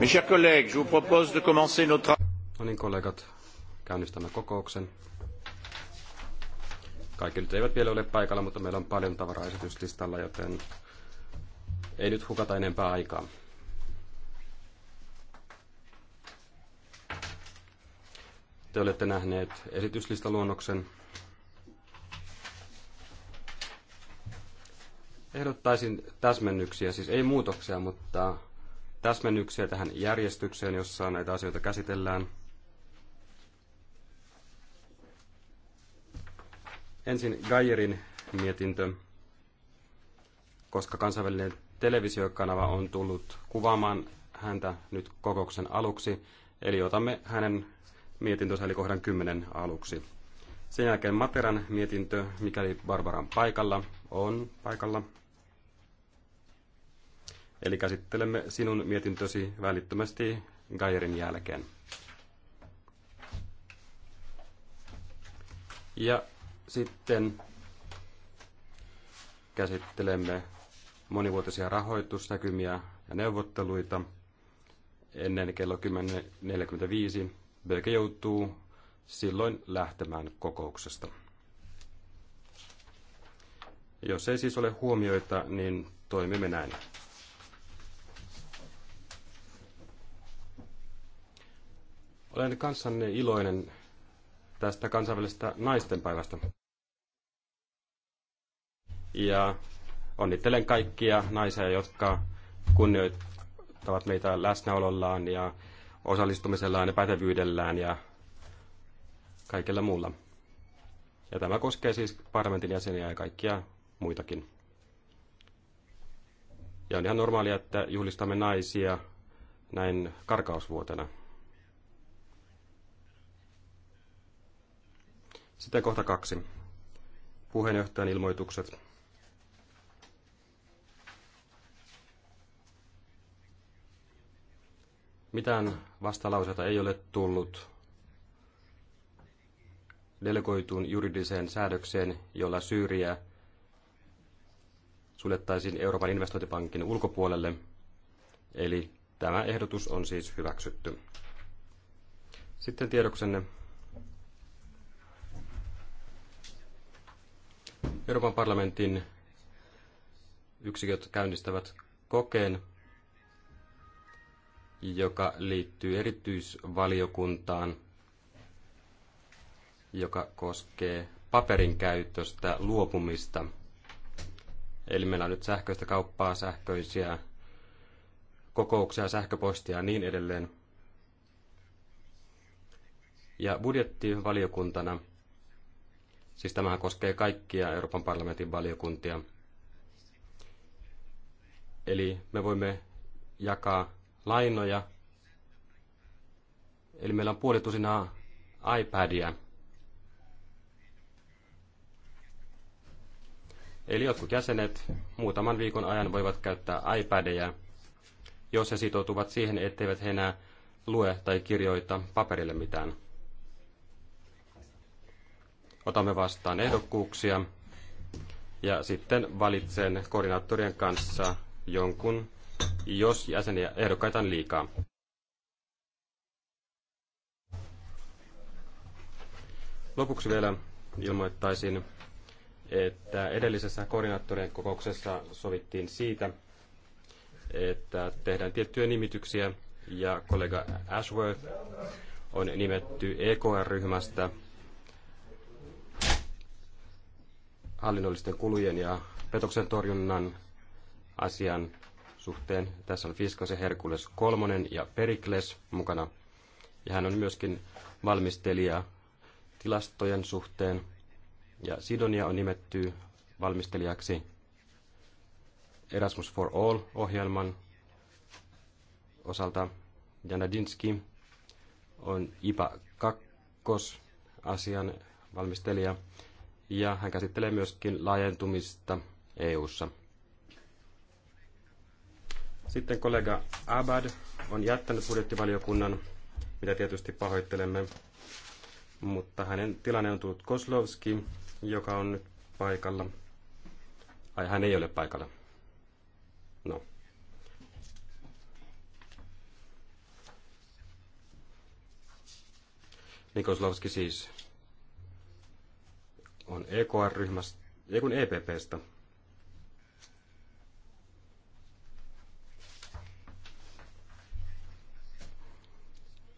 Mes chers collègues, je vous propose de commencer No niin, kollegat, käynnistämme kokouksen. Kaikki nyt eivät vielä ole paikalla, mutta meillä on paljon tavaraa esityslistalla, joten ei nyt hukata enempää aikaa. Te olette nähneet esityslistaluonnoksen. Ehdottaisin täsmennyksiä, siis ei muutoksia, mutta täsmennyksiä tähän järjestykseen, jossa näitä asioita käsitellään. Ensin Gajerin mietintö, koska kansainvälinen televisiokanava on tullut kuvaamaan häntä nyt kokouksen aluksi, eli otamme hänen mietintönsä eli kohdan 10 aluksi. Sen jälkeen Materan mietintö, mikäli Barbaran paikalla, on paikalla. Eli käsittelemme sinun mietintösi välittömästi Gairin jälkeen. Ja sitten käsittelemme monivuotisia rahoitusnäkymiä ja neuvotteluita ennen kello 10.45. Böke joutuu silloin lähtemään kokouksesta. Jos ei siis ole huomioita, niin toimimme näin. Olen kanssanne iloinen tästä kansainvälisestä naistenpäivästä. Ja onnittelen kaikkia naisia, jotka kunnioittavat meitä läsnäolollaan ja osallistumisellaan ja pätevyydellään ja kaikella muulla. Ja tämä koskee siis parlamentin jäseniä ja kaikkia muitakin. Ja on ihan normaalia, että juhlistamme naisia näin karkausvuotena. Sitten kohta kaksi. Puheenjohtajan ilmoitukset. Mitään vastalauseita ei ole tullut delegoituun juridiseen säädökseen, jolla Syyriä suljettaisiin Euroopan investointipankin ulkopuolelle. Eli tämä ehdotus on siis hyväksytty. Sitten tiedoksenne Euroopan parlamentin yksiköt käynnistävät kokeen, joka liittyy erityisvaliokuntaan, joka koskee paperin käytöstä luopumista. Eli meillä on nyt sähköistä kauppaa, sähköisiä kokouksia, sähköpostia ja niin edelleen. Ja budjettivaliokuntana – Siis tämähän koskee kaikkia Euroopan parlamentin valiokuntia. Eli me voimme jakaa lainoja. Eli meillä on puolitusina iPadia. Eli jotkut jäsenet muutaman viikon ajan voivat käyttää iPadia, jos he sitoutuvat siihen, etteivät he enää lue tai kirjoita paperille mitään otamme vastaan ehdokkuuksia ja sitten valitsen koordinaattorien kanssa jonkun, jos jäseniä ehdokkaita on liikaa. Lopuksi vielä ilmoittaisin, että edellisessä koordinaattorien kokouksessa sovittiin siitä, että tehdään tiettyjä nimityksiä ja kollega Ashworth on nimetty EKR-ryhmästä hallinnollisten kulujen ja petoksen torjunnan asian suhteen. Tässä on ja Herkules kolmonen ja Perikles mukana. Ja hän on myöskin valmistelija tilastojen suhteen. Ja Sidonia on nimetty valmistelijaksi Erasmus for All-ohjelman osalta. Janadinski on IPA 2 asian valmistelija ja hän käsittelee myöskin laajentumista EU:ssa. Sitten kollega Abad on jättänyt budjettivaliokunnan, mitä tietysti pahoittelemme, mutta hänen tilanne on tullut Koslovski, joka on nyt paikalla. Ai, hän ei ole paikalla. No. Nikoslovski siis on EKR-ryhmästä, ei kun EPPstä.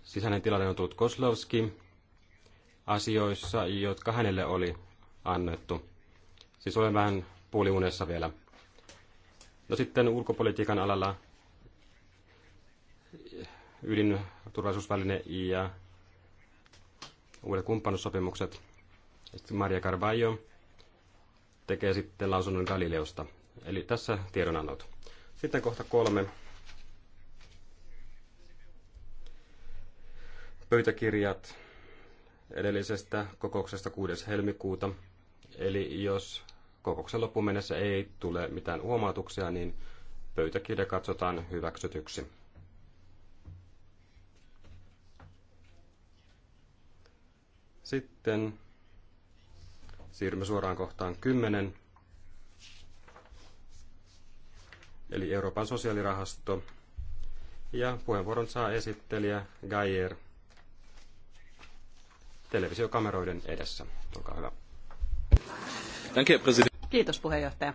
Sisäinen tilanne on tullut Koslovski asioissa, jotka hänelle oli annettu. Siis olen vähän puoliunessa vielä. No sitten ulkopolitiikan alalla ydinturvallisuusväline ja uudet kumppanussopimukset. Sitten Maria Carvalho tekee sitten lausunnon Galileosta. Eli tässä tiedonannot. Sitten kohta kolme. Pöytäkirjat edellisestä kokouksesta 6. helmikuuta. Eli jos kokouksen loppuun mennessä ei tule mitään huomautuksia, niin pöytäkirja katsotaan hyväksytyksi. Sitten Siirrymme suoraan kohtaan 10. Eli Euroopan sosiaalirahasto. Ja puheenvuoron saa esittelijä Gaier televisiokameroiden edessä. Olkaa hyvä. Kiitos puheenjohtaja.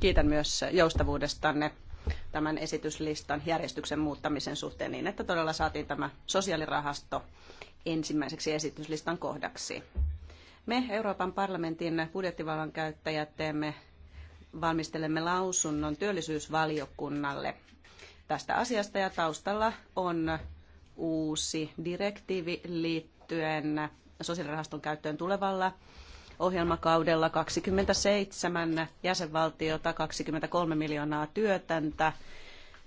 Kiitän myös joustavuudestanne tämän esityslistan järjestyksen muuttamisen suhteen niin, että todella saatiin tämä sosiaalirahasto ensimmäiseksi esityslistan kohdaksi. Me Euroopan parlamentin budjettivallan käyttäjät teemme, valmistelemme lausunnon työllisyysvaliokunnalle tästä asiasta ja taustalla on uusi direktiivi liittyen sosiaalirahaston käyttöön tulevalla ohjelmakaudella 27 jäsenvaltiota, 23 miljoonaa työtäntä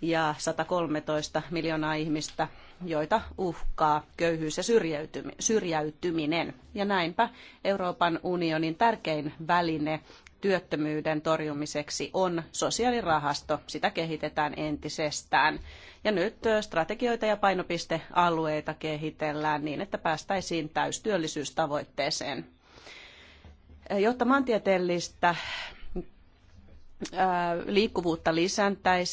ja 113 miljoonaa ihmistä, joita uhkaa köyhyys ja syrjäytyminen. Ja näinpä Euroopan unionin tärkein väline työttömyyden torjumiseksi on sosiaalirahasto. Sitä kehitetään entisestään. Ja nyt strategioita ja painopistealueita kehitellään niin, että päästäisiin täystyöllisyystavoitteeseen. Jotta maantieteellistä liikkuvuutta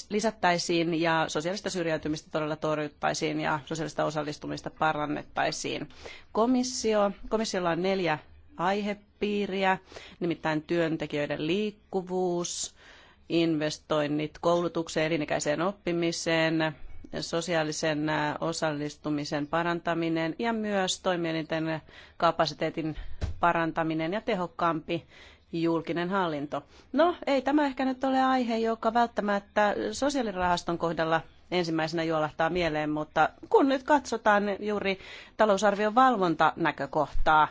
lisättäisiin ja sosiaalista syrjäytymistä todella torjuttaisiin ja sosiaalista osallistumista parannettaisiin. Komissio, komissiolla on neljä aihepiiriä, nimittäin työntekijöiden liikkuvuus, investoinnit koulutukseen, elinikäiseen oppimiseen, sosiaalisen osallistumisen parantaminen ja myös toimielinten kapasiteetin parantaminen ja tehokkaampi julkinen hallinto. No, ei tämä ehkä nyt ole aihe, joka välttämättä sosiaalirahaston kohdalla ensimmäisenä juolahtaa mieleen, mutta kun nyt katsotaan juuri talousarvion valvontanäkökohtaa,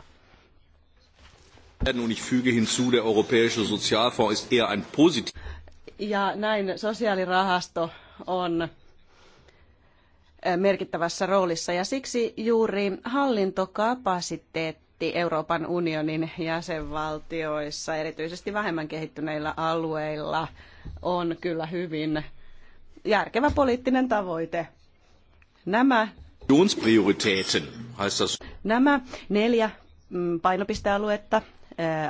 füge hinzu, der Europäische Sozialfonds ein positiv. Ja näin sosiaalirahasto on äh, merkittävässä roolissa ja siksi juuri hallintokapasiteetti prosentti Euroopan unionin jäsenvaltioissa, erityisesti vähemmän kehittyneillä alueilla, on kyllä hyvin järkevä poliittinen tavoite. Nämä, nämä neljä mm, painopistealuetta,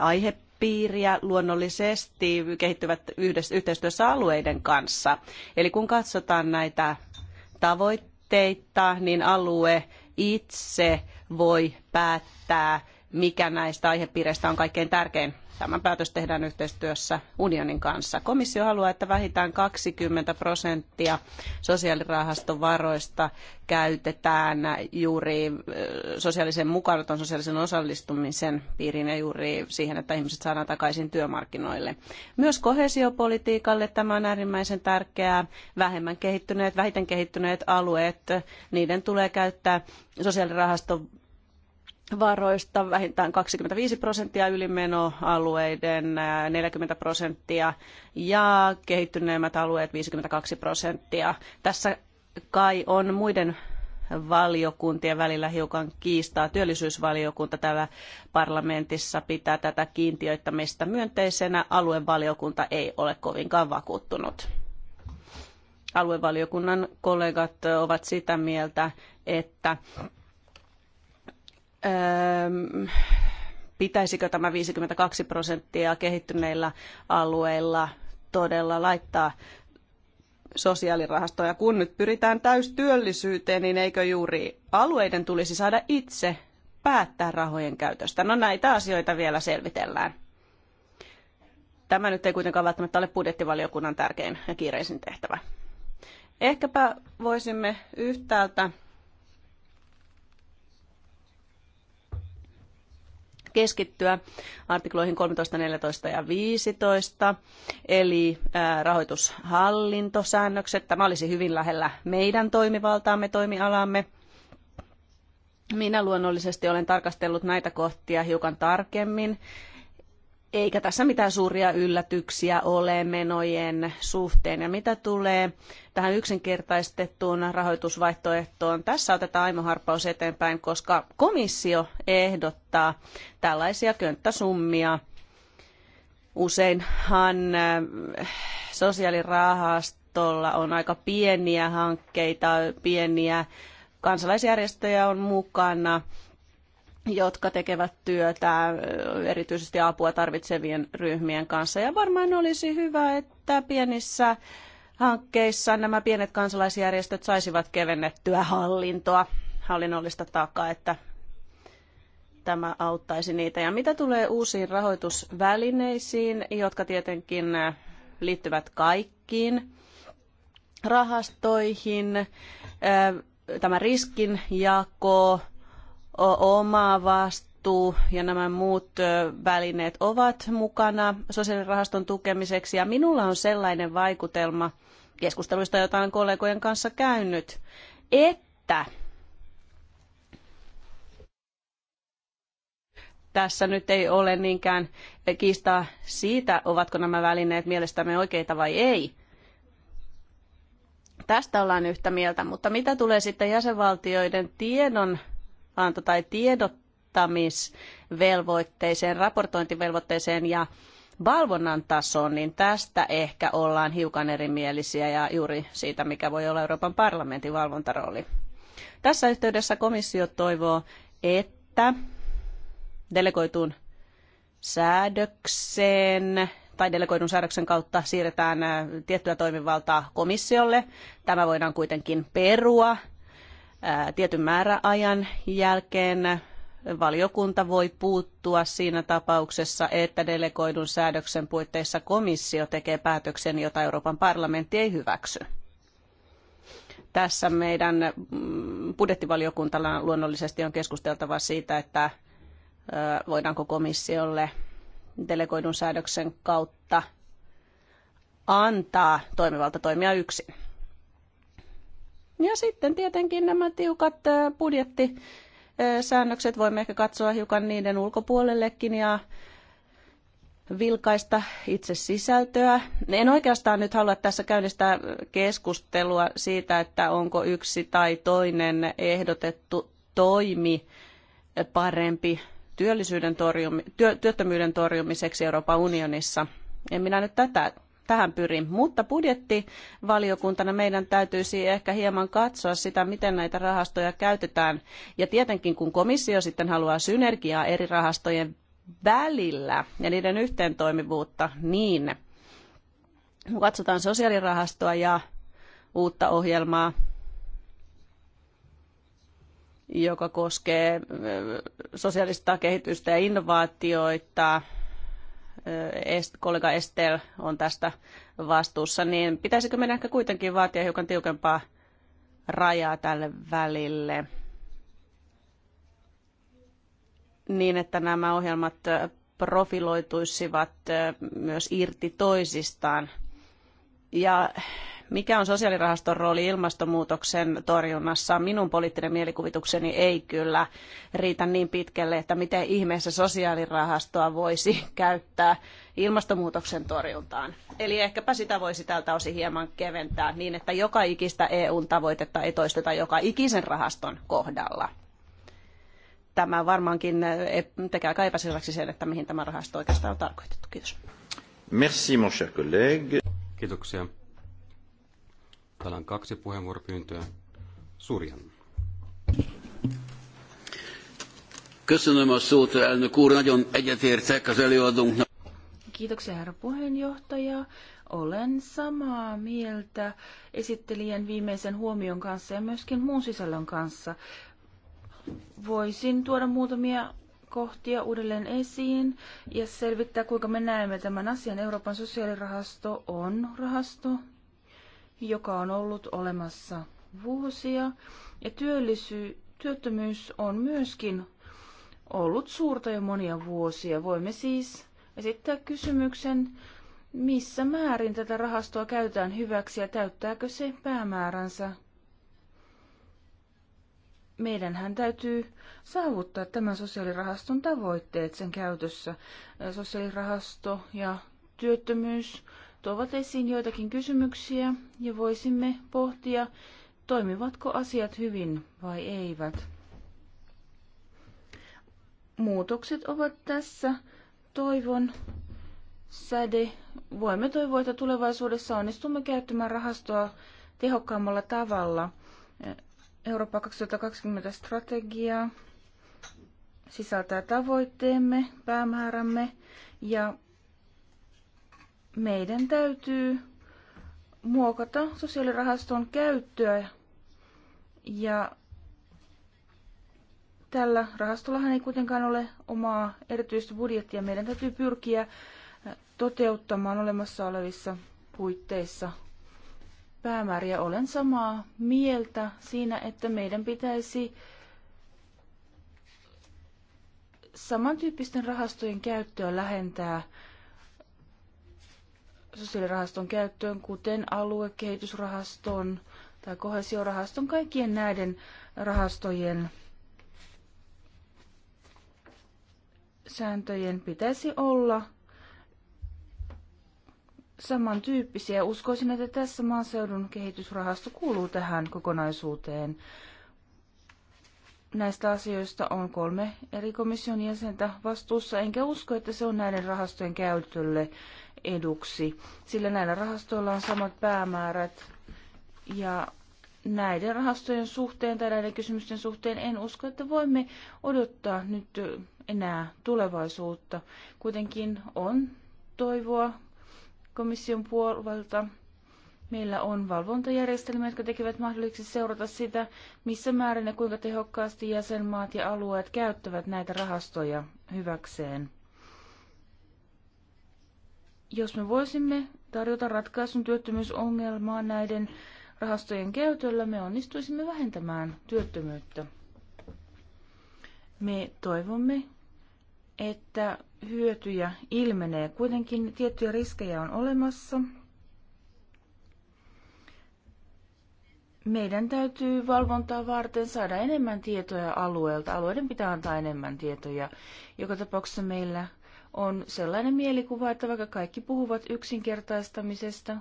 aihepiiriä luonnollisesti kehittyvät yhdessä, yhteistyössä alueiden kanssa. Eli kun katsotaan näitä tavoitteita, niin alue itse voi päättää mikä näistä aihepiireistä on kaikkein tärkein. Tämä päätös tehdään yhteistyössä unionin kanssa. Komissio haluaa, että vähintään 20 prosenttia sosiaalirahaston varoista käytetään juuri sosiaalisen mukaanoton, sosiaalisen osallistumisen piiriin ja juuri siihen, että ihmiset saadaan takaisin työmarkkinoille. Myös kohesiopolitiikalle tämä on äärimmäisen tärkeää. Vähemmän kehittyneet, vähiten kehittyneet alueet, niiden tulee käyttää sosiaalirahaston varoista vähintään 25 prosenttia ylimenoalueiden 40 prosenttia ja kehittyneemmät alueet 52 prosenttia. Tässä kai on muiden valiokuntien välillä hiukan kiistaa. Työllisyysvaliokunta täällä parlamentissa pitää tätä kiintiöittämistä myönteisenä. Aluevaliokunta ei ole kovinkaan vakuuttunut. Aluevaliokunnan kollegat ovat sitä mieltä, että pitäisikö tämä 52 prosenttia kehittyneillä alueilla todella laittaa sosiaalirahastoja. Kun nyt pyritään täystyöllisyyteen, niin eikö juuri alueiden tulisi saada itse päättää rahojen käytöstä? No näitä asioita vielä selvitellään. Tämä nyt ei kuitenkaan välttämättä ole budjettivaliokunnan tärkein ja kiireisin tehtävä. Ehkäpä voisimme yhtäältä keskittyä artikloihin 13, 14 ja 15, eli rahoitushallintosäännökset. Tämä olisi hyvin lähellä meidän toimivaltaamme, toimialamme. Minä luonnollisesti olen tarkastellut näitä kohtia hiukan tarkemmin eikä tässä mitään suuria yllätyksiä ole menojen suhteen. Ja mitä tulee tähän yksinkertaistettuun rahoitusvaihtoehtoon, tässä otetaan harppaus eteenpäin, koska komissio ehdottaa tällaisia könttäsummia. Useinhan äh, sosiaalirahastolla on aika pieniä hankkeita, pieniä kansalaisjärjestöjä on mukana jotka tekevät työtä erityisesti apua tarvitsevien ryhmien kanssa. Ja varmaan olisi hyvä, että pienissä hankkeissa nämä pienet kansalaisjärjestöt saisivat kevennettyä hallintoa, hallinnollista takaa, että tämä auttaisi niitä. Ja mitä tulee uusiin rahoitusvälineisiin, jotka tietenkin liittyvät kaikkiin rahastoihin, tämä riskinjako, oma vastuu ja nämä muut välineet ovat mukana sosiaalirahaston tukemiseksi. Ja minulla on sellainen vaikutelma keskusteluista, jota olen kollegojen kanssa käynyt, että tässä nyt ei ole niinkään kiistaa siitä, ovatko nämä välineet mielestämme oikeita vai ei. Tästä ollaan yhtä mieltä, mutta mitä tulee sitten jäsenvaltioiden tiedon anto- tai tiedottamisvelvoitteeseen, raportointivelvoitteeseen ja valvonnan tasoon, niin tästä ehkä ollaan hiukan erimielisiä ja juuri siitä, mikä voi olla Euroopan parlamentin valvontarooli. Tässä yhteydessä komissio toivoo, että delegoituun säädökseen tai delegoidun säädöksen kautta siirretään tiettyä toimivaltaa komissiolle. Tämä voidaan kuitenkin perua tietyn määräajan jälkeen valiokunta voi puuttua siinä tapauksessa, että delegoidun säädöksen puitteissa komissio tekee päätöksen, jota Euroopan parlamentti ei hyväksy. Tässä meidän mm, budjettivaliokuntana luonnollisesti on keskusteltava siitä, että voidaanko komissiolle delegoidun säädöksen kautta antaa toimivalta toimia yksin. Ja sitten tietenkin nämä tiukat budjettisäännökset säännökset voimme ehkä katsoa hiukan niiden ulkopuolellekin ja vilkaista itse sisältöä. En oikeastaan nyt halua tässä käynnistää keskustelua siitä, että onko yksi tai toinen ehdotettu toimi parempi työllisyyden torjumi, työ, työttömyyden torjumiseksi Euroopan unionissa. En minä nyt tätä tähän pyrin. Mutta budjettivaliokuntana meidän täytyisi ehkä hieman katsoa sitä, miten näitä rahastoja käytetään. Ja tietenkin kun komissio sitten haluaa synergiaa eri rahastojen välillä ja niiden yhteentoimivuutta, niin kun katsotaan sosiaalirahastoa ja uutta ohjelmaa, joka koskee sosiaalista kehitystä ja innovaatioita, kollega Estel on tästä vastuussa, niin pitäisikö meidän ehkä kuitenkin vaatia hiukan tiukempaa rajaa tälle välille? Niin, että nämä ohjelmat profiloituisivat myös irti toisistaan. Ja mikä on sosiaalirahaston rooli ilmastonmuutoksen torjunnassa? Minun poliittinen mielikuvitukseni ei kyllä riitä niin pitkälle, että miten ihmeessä sosiaalirahastoa voisi käyttää ilmastonmuutoksen torjuntaan. Eli ehkäpä sitä voisi tältä osin hieman keventää niin, että joka ikistä EUn tavoitetta ei toisteta joka ikisen rahaston kohdalla. Tämä varmaankin eh, tekee aika epäselväksi sen, että mihin tämä rahasto oikeastaan on tarkoitettu. Kiitos. Merci, mon cher collègue. Kiitoksia. Täällä on kaksi puheenvuoropyyntöä. Surjan. Köszönöm a szót, elnök úr. Nagyon egyetértek az előadónknak. Kiitoksia, herra puheenjohtaja. Olen samaa mieltä esittelijän viimeisen huomion kanssa ja myöskin muun sisällön kanssa. Voisin tuoda muutamia kohtia uudelleen esiin ja selvittää, kuinka me näemme tämän asian. Euroopan sosiaalirahasto on rahasto, joka on ollut olemassa vuosia. Ja työllisy- työttömyys on myöskin ollut suurta jo monia vuosia. Voimme siis esittää kysymyksen, missä määrin tätä rahastoa käytetään hyväksi ja täyttääkö se päämääränsä. Meidänhän täytyy saavuttaa tämän sosiaalirahaston tavoitteet sen käytössä. Sosiaalirahasto ja työttömyys tuovat esiin joitakin kysymyksiä ja voisimme pohtia, toimivatko asiat hyvin vai eivät. Muutokset ovat tässä toivon säde. Voimme toivoa, että tulevaisuudessa onnistumme käyttämään rahastoa tehokkaammalla tavalla. Eurooppa 2020 strategia sisältää tavoitteemme, päämäärämme ja meidän täytyy muokata sosiaalirahaston käyttöä ja tällä rahastollahan ei kuitenkaan ole omaa erityistä budjettia. Meidän täytyy pyrkiä toteuttamaan olemassa olevissa puitteissa päämääriä. Olen samaa mieltä siinä, että meidän pitäisi samantyyppisten rahastojen käyttöä lähentää sosiaalirahaston käyttöön, kuten aluekehitysrahaston tai kohesiorahaston, kaikkien näiden rahastojen sääntöjen pitäisi olla samantyyppisiä. Uskoisin, että tässä maaseudun kehitysrahasto kuuluu tähän kokonaisuuteen. Näistä asioista on kolme eri komission jäsentä vastuussa, enkä usko, että se on näiden rahastojen käytölle eduksi, sillä näillä rahastoilla on samat päämäärät ja näiden rahastojen suhteen tai näiden kysymysten suhteen en usko, että voimme odottaa nyt enää tulevaisuutta. Kuitenkin on toivoa komission puolelta. Meillä on valvontajärjestelmä, jotka tekevät mahdolliseksi seurata sitä, missä määrin ja kuinka tehokkaasti jäsenmaat ja alueet käyttävät näitä rahastoja hyväkseen. Jos me voisimme tarjota ratkaisun työttömyysongelmaan näiden rahastojen käytöllä, me onnistuisimme vähentämään työttömyyttä. Me toivomme, että hyötyjä ilmenee. Kuitenkin tiettyjä riskejä on olemassa. Meidän täytyy valvontaa varten saada enemmän tietoja alueelta. Alueiden pitää antaa enemmän tietoja. Joka tapauksessa meillä on sellainen mielikuva, että vaikka kaikki puhuvat yksinkertaistamisesta,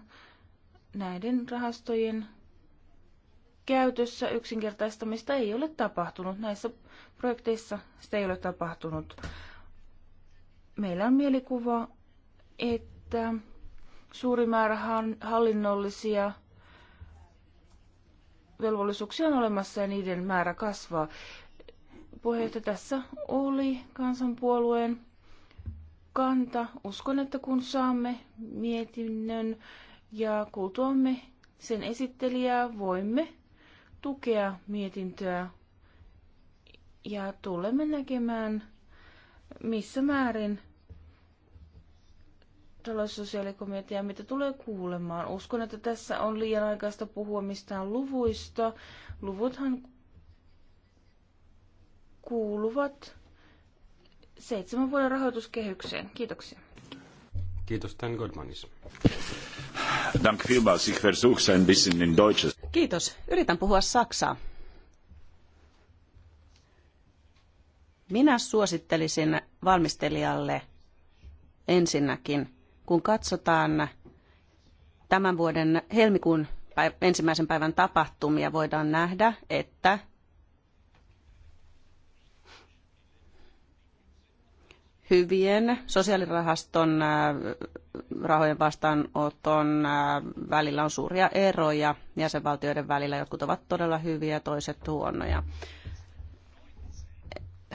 näiden rahastojen käytössä yksinkertaistamista ei ole tapahtunut. Näissä projekteissa sitä ei ole tapahtunut. Meillä on mielikuva, että suuri määrä hallinnollisia velvollisuuksia on olemassa ja niiden määrä kasvaa. Puheenjohtaja tässä oli kansanpuolueen kanta. Uskon, että kun saamme mietinnön ja kuultuamme sen esittelijää, voimme tukea mietintöä ja tulemme näkemään, missä määrin taloussosiaalikomitea, mitä tulee kuulemaan. Uskon, että tässä on liian aikaista puhua mistään luvuista. Luvuthan kuuluvat seitsemän vuoden rahoituskehykseen. Kiitoksia. Kiitos, Tän Goldmanis. Dank vielmals. Ich versuch's ein bisschen in Deutsches. Kiitos. Yritän puhua saksaa. Minä suosittelisin valmistelijalle ensinnäkin, kun katsotaan tämän vuoden helmikuun ensimmäisen päivän tapahtumia, voidaan nähdä, että hyvien sosiaalirahaston äh, rahojen vastaanoton äh, välillä on suuria eroja jäsenvaltioiden välillä. Jotkut ovat todella hyviä, toiset huonoja.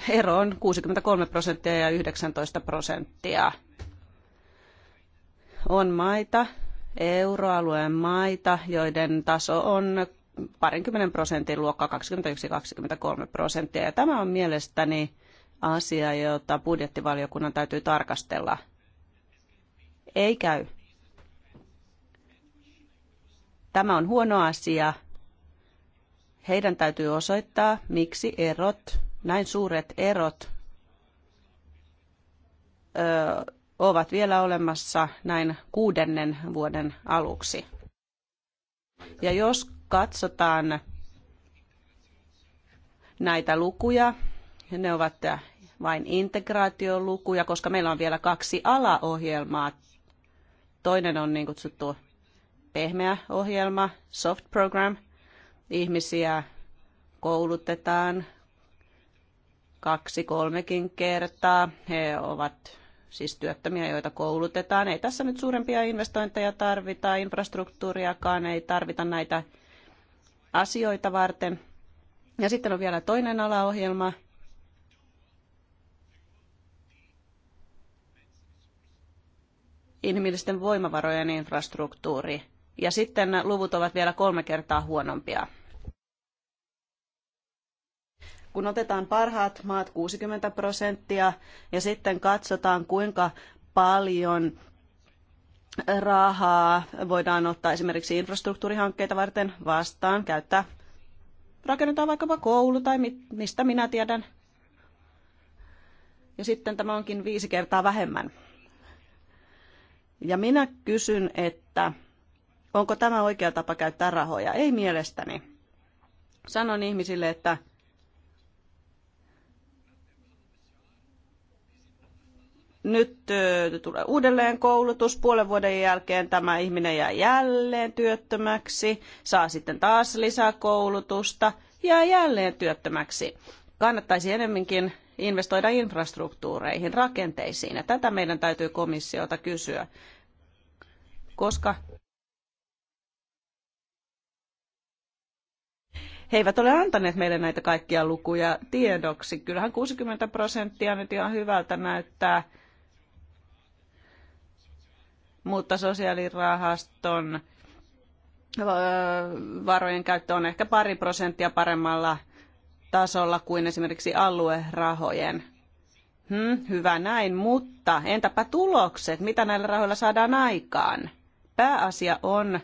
Ero on 63 prosenttia ja 19 prosenttia. On maita, euroalueen maita, joiden taso on parinkymmenen prosentin luokkaa 21-23 prosenttia. Ja tämä on mielestäni asia, jota budjettivaliokunnan täytyy tarkastella. Ei käy. Tämä on huono asia. Heidän täytyy osoittaa, miksi erot, näin suuret erot, ö, ovat vielä olemassa näin kuudennen vuoden aluksi. Ja jos katsotaan näitä lukuja, ne ovat vain integraatiolukuja, koska meillä on vielä kaksi alaohjelmaa. Toinen on niin kutsuttu pehmeä ohjelma, soft program. Ihmisiä koulutetaan kaksi, kolmekin kertaa. He ovat siis työttömiä, joita koulutetaan. Ei tässä nyt suurempia investointeja tarvita, infrastruktuuriakaan ei tarvita näitä asioita varten. Ja sitten on vielä toinen alaohjelma, inhimillisten voimavarojen infrastruktuuri. Ja sitten luvut ovat vielä kolme kertaa huonompia. Kun otetaan parhaat maat 60 prosenttia ja sitten katsotaan kuinka paljon rahaa voidaan ottaa esimerkiksi infrastruktuurihankkeita varten vastaan, käyttää, rakennetaan vaikkapa koulu tai mistä minä tiedän. Ja sitten tämä onkin viisi kertaa vähemmän ja minä kysyn, että onko tämä oikea tapa käyttää rahoja? Ei mielestäni. Sanon ihmisille, että nyt tulee uudelleen koulutus, puolen vuoden jälkeen tämä ihminen jää jälleen työttömäksi, saa sitten taas lisää koulutusta, ja jälleen työttömäksi. Kannattaisi enemminkin investoida infrastruktuureihin, rakenteisiin, ja tätä meidän täytyy komissiota kysyä koska he eivät ole antaneet meille näitä kaikkia lukuja tiedoksi. Kyllähän 60 prosenttia nyt ihan hyvältä näyttää, mutta sosiaalirahaston varojen käyttö on ehkä pari prosenttia paremmalla tasolla kuin esimerkiksi aluerahojen. Hmm, hyvä näin, mutta entäpä tulokset? Mitä näillä rahoilla saadaan aikaan? Pääasia on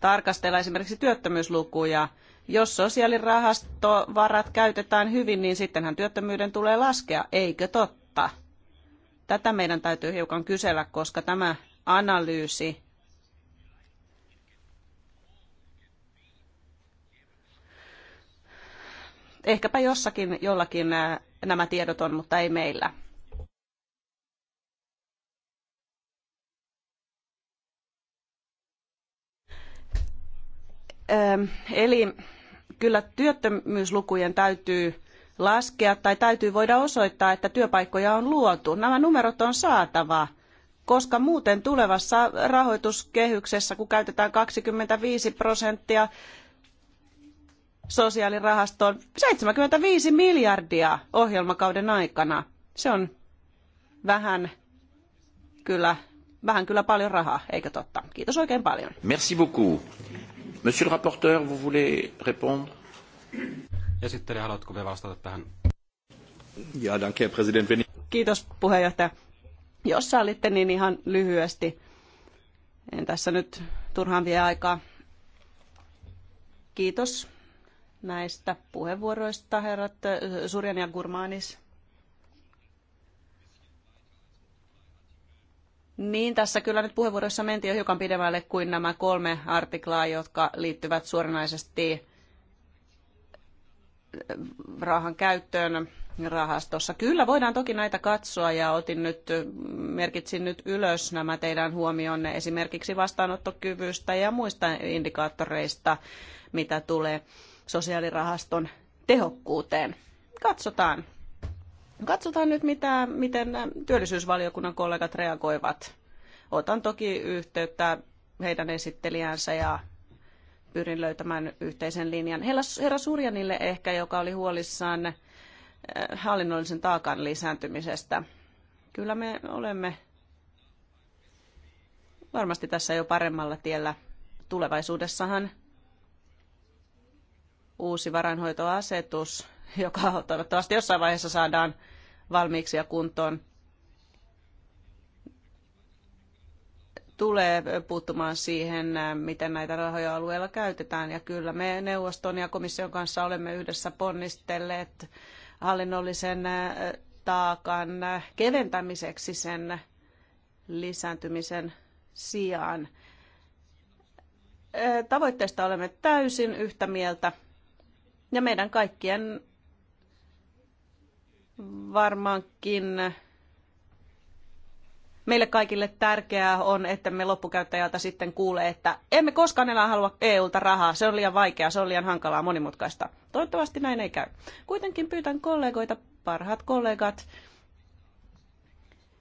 tarkastella esimerkiksi työttömyyslukuja. Jos sosiaalirahastovarat käytetään hyvin, niin sittenhän työttömyyden tulee laskea, eikö totta? Tätä meidän täytyy hiukan kysellä, koska tämä analyysi ehkäpä jossakin jollakin nämä tiedot on, mutta ei meillä. Eli kyllä työttömyyslukujen täytyy laskea tai täytyy voida osoittaa, että työpaikkoja on luotu. Nämä numerot on saatava, koska muuten tulevassa rahoituskehyksessä, kun käytetään 25 prosenttia sosiaalirahastoon, 75 miljardia ohjelmakauden aikana. Se on vähän kyllä, vähän kyllä paljon rahaa, eikö totta? Kiitos oikein paljon. Merci beaucoup. Monsieur le rapporteur, vous voulez répondre? Esittelijä, haluatko vielä vastata tähän? Ja, danke, president. Kiitos puheenjohtaja. Jos sallitte, niin ihan lyhyesti. En tässä nyt turhaan vie aikaa. Kiitos näistä puheenvuoroista, herrat Surjan ja Gurmanis. Niin, tässä kyllä nyt puheenvuoroissa mentiin jo hiukan pidemmälle kuin nämä kolme artiklaa, jotka liittyvät suoranaisesti äh, rahan käyttöön rahastossa. Kyllä, voidaan toki näitä katsoa ja otin nyt, merkitsin nyt ylös nämä teidän huomionne esimerkiksi vastaanottokyvystä ja muista indikaattoreista, mitä tulee sosiaalirahaston tehokkuuteen. Katsotaan, Katsotaan nyt, mitä, miten työllisyysvaliokunnan kollegat reagoivat. Otan toki yhteyttä heidän esittelijänsä ja pyrin löytämään yhteisen linjan. Herra Surjanille ehkä, joka oli huolissaan hallinnollisen taakan lisääntymisestä. Kyllä me olemme varmasti tässä jo paremmalla tiellä. Tulevaisuudessahan uusi varainhoitoasetus joka toivottavasti jossain vaiheessa saadaan valmiiksi ja kuntoon, tulee puuttumaan siihen, miten näitä rahoja alueella käytetään. Ja kyllä me neuvoston ja komission kanssa olemme yhdessä ponnistelleet hallinnollisen äh, taakan äh, keventämiseksi sen lisääntymisen sijaan. Äh, tavoitteesta olemme täysin yhtä mieltä ja meidän kaikkien varmaankin meille kaikille tärkeää on, että me loppukäyttäjältä sitten kuulee, että emme koskaan enää halua EUlta rahaa, se on liian vaikeaa, se on liian hankalaa, monimutkaista. Toivottavasti näin ei käy. Kuitenkin pyytän kollegoita, parhaat kollegat,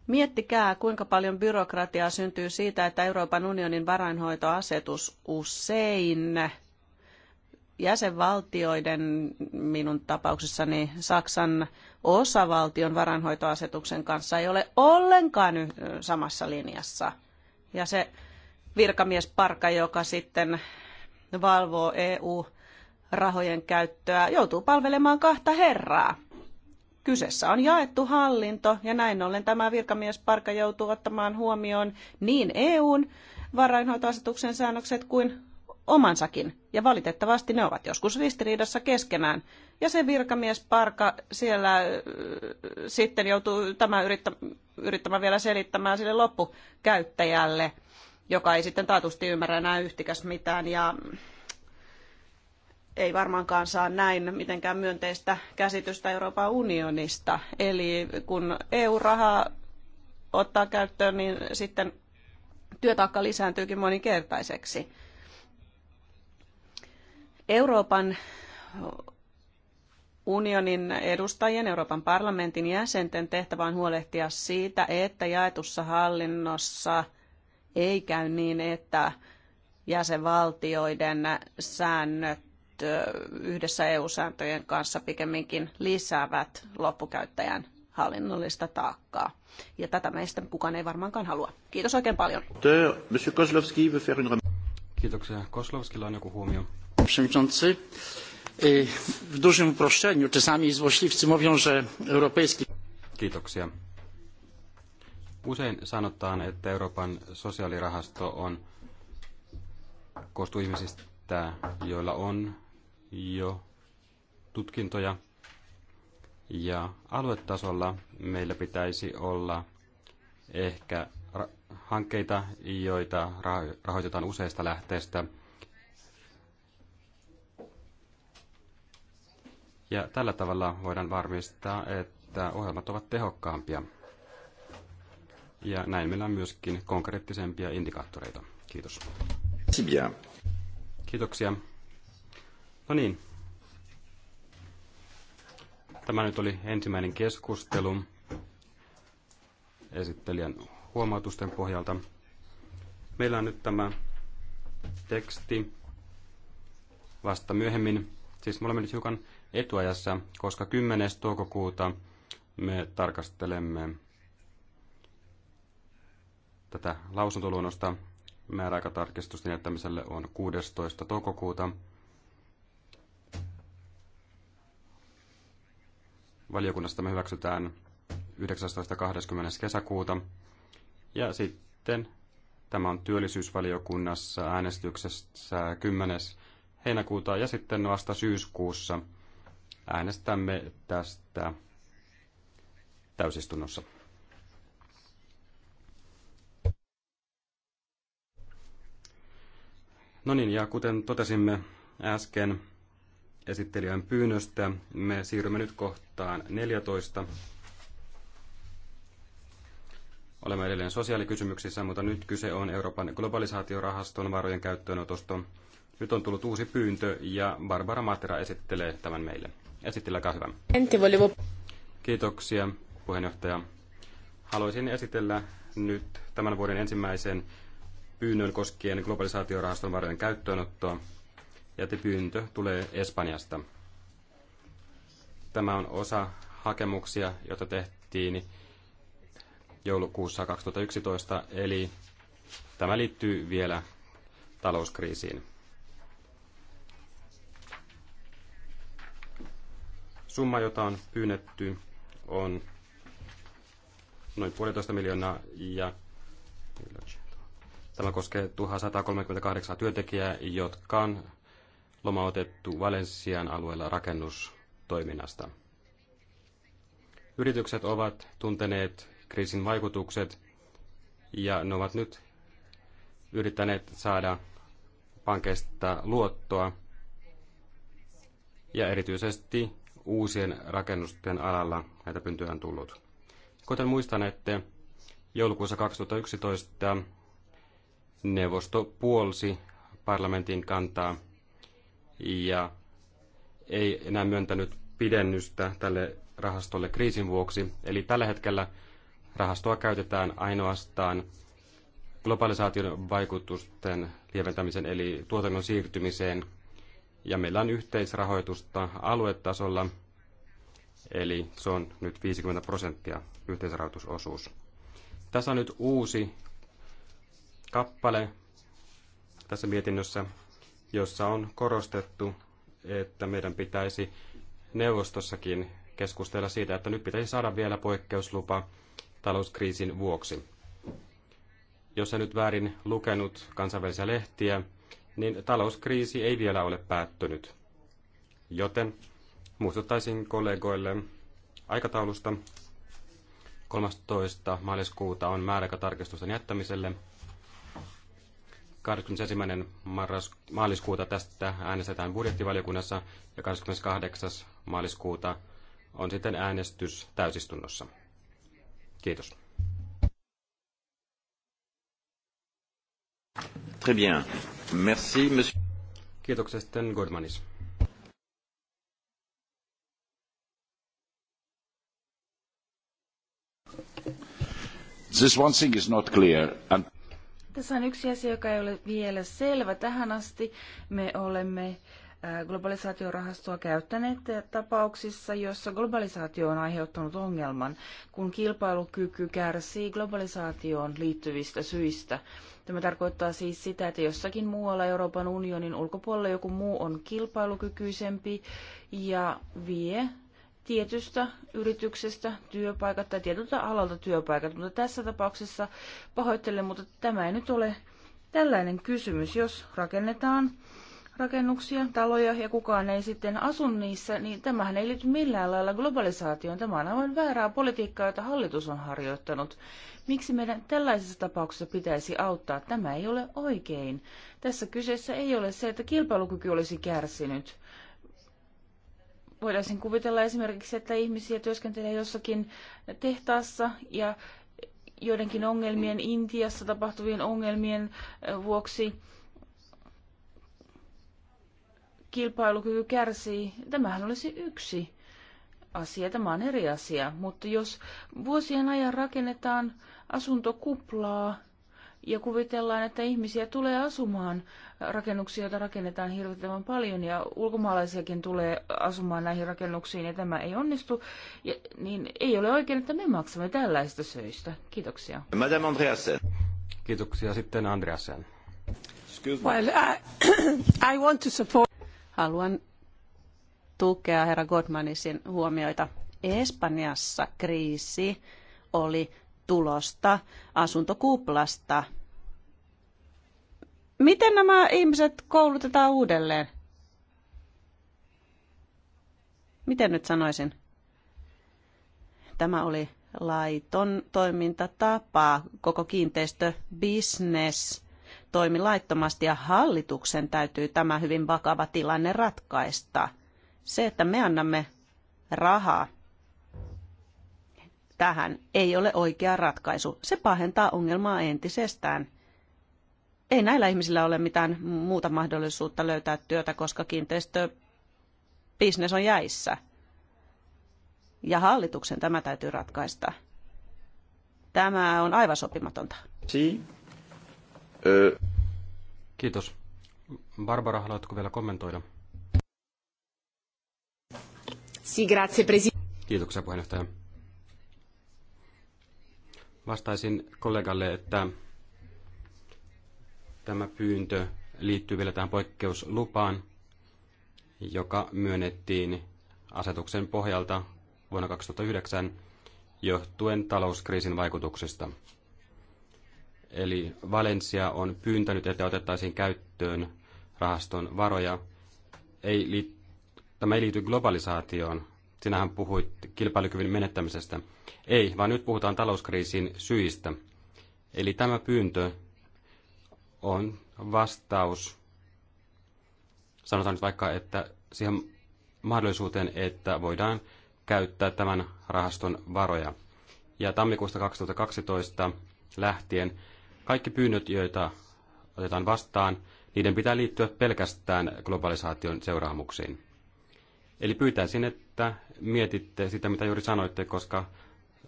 Miettikää, kuinka paljon byrokratiaa syntyy siitä, että Euroopan unionin varainhoitoasetus usein jäsenvaltioiden, minun tapauksessani Saksan osavaltion varanhoitoasetuksen kanssa ei ole ollenkaan samassa linjassa. Ja se virkamiesparka, joka sitten valvoo EU-rahojen käyttöä, joutuu palvelemaan kahta herraa. Kyseessä on jaettu hallinto ja näin ollen tämä virkamiesparka joutuu ottamaan huomioon niin EUn varainhoitoasetuksen säännökset kuin omansakin, ja valitettavasti ne ovat joskus ristiriidassa keskenään. Ja se virkamies parka siellä äh, sitten joutuu tämä yrittä, yrittämään vielä selittämään sille loppukäyttäjälle, joka ei sitten taatusti ymmärrä enää yhtikäs mitään, ja ei varmaankaan saa näin mitenkään myönteistä käsitystä Euroopan unionista. Eli kun EU-rahaa ottaa käyttöön, niin sitten työtaakka lisääntyykin moninkertaiseksi. Euroopan unionin edustajien, Euroopan parlamentin jäsenten tehtävä on huolehtia siitä, että jaetussa hallinnossa ei käy niin, että jäsenvaltioiden säännöt yhdessä EU-sääntöjen kanssa pikemminkin lisäävät loppukäyttäjän hallinnollista taakkaa. Ja tätä meistä kukaan ei varmaankaan halua. Kiitos oikein paljon. Kiitoksia. Koslovskilla on joku huomio przewodniczący! w dużym uproszczeniu czasami złośliwcy mówią, że europejski... Kiitoksia. Usein sanotaan, että Euroopan sosiaalirahasto on, koostuu ihmisistä, joilla on jo tutkintoja. Ja aluetasolla meillä pitäisi olla ehkä hankkeita, joita rahoitetaan useista lähteistä – Ja tällä tavalla voidaan varmistaa, että ohjelmat ovat tehokkaampia. Ja näin meillä on myöskin konkreettisempia indikaattoreita. Kiitos. Kiitoksia. No niin. Tämä nyt oli ensimmäinen keskustelu esittelijän huomautusten pohjalta. Meillä on nyt tämä teksti vasta myöhemmin. Siis me olemme nyt hiukan etuajassa, koska 10. toukokuuta me tarkastelemme tätä lausuntoluonnosta. Määräaikatarkistusten jättämiselle on 16. toukokuuta. Valiokunnasta me hyväksytään 19.20. kesäkuuta. Ja sitten tämä on työllisyysvaliokunnassa äänestyksessä 10. heinäkuuta ja sitten no vasta syyskuussa – äänestämme tästä täysistunnossa. No niin, ja kuten totesimme äsken esittelijän pyynnöstä, me siirrymme nyt kohtaan 14. Olemme edelleen sosiaalikysymyksissä, mutta nyt kyse on Euroopan globalisaatiorahaston varojen käyttöönotosta. Nyt on tullut uusi pyyntö ja Barbara Matera esittelee tämän meille. Esittelykää hyvä. Kiitoksia, puheenjohtaja. Haluaisin esitellä nyt tämän vuoden ensimmäisen pyynnön koskien globalisaatiorahaston varojen käyttöönottoa. Ja pyyntö tulee Espanjasta. Tämä on osa hakemuksia, joita tehtiin joulukuussa 2011, eli tämä liittyy vielä talouskriisiin. summa, jota on pyynnetty, on noin puolitoista miljoonaa ja tämä koskee 1138 työntekijää, jotka on lomautettu Valensian alueella rakennustoiminnasta. Yritykset ovat tunteneet kriisin vaikutukset ja ne ovat nyt yrittäneet saada pankeista luottoa ja erityisesti uusien rakennusten alalla näitä pyyntöjä on tullut. Kuten muistanette, että joulukuussa 2011 neuvosto puolsi parlamentin kantaa ja ei enää myöntänyt pidennystä tälle rahastolle kriisin vuoksi. Eli tällä hetkellä rahastoa käytetään ainoastaan globalisaation vaikutusten lieventämisen eli tuotannon siirtymiseen ja meillä on yhteisrahoitusta aluetasolla, eli se on nyt 50 prosenttia yhteisrahoitusosuus. Tässä on nyt uusi kappale tässä mietinnössä, jossa on korostettu, että meidän pitäisi neuvostossakin keskustella siitä, että nyt pitäisi saada vielä poikkeuslupa talouskriisin vuoksi. Jos en nyt väärin lukenut kansainvälisiä lehtiä, niin talouskriisi ei vielä ole päättynyt. Joten muistuttaisin kollegoille aikataulusta. 13. maaliskuuta on määräaikatarkistusten jättämiselle. 21. Marras, maaliskuuta tästä äänestetään budjettivaliokunnassa ja 28. maaliskuuta on sitten äänestys täysistunnossa. Kiitos. Très bien. Merci, monsieur. sitten Goldmanis. This one thing is not clear. And... Tässä on yksi asia, joka ei ole vielä selvä. Tähän asti me olemme äh, globalisaatiorahastoa käyttäneet tapauksissa, joissa globalisaatio on aiheuttanut ongelman, kun kilpailukyky kärsii globalisaatioon liittyvistä syistä. Tämä tarkoittaa siis sitä, että jossakin muualla Euroopan unionin ulkopuolella joku muu on kilpailukykyisempi ja vie tietystä yrityksestä työpaikat tai tietyltä alalta työpaikat. Mutta tässä tapauksessa pahoittelen, mutta tämä ei nyt ole tällainen kysymys. Jos rakennetaan rakennuksia, taloja ja kukaan ei sitten asu niissä, niin tämähän ei liity millään lailla globalisaatioon. Tämä on aivan väärää politiikkaa, jota hallitus on harjoittanut. Miksi meidän tällaisessa tapauksessa pitäisi auttaa? Tämä ei ole oikein. Tässä kyseessä ei ole se, että kilpailukyky olisi kärsinyt. Voidaisin kuvitella esimerkiksi, että ihmisiä työskentelee jossakin tehtaassa ja joidenkin ongelmien Intiassa tapahtuvien ongelmien vuoksi kilpailukyky kärsii, tämähän olisi yksi asia, tämä on eri asia, mutta jos vuosien ajan rakennetaan asuntokuplaa ja kuvitellaan, että ihmisiä tulee asumaan rakennuksia, joita rakennetaan hirvittävän paljon ja ulkomaalaisiakin tulee asumaan näihin rakennuksiin ja tämä ei onnistu, ja, niin ei ole oikein, että me maksamme tällaista syistä. Kiitoksia. Madame Andreasen. Kiitoksia sitten Andreasen. Well, I, I want to support Haluan tukea herra Godmanisin huomioita. Espanjassa kriisi oli tulosta asuntokuplasta. Miten nämä ihmiset koulutetaan uudelleen? Miten nyt sanoisin? Tämä oli laiton toimintatapa, koko kiinteistö business toimi laittomasti ja hallituksen täytyy tämä hyvin vakava tilanne ratkaista. Se, että me annamme rahaa tähän, ei ole oikea ratkaisu. Se pahentaa ongelmaa entisestään. Ei näillä ihmisillä ole mitään muuta mahdollisuutta löytää työtä, koska kiinteistöbisnes on jäissä. Ja hallituksen tämä täytyy ratkaista. Tämä on aivan sopimatonta. Si. Kiitos. Barbara, haluatko vielä kommentoida? Si, grazie, presi- Kiitoksia puheenjohtaja. Vastaisin kollegalle, että tämä pyyntö liittyy vielä tähän poikkeuslupaan, joka myönnettiin asetuksen pohjalta vuonna 2009 johtuen talouskriisin vaikutuksista. Eli Valencia on pyyntänyt, että otettaisiin käyttöön rahaston varoja. Ei li- Tämä ei liity globalisaatioon. Sinähän puhuit kilpailukyvyn menettämisestä. Ei, vaan nyt puhutaan talouskriisin syistä. Eli tämä pyyntö on vastaus, sanotaan nyt vaikka, että siihen mahdollisuuteen, että voidaan käyttää tämän rahaston varoja. Ja tammikuusta 2012 lähtien kaikki pyynnöt, joita otetaan vastaan, niiden pitää liittyä pelkästään globalisaation seuraamuksiin. Eli pyytäisin, että mietitte sitä, mitä juuri sanoitte, koska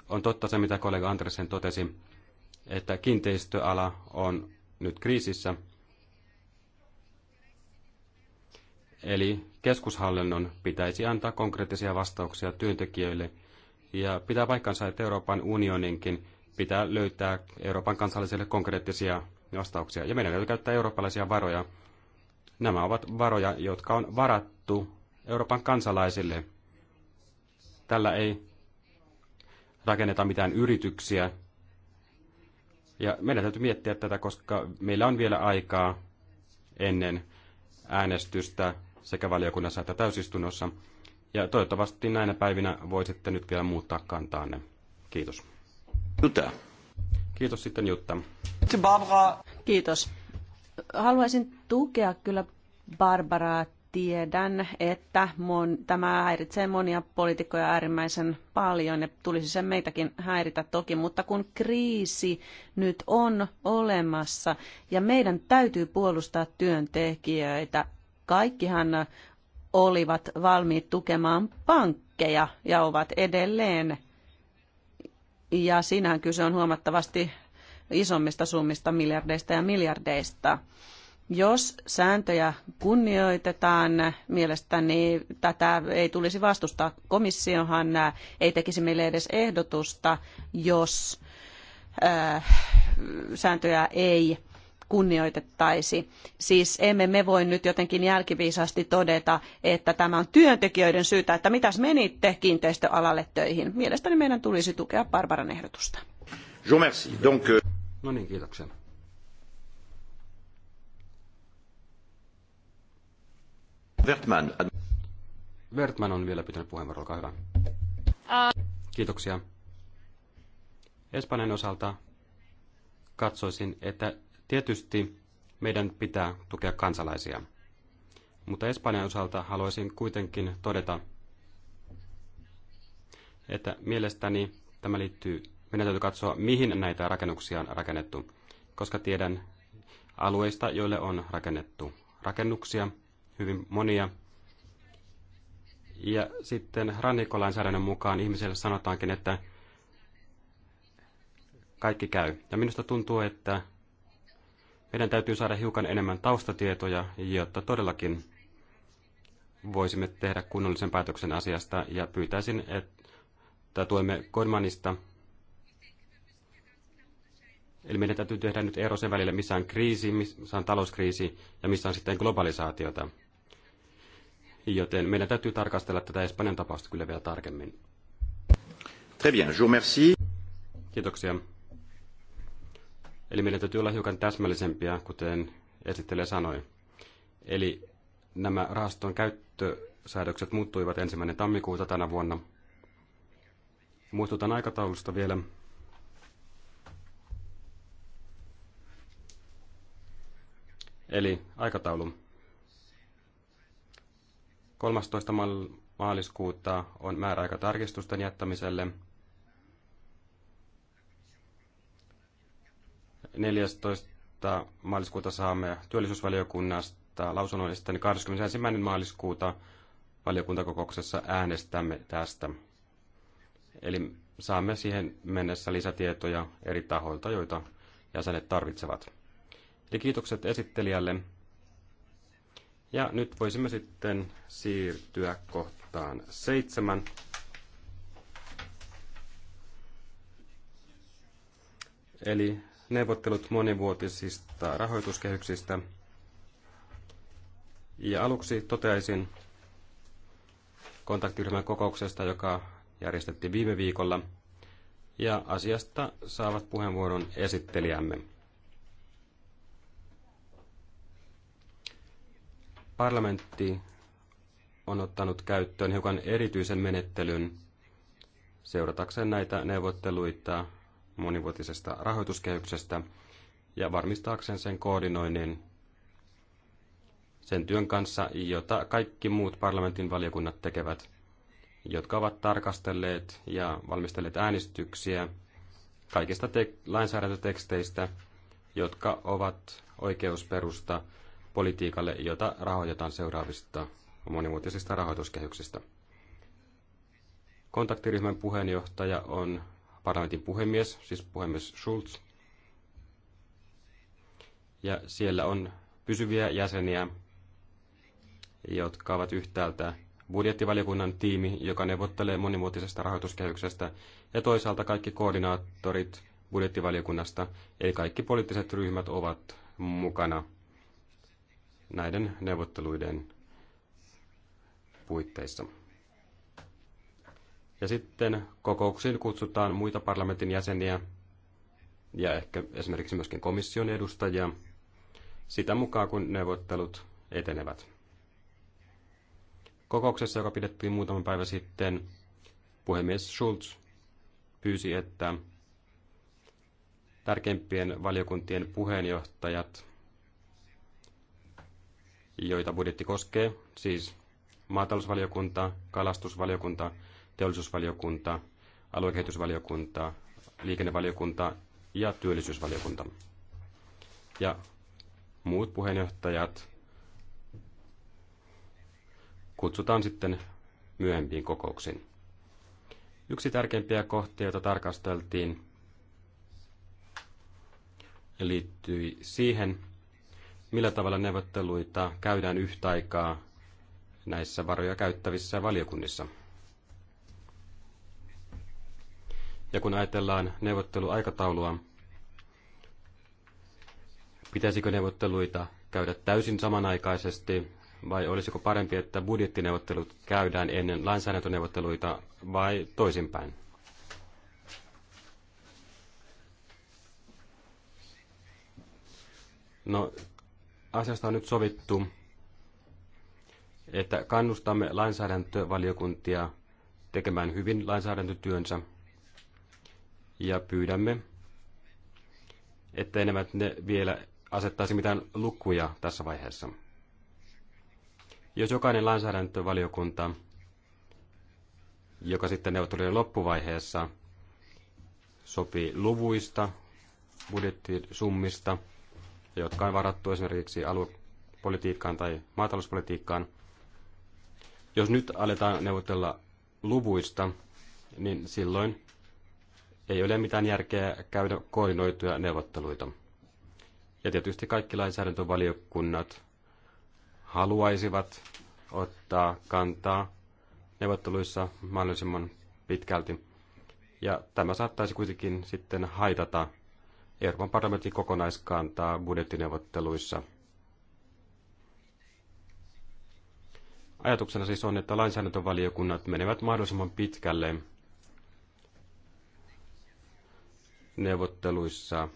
on totta se, mitä kollega Andresen totesi, että kiinteistöala on nyt kriisissä. Eli keskushallinnon pitäisi antaa konkreettisia vastauksia työntekijöille, ja pitää paikkansa, että Euroopan unioninkin pitää löytää Euroopan kansallisille konkreettisia vastauksia. Ja meidän täytyy käyttää eurooppalaisia varoja. Nämä ovat varoja, jotka on varattu Euroopan kansalaisille. Tällä ei rakenneta mitään yrityksiä. Ja meidän täytyy miettiä tätä, koska meillä on vielä aikaa ennen äänestystä sekä valiokunnassa että täysistunnossa. Ja toivottavasti näinä päivinä voisitte nyt vielä muuttaa kantaanne. Kiitos. Jutta. Kiitos sitten Jutta. Kiitos. Haluaisin tukea kyllä Barbaraa. Tiedän, että mon, tämä häiritsee monia poliitikkoja äärimmäisen paljon ja tulisi se meitäkin häiritä toki, mutta kun kriisi nyt on olemassa ja meidän täytyy puolustaa työntekijöitä, kaikkihan olivat valmiit tukemaan pankkeja ja ovat edelleen ja siinähän kyse on huomattavasti isommista summista, miljardeista ja miljardeista. Jos sääntöjä kunnioitetaan, mielestäni tätä ei tulisi vastustaa. Komissiohan äh, ei tekisi meille edes ehdotusta, jos äh, sääntöjä ei kunnioitettaisi. Siis emme me voi nyt jotenkin jälkiviisaasti todeta, että tämä on työntekijöiden syytä, että mitäs menitte kiinteistöalalle töihin. Mielestäni meidän tulisi tukea Barbaran ehdotusta. Euh, no niin, kiitoksia. Wertman. Wertman on vielä pitänyt puheenvuoron, olkaa hyvä. Äh. Kiitoksia. Espanjan osalta katsoisin, että Tietysti meidän pitää tukea kansalaisia. Mutta Espanjan osalta haluaisin kuitenkin todeta, että mielestäni tämä liittyy, meidän täytyy katsoa, mihin näitä rakennuksia on rakennettu, koska tiedän alueista, joille on rakennettu rakennuksia, hyvin monia. Ja sitten rannikkolainsäädännön mukaan ihmiselle sanotaankin, että kaikki käy. Ja minusta tuntuu, että meidän täytyy saada hiukan enemmän taustatietoja, jotta todellakin voisimme tehdä kunnollisen päätöksen asiasta ja pyytäisin, että tuemme Kodmanista. Eli meidän täytyy tehdä nyt ero sen välillä, missä on kriisi, missä on talouskriisi ja missä on sitten globalisaatiota. Joten meidän täytyy tarkastella tätä Espanjan tapausta kyllä vielä tarkemmin. Très bien, je vous remercie. Kiitoksia. Eli meidän täytyy olla hiukan täsmällisempiä, kuten esittelijä sanoi. Eli nämä rahaston käyttösäädökset muuttuivat ensimmäinen tammikuuta tänä vuonna. Muistutan aikataulusta vielä. Eli aikataulu. 13. maaliskuuta on määräaika tarkistusten jättämiselle – 14. maaliskuuta saamme työllisyysvaliokunnasta lausunnoista, niin 21. maaliskuuta valiokuntakokouksessa äänestämme tästä. Eli saamme siihen mennessä lisätietoja eri tahoilta, joita jäsenet tarvitsevat. Eli kiitokset esittelijälle. Ja nyt voisimme sitten siirtyä kohtaan seitsemän. Eli neuvottelut monivuotisista rahoituskehyksistä. Ja aluksi toteaisin kontaktiryhmän kokouksesta, joka järjestettiin viime viikolla, ja asiasta saavat puheenvuoron esittelijämme. Parlamentti on ottanut käyttöön hiukan erityisen menettelyn seuratakseen näitä neuvotteluita monivuotisesta rahoituskehyksestä ja varmistaakseen sen koordinoinnin sen työn kanssa, jota kaikki muut parlamentin valiokunnat tekevät, jotka ovat tarkastelleet ja valmistelleet äänestyksiä kaikista te- lainsäädäntöteksteistä, jotka ovat oikeusperusta politiikalle, jota rahoitetaan seuraavista monimuotoisista rahoituskehyksistä. Kontaktiryhmän puheenjohtaja on parlamentin puhemies, siis puhemies Schulz. Ja siellä on pysyviä jäseniä, jotka ovat yhtäältä budjettivaliokunnan tiimi, joka neuvottelee monimuotoisesta rahoituskehyksestä, ja toisaalta kaikki koordinaattorit budjettivaliokunnasta, eli kaikki poliittiset ryhmät ovat mukana näiden neuvotteluiden puitteissa. Ja sitten kokouksiin kutsutaan muita parlamentin jäseniä ja ehkä esimerkiksi myöskin komission edustajia sitä mukaan, kun neuvottelut etenevät. Kokouksessa, joka pidettiin muutama päivä sitten, puhemies Schulz pyysi, että tärkeimpien valiokuntien puheenjohtajat, joita budjetti koskee, siis maatalousvaliokunta, kalastusvaliokunta, teollisuusvaliokunta, aluekehitysvaliokunta, liikennevaliokunta ja työllisyysvaliokunta. Ja muut puheenjohtajat kutsutaan sitten myöhempiin kokouksiin. Yksi tärkeimpiä kohtia, joita tarkasteltiin, liittyi siihen, millä tavalla neuvotteluita käydään yhtä aikaa näissä varoja käyttävissä valiokunnissa – Ja kun ajatellaan neuvotteluaikataulua, pitäisikö neuvotteluita käydä täysin samanaikaisesti vai olisiko parempi, että budjettineuvottelut käydään ennen lainsäädäntöneuvotteluita vai toisinpäin? No, asiasta on nyt sovittu, että kannustamme lainsäädäntövaliokuntia tekemään hyvin lainsäädäntötyönsä ja pyydämme, että enemmän ne vielä asettaisi mitään lukuja tässä vaiheessa. Jos jokainen lainsäädäntövaliokunta, joka sitten neuvottelujen loppuvaiheessa sopii luvuista, budjettisummista, jotka on varattu esimerkiksi aluepolitiikkaan tai maatalouspolitiikkaan. Jos nyt aletaan neuvotella luvuista, niin silloin ei ole mitään järkeä käydä koordinoituja neuvotteluita. Ja tietysti kaikki lainsäädäntövaliokunnat haluaisivat ottaa kantaa neuvotteluissa mahdollisimman pitkälti. Ja tämä saattaisi kuitenkin sitten haitata Euroopan parlamentin kokonaiskantaa budjettineuvotteluissa. Ajatuksena siis on, että lainsäädäntövaliokunnat menevät mahdollisimman pitkälle neuvotteluissa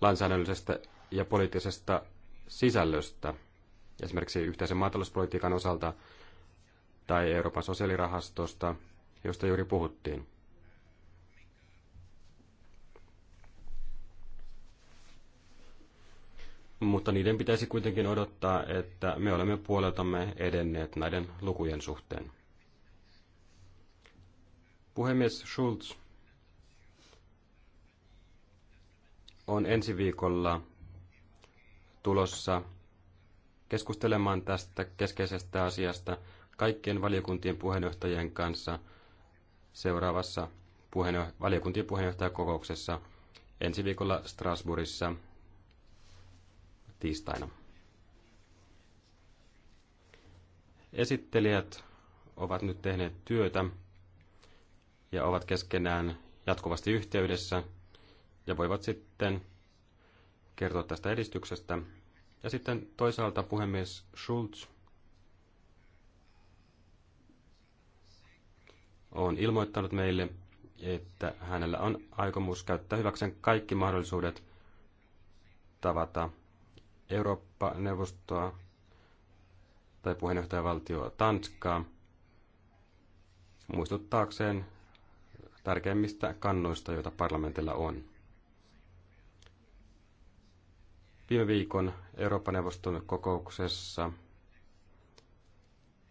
lainsäädännöllisestä ja poliittisesta sisällöstä, esimerkiksi yhteisen maatalouspolitiikan osalta tai Euroopan sosiaalirahastosta, josta juuri puhuttiin. Mutta niiden pitäisi kuitenkin odottaa, että me olemme puoleltamme edenneet näiden lukujen suhteen. Puhemies Schulz on ensi viikolla tulossa keskustelemaan tästä keskeisestä asiasta kaikkien valiokuntien puheenjohtajien kanssa seuraavassa puheenjo- valiokuntien puheenjohtajakokouksessa ensi viikolla Strasbourgissa tiistaina. Esittelijät ovat nyt tehneet työtä ja ovat keskenään jatkuvasti yhteydessä – ja voivat sitten kertoa tästä edistyksestä. Ja sitten toisaalta puhemies Schulz on ilmoittanut meille, että hänellä on aikomus käyttää hyväkseen kaikki mahdollisuudet tavata Eurooppa-neuvostoa tai puheenjohtajavaltio Tanskaa muistuttaakseen tärkeimmistä kannoista, joita parlamentilla on. Viime viikon Euroopan neuvoston kokouksessa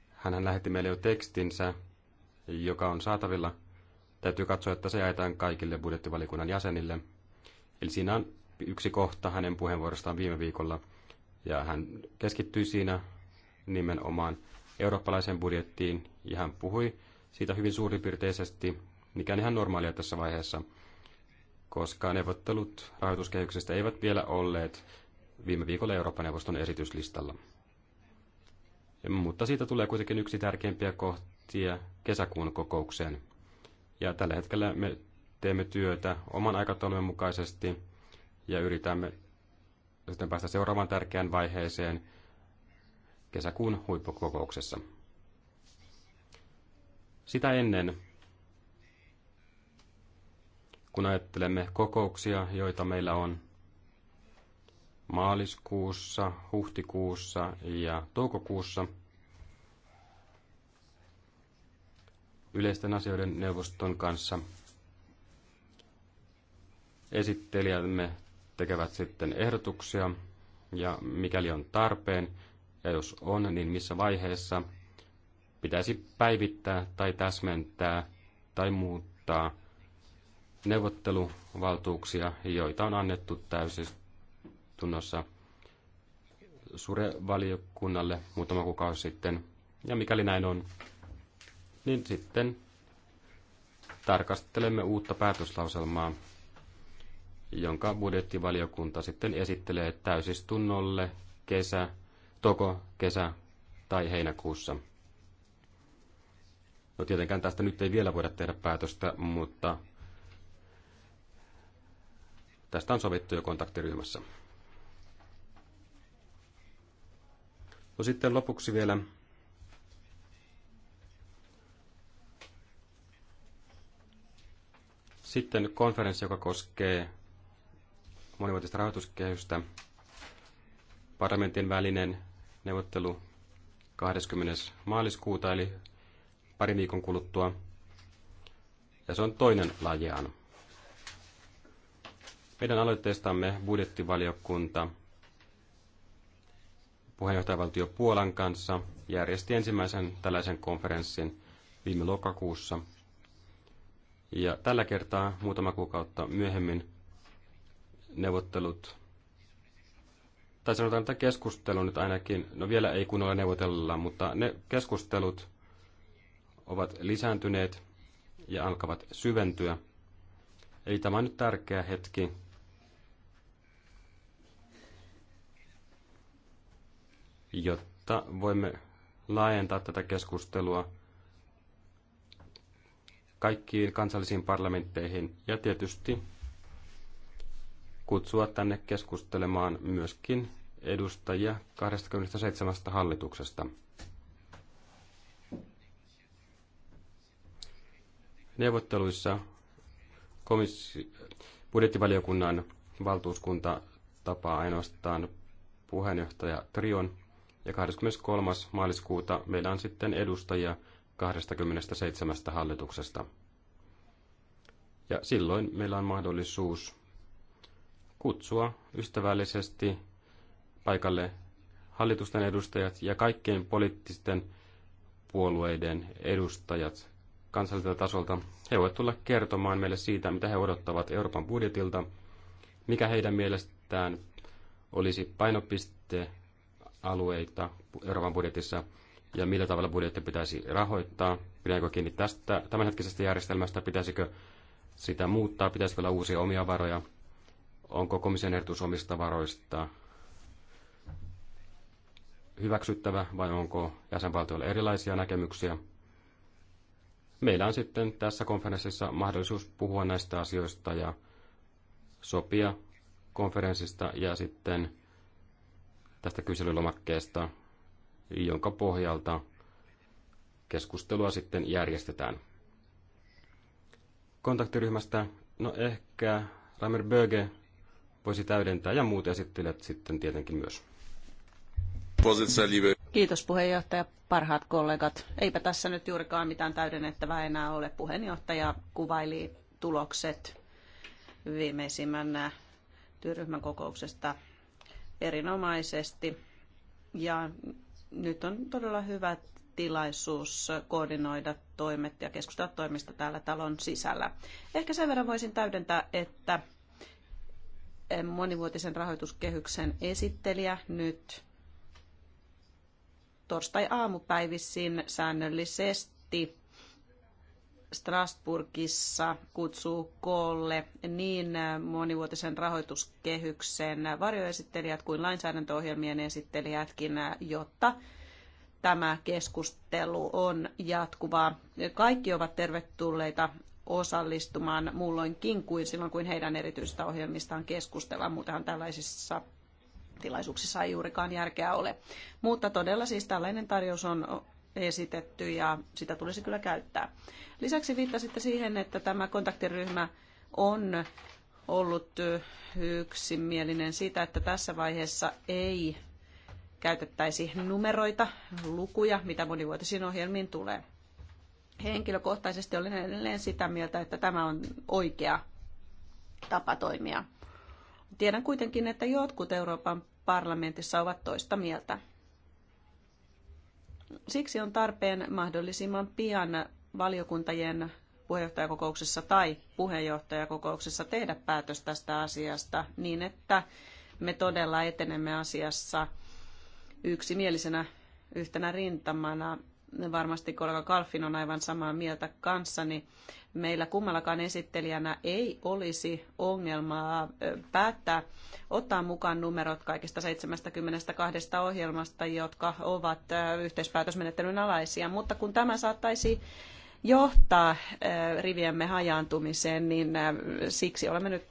hän lähetti meille jo tekstinsä, joka on saatavilla. Täytyy katsoa, että se jaetaan kaikille budjettivalikunnan jäsenille. Eli siinä on yksi kohta hänen puheenvuorostaan viime viikolla, ja hän keskittyi siinä nimenomaan eurooppalaiseen budjettiin, ja hän puhui siitä hyvin suurinpiirteisesti, mikä on ihan normaalia tässä vaiheessa, koska neuvottelut rahoituskehyksestä eivät vielä olleet viime viikolla Eurooppa-neuvoston esityslistalla. Mutta siitä tulee kuitenkin yksi tärkeimpiä kohtia kesäkuun kokoukseen. Ja tällä hetkellä me teemme työtä oman aikataulumme mukaisesti ja yritämme sitten päästä seuraavaan tärkeään vaiheeseen kesäkuun huippukokouksessa. Sitä ennen, kun ajattelemme kokouksia, joita meillä on maaliskuussa, huhtikuussa ja toukokuussa. Yleisten asioiden neuvoston kanssa esittelijämme tekevät sitten ehdotuksia ja mikäli on tarpeen ja jos on, niin missä vaiheessa pitäisi päivittää tai täsmentää tai muuttaa neuvotteluvaltuuksia, joita on annettu täysistä täysistunnossa surevaliokunnalle muutama kuukausi sitten. Ja mikäli näin on, niin sitten tarkastelemme uutta päätöslauselmaa, jonka budjettivaliokunta sitten esittelee täysistunnolle kesä, toko, kesä tai heinäkuussa. No tietenkään tästä nyt ei vielä voida tehdä päätöstä, mutta tästä on sovittu jo kontaktiryhmässä. No sitten lopuksi vielä Sitten konferenssi, joka koskee monivuotista rahoituskehystä, parlamentin välinen neuvottelu 20. maaliskuuta, eli pari viikon kuluttua. Ja se on toinen lajean. Meidän aloitteestamme budjettivaliokunta – puheenjohtajavaltio Puolan kanssa järjesti ensimmäisen tällaisen konferenssin viime lokakuussa. Ja tällä kertaa muutama kuukautta myöhemmin neuvottelut, tai sanotaan, että keskustelu nyt ainakin, no vielä ei kunnolla neuvotella, mutta ne keskustelut ovat lisääntyneet ja alkavat syventyä. Eli tämä on nyt tärkeä hetki jotta voimme laajentaa tätä keskustelua kaikkiin kansallisiin parlamentteihin ja tietysti kutsua tänne keskustelemaan myöskin edustajia 27 hallituksesta. Neuvotteluissa komissi- budjettivaliokunnan valtuuskunta tapaa ainoastaan puheenjohtaja Trion ja 23. maaliskuuta meillä on sitten edustajia 27 hallituksesta. Ja silloin meillä on mahdollisuus kutsua ystävällisesti paikalle hallitusten edustajat ja kaikkien poliittisten puolueiden edustajat kansalliselta tasolta. He voivat tulla kertomaan meille siitä, mitä he odottavat Euroopan budjetilta, mikä heidän mielestään olisi painopiste alueita Euroopan budjetissa ja millä tavalla budjetti pitäisi rahoittaa? Pidäänkö kiinni tästä tämänhetkisestä järjestelmästä? Pitäisikö sitä muuttaa? Pitäisikö olla uusia omia varoja? Onko komission ehdotus omista varoista hyväksyttävä vai onko jäsenvaltioilla erilaisia näkemyksiä? Meillä on sitten tässä konferenssissa mahdollisuus puhua näistä asioista ja sopia konferenssista ja sitten tästä kyselylomakkeesta, jonka pohjalta keskustelua sitten järjestetään. Kontaktiryhmästä, no ehkä Ramer Böge voisi täydentää ja muut esittelijät sitten tietenkin myös. Kiitos puheenjohtaja, parhaat kollegat. Eipä tässä nyt juurikaan mitään täydennettävää enää ole. Puheenjohtaja kuvaili tulokset viimeisimmän äh, työryhmän kokouksesta erinomaisesti. Ja nyt on todella hyvä tilaisuus koordinoida toimet ja keskustella toimista täällä talon sisällä. Ehkä sen verran voisin täydentää, että monivuotisen rahoituskehyksen esittelijä nyt torstai aamupäivissin säännöllisesti Strasburgissa kutsuu koolle niin monivuotisen rahoituskehyksen varjoesittelijät kuin lainsäädäntöohjelmien esittelijätkin, jotta tämä keskustelu on jatkuvaa. Kaikki ovat tervetulleita osallistumaan muulloinkin kuin silloin, kun heidän erityisistä ohjelmistaan keskustellaan. Muutenhan tällaisissa tilaisuuksissa ei juurikaan järkeä ole. Mutta todella siis tällainen tarjous on esitetty ja sitä tulisi kyllä käyttää. Lisäksi viittasitte siihen, että tämä kontaktiryhmä on ollut yksimielinen siitä, että tässä vaiheessa ei käytettäisi numeroita, lukuja, mitä monivuotisiin ohjelmiin tulee. Henkilökohtaisesti olen edelleen sitä mieltä, että tämä on oikea tapa toimia. Tiedän kuitenkin, että jotkut Euroopan parlamentissa ovat toista mieltä. Siksi on tarpeen mahdollisimman pian valiokuntajien puheenjohtajakokouksessa tai puheenjohtajakokouksessa tehdä päätös tästä asiasta niin, että me todella etenemme asiassa yksimielisenä yhtenä rintamana varmasti kollega Kalfin on aivan samaa mieltä kanssani, meillä kummallakaan esittelijänä ei olisi ongelmaa päättää ottaa mukaan numerot kaikista 72 ohjelmasta, jotka ovat yhteispäätösmenettelyn alaisia, mutta kun tämä saattaisi johtaa riviemme hajaantumiseen, niin siksi olemme nyt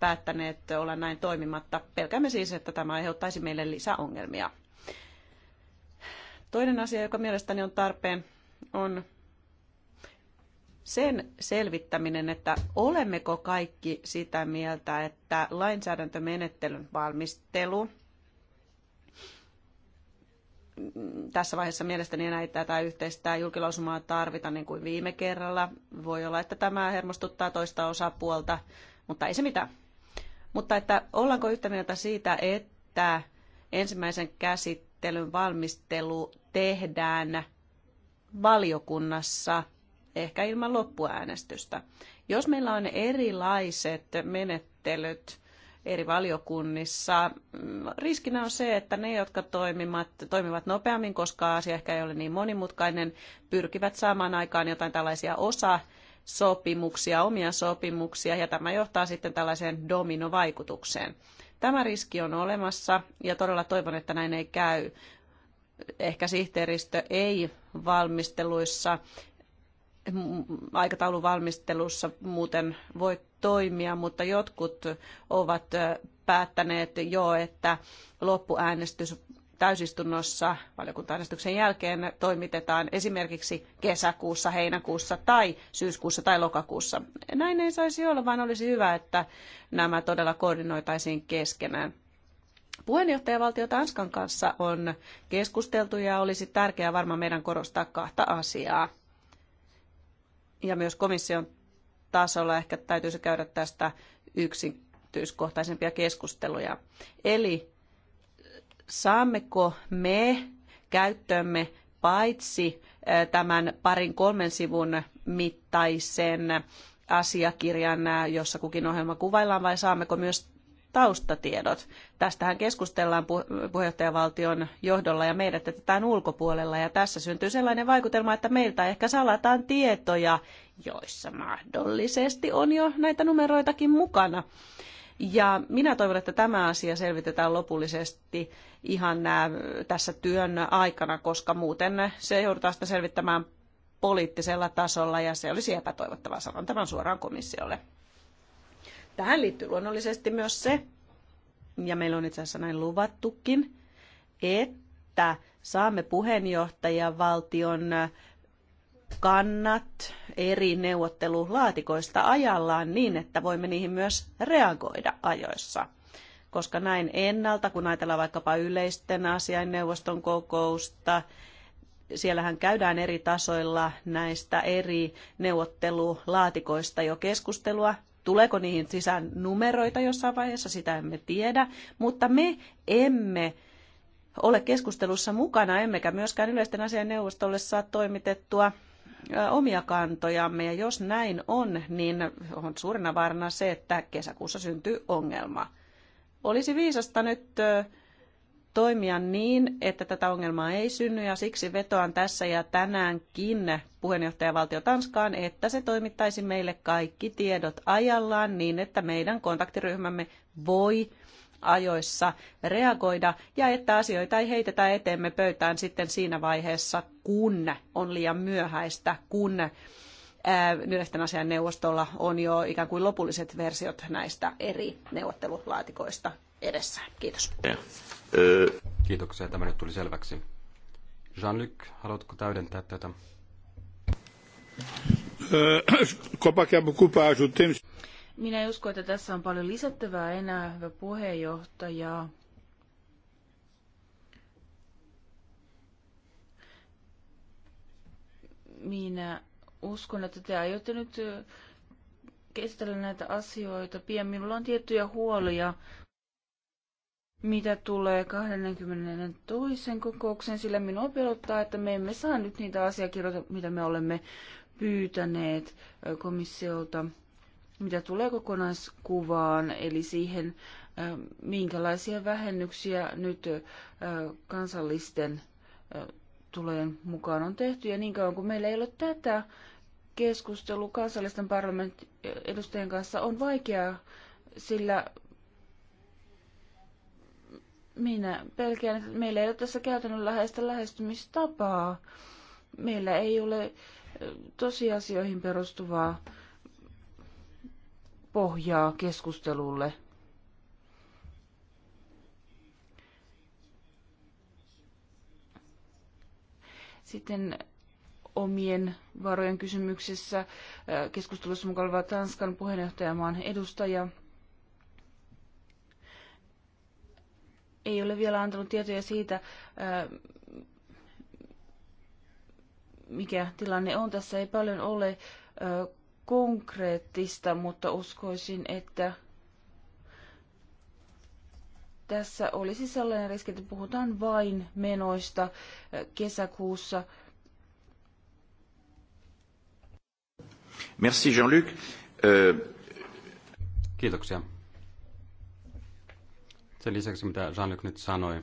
päättäneet olla näin toimimatta. Pelkäämme siis, että tämä aiheuttaisi meille lisäongelmia. Toinen asia, joka mielestäni on tarpeen, on sen selvittäminen, että olemmeko kaikki sitä mieltä, että lainsäädäntömenettelyn valmistelu tässä vaiheessa mielestäni enää ei tätä yhteistä julkilausumaa tarvita niin kuin viime kerralla. Voi olla, että tämä hermostuttaa toista osapuolta, mutta ei se mitään. Mutta että ollaanko yhtä mieltä siitä, että ensimmäisen käsittelyn käsittelyn valmistelu tehdään valiokunnassa ehkä ilman loppuäänestystä. Jos meillä on erilaiset menettelyt eri valiokunnissa, mm, riskinä on se, että ne, jotka toimivat, toimivat nopeammin, koska asia ehkä ei ole niin monimutkainen, pyrkivät saamaan aikaan jotain tällaisia osa sopimuksia, omia sopimuksia, ja tämä johtaa sitten tällaiseen dominovaikutukseen. Tämä riski on olemassa ja todella toivon, että näin ei käy. Ehkä sihteeristö ei valmisteluissa, aikataulun valmistelussa muuten voi toimia, mutta jotkut ovat päättäneet jo, että loppuäänestys täysistunnossa valiokuntaäänestyksen jälkeen toimitetaan esimerkiksi kesäkuussa, heinäkuussa tai syyskuussa tai lokakuussa. Näin ei saisi olla, vaan olisi hyvä, että nämä todella koordinoitaisiin keskenään. Puheenjohtajavaltio Tanskan kanssa on keskusteltu ja olisi tärkeää varmaan meidän korostaa kahta asiaa. Ja myös komission tasolla ehkä täytyisi käydä tästä yksityiskohtaisempia keskusteluja. Eli saammeko me käyttöömme paitsi tämän parin kolmen sivun mittaisen asiakirjan, jossa kukin ohjelma kuvaillaan, vai saammeko myös taustatiedot. Tästähän keskustellaan puheenjohtajavaltion johdolla ja meidät tätä ulkopuolella ja tässä syntyy sellainen vaikutelma, että meiltä ehkä salataan tietoja, joissa mahdollisesti on jo näitä numeroitakin mukana. Ja minä toivon, että tämä asia selvitetään lopullisesti ihan tässä työn aikana, koska muuten se joudutaan sitä selvittämään poliittisella tasolla ja se olisi epätoivottavaa, sanon tämän suoraan komissiolle. Tähän liittyy luonnollisesti myös se, ja meillä on itse asiassa näin luvattukin, että saamme puheenjohtajavaltion kannat eri neuvottelulaatikoista ajallaan niin, että voimme niihin myös reagoida ajoissa. Koska näin ennalta, kun ajatellaan vaikkapa yleisten asiainneuvoston kokousta, siellähän käydään eri tasoilla näistä eri neuvottelulaatikoista jo keskustelua. Tuleeko niihin sisään numeroita jossain vaiheessa, sitä emme tiedä, mutta me emme ole keskustelussa mukana, emmekä myöskään yleisten asian neuvostolle saa toimitettua omia kantojamme ja jos näin on, niin on suurena vaarana se, että kesäkuussa syntyy ongelma. Olisi viisasta nyt toimia niin, että tätä ongelmaa ei synny ja siksi vetoan tässä ja tänäänkin puheenjohtajavaltio Tanskaan, että se toimittaisi meille kaikki tiedot ajallaan niin, että meidän kontaktiryhmämme voi ajoissa reagoida ja että asioita ei heitetä eteemme pöytään sitten siinä vaiheessa, kun on liian myöhäistä, kun yleisten asian neuvostolla on jo ikään kuin lopulliset versiot näistä eri neuvottelulaatikoista edessään. Kiitos. Kiitoksia, tämä nyt tuli selväksi. Jean-Luc, haluatko täydentää tätä? Copac a minä en usko, että tässä on paljon lisättävää enää, hyvä puheenjohtaja. Minä uskon, että te aiotte nyt kestellä näitä asioita. Pian minulla on tiettyjä huolia, mitä tulee 22. kokoukseen, sillä minua pelottaa, että me emme saa nyt niitä asiakirjoja, mitä me olemme pyytäneet komissiolta mitä tulee kokonaiskuvaan, eli siihen, minkälaisia vähennyksiä nyt kansallisten tulojen mukaan on tehty. Ja niin kauan kuin meillä ei ole tätä keskustelua kansallisten parlamentin edustajien kanssa, on vaikeaa, sillä minä pelkään, että meillä ei ole tässä läheistä lähestymistapaa. Meillä ei ole tosiasioihin perustuvaa äh, pohjaa keskustelulle. Sitten omien varojen kysymyksessä äh, keskustelussa mukaan oleva Tanskan puheenjohtajamaan edustaja ei ole vielä antanut tietoja siitä, äh, mikä tilanne on. Tässä ei paljon ole äh, konkreettista, mutta uskoisin, että tässä olisi sellainen riski, että puhutaan vain menoista äh, kesäkuussa. Merci Jean-Luc. Euh, Kiitoksia. Sen lisäksi, mitä Jean-Luc nyt sanoi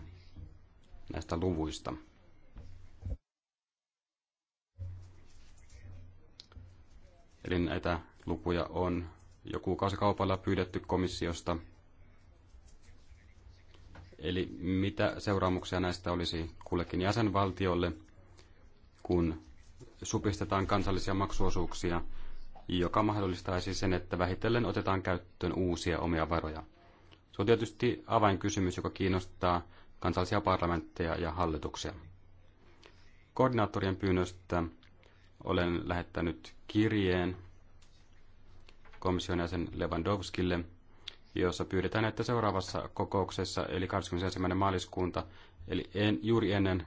näistä luvuista – Eli näitä lukuja on jo kuukausikaupalla pyydetty komissiosta. Eli mitä seuraamuksia näistä olisi kullekin jäsenvaltiolle, kun supistetaan kansallisia maksuosuuksia, joka mahdollistaisi sen, että vähitellen otetaan käyttöön uusia omia varoja. Se on tietysti avainkysymys, joka kiinnostaa kansallisia parlamentteja ja hallituksia. Koordinaattorien pyynnöstä olen lähettänyt kirjeen komission jäsen Lewandowskille, jossa pyydetään, että seuraavassa kokouksessa, eli 21. maaliskuunta, eli en, juuri ennen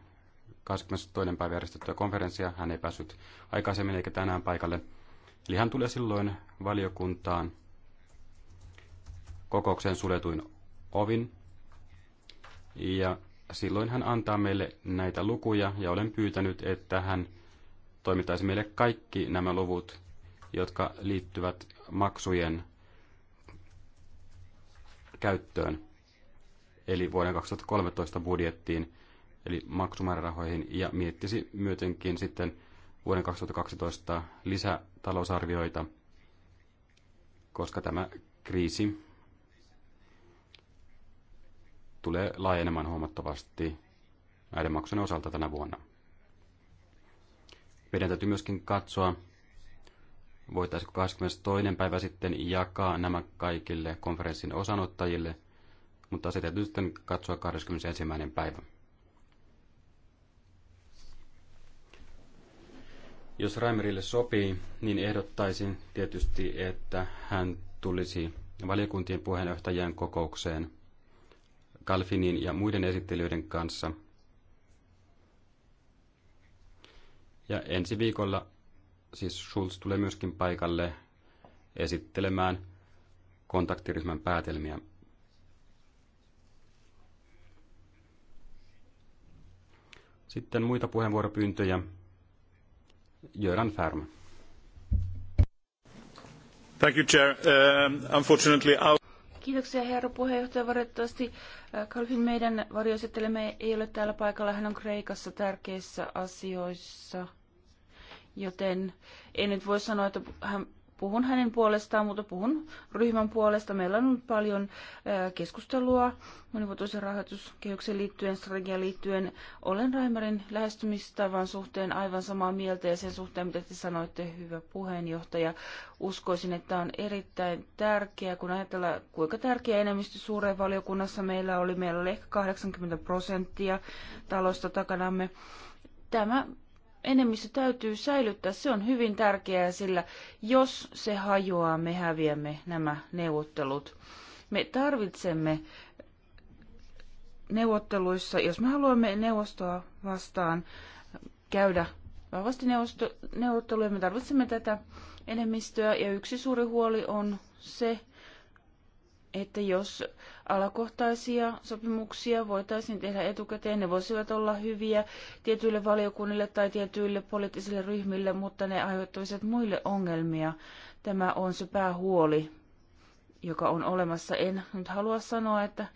22. päivä järjestettyä konferenssia, hän ei päässyt aikaisemmin eikä tänään paikalle. Eli hän tulee silloin valiokuntaan kokoukseen suljetuin ovin. Ja silloin hän antaa meille näitä lukuja ja olen pyytänyt, että hän toimittaisi meille kaikki nämä luvut, jotka liittyvät maksujen käyttöön, eli vuoden 2013 budjettiin, eli maksumäärärahoihin, ja miettisi myötenkin sitten vuoden 2012 lisätalousarvioita, koska tämä kriisi tulee laajenemaan huomattavasti näiden maksujen osalta tänä vuonna. Meidän täytyy myöskin katsoa, voitaisiinko 22. päivä sitten jakaa nämä kaikille konferenssin osanottajille, mutta se täytyy sitten katsoa 21. päivä. Jos Raimerille sopii, niin ehdottaisin tietysti, että hän tulisi valiokuntien puheenjohtajien kokoukseen Kalfinin ja muiden esittelijöiden kanssa – Ja ensi viikolla siis Schulz tulee myöskin paikalle esittelemään kontaktiryhmän päätelmiä. Sitten muita puheenvuoropyyntöjä. Göran Färm. Thank you, Chair. Um, unfortunately, our... Kiitoksia herra puheenjohtaja. Valitettavasti äh, Kalvin meidän varjoesittelemme ei ole täällä paikalla. Hän on Kreikassa tärkeissä asioissa joten en nyt voi sanoa, että hän, puhun hänen puolestaan, mutta puhun ryhmän puolesta. Meillä on ollut paljon keskustelua monivuotoisen rahoituskehyksen liittyen, strategian liittyen. Olen Raimarin lähestymistavan suhteen aivan samaa mieltä ja sen suhteen, mitä te sanoitte, hyvä puheenjohtaja. Uskoisin, että on erittäin tärkeää, kun ajatellaan, kuinka tärkeä enemmistö suureen valiokunnassa meillä oli. Meillä oli ehkä 80 prosenttia talosta takanamme. Tämä enemmistö täytyy säilyttää. Se on hyvin tärkeää, sillä jos se hajoaa, me häviämme nämä neuvottelut. Me tarvitsemme neuvotteluissa, jos me haluamme neuvostoa vastaan käydä vahvasti neuvotteluja, me tarvitsemme tätä enemmistöä. Ja yksi suuri huoli on se, että jos alakohtaisia sopimuksia voitaisiin tehdä etukäteen, ne voisivat olla hyviä tietyille valiokunnille tai tietyille poliittisille ryhmille, mutta ne aiheuttaisivat muille ongelmia. Tämä on se päähuoli, joka on olemassa. En nyt halua sanoa, että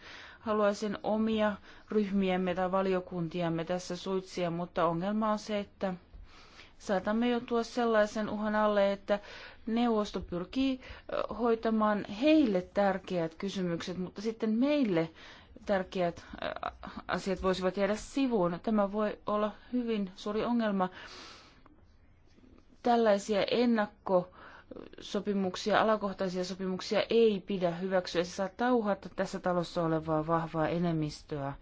haluaisin omia ryhmiämme tai valiokuntiamme tässä suitsia, mutta ongelma on se, että saatamme joutua sellaisen uhan alle, että neuvosto pyrkii hoitamaan heille tärkeät kysymykset, mutta sitten meille tärkeät asiat voisivat jäädä sivuun. Tämä voi olla hyvin suuri ongelma. Tällaisia ennakko sopimuksia, alakohtaisia sopimuksia ei pidä hyväksyä. Se saattaa uhata tässä talossa olevaa vahvaa enemmistöä.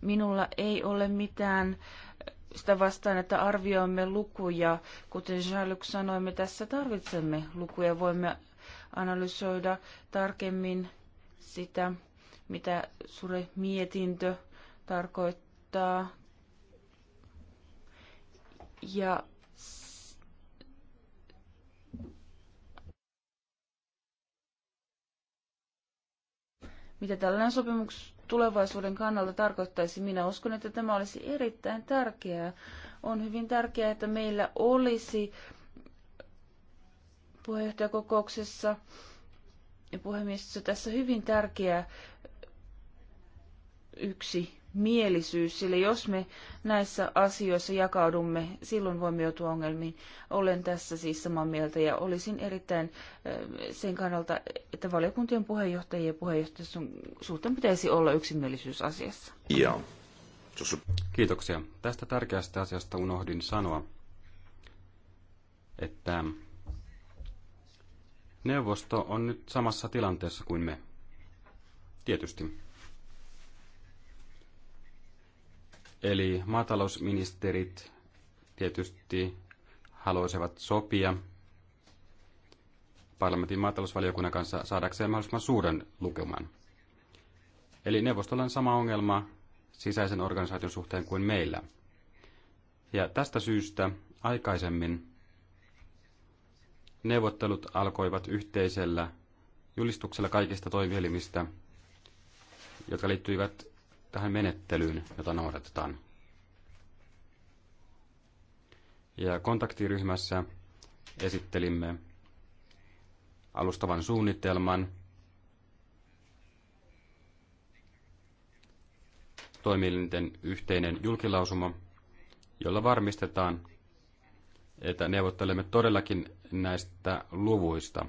Minulla ei ole mitään äh, sitä vastaan, että arvioimme lukuja. Kuten Jean-Luc sanoi, me tässä tarvitsemme lukuja. Voimme analysoida tarkemmin sitä, mitä sure mietintö tarkoittaa. Ja mitä tällainen sopimus tulevaisuuden kannalta tarkoittaisi? Minä uskon, että tämä olisi erittäin tärkeää. On hyvin tärkeää, että meillä olisi puheenjohtajakokouksessa ja puhemiestössä tässä hyvin tärkeä yksi mielisyys, sillä jos me näissä asioissa jakaudumme, silloin voimme joutua ongelmiin. Olen tässä siis samaa mieltä ja olisin erittäin sen kannalta, että valiokuntien puheenjohtajien ja puheenjohtajien suhteen pitäisi olla yksimielisyys asiassa. Joo. Kiitoksia. Tästä tärkeästä asiasta unohdin sanoa, että neuvosto on nyt samassa tilanteessa kuin me. Tietysti Eli maatalousministerit tietysti haluaisivat sopia parlamentin maatalousvaliokunnan kanssa saadakseen mahdollisimman suuren lukeman. Eli neuvostolla on sama ongelma sisäisen organisaation suhteen kuin meillä. Ja tästä syystä aikaisemmin neuvottelut alkoivat yhteisellä julistuksella kaikista toimielimistä, jotka liittyivät tähän menettelyyn, jota noudatetaan. Ja kontaktiryhmässä esittelimme alustavan suunnitelman toimielinten yhteinen julkilausuma, jolla varmistetaan, että neuvottelemme todellakin näistä luvuista.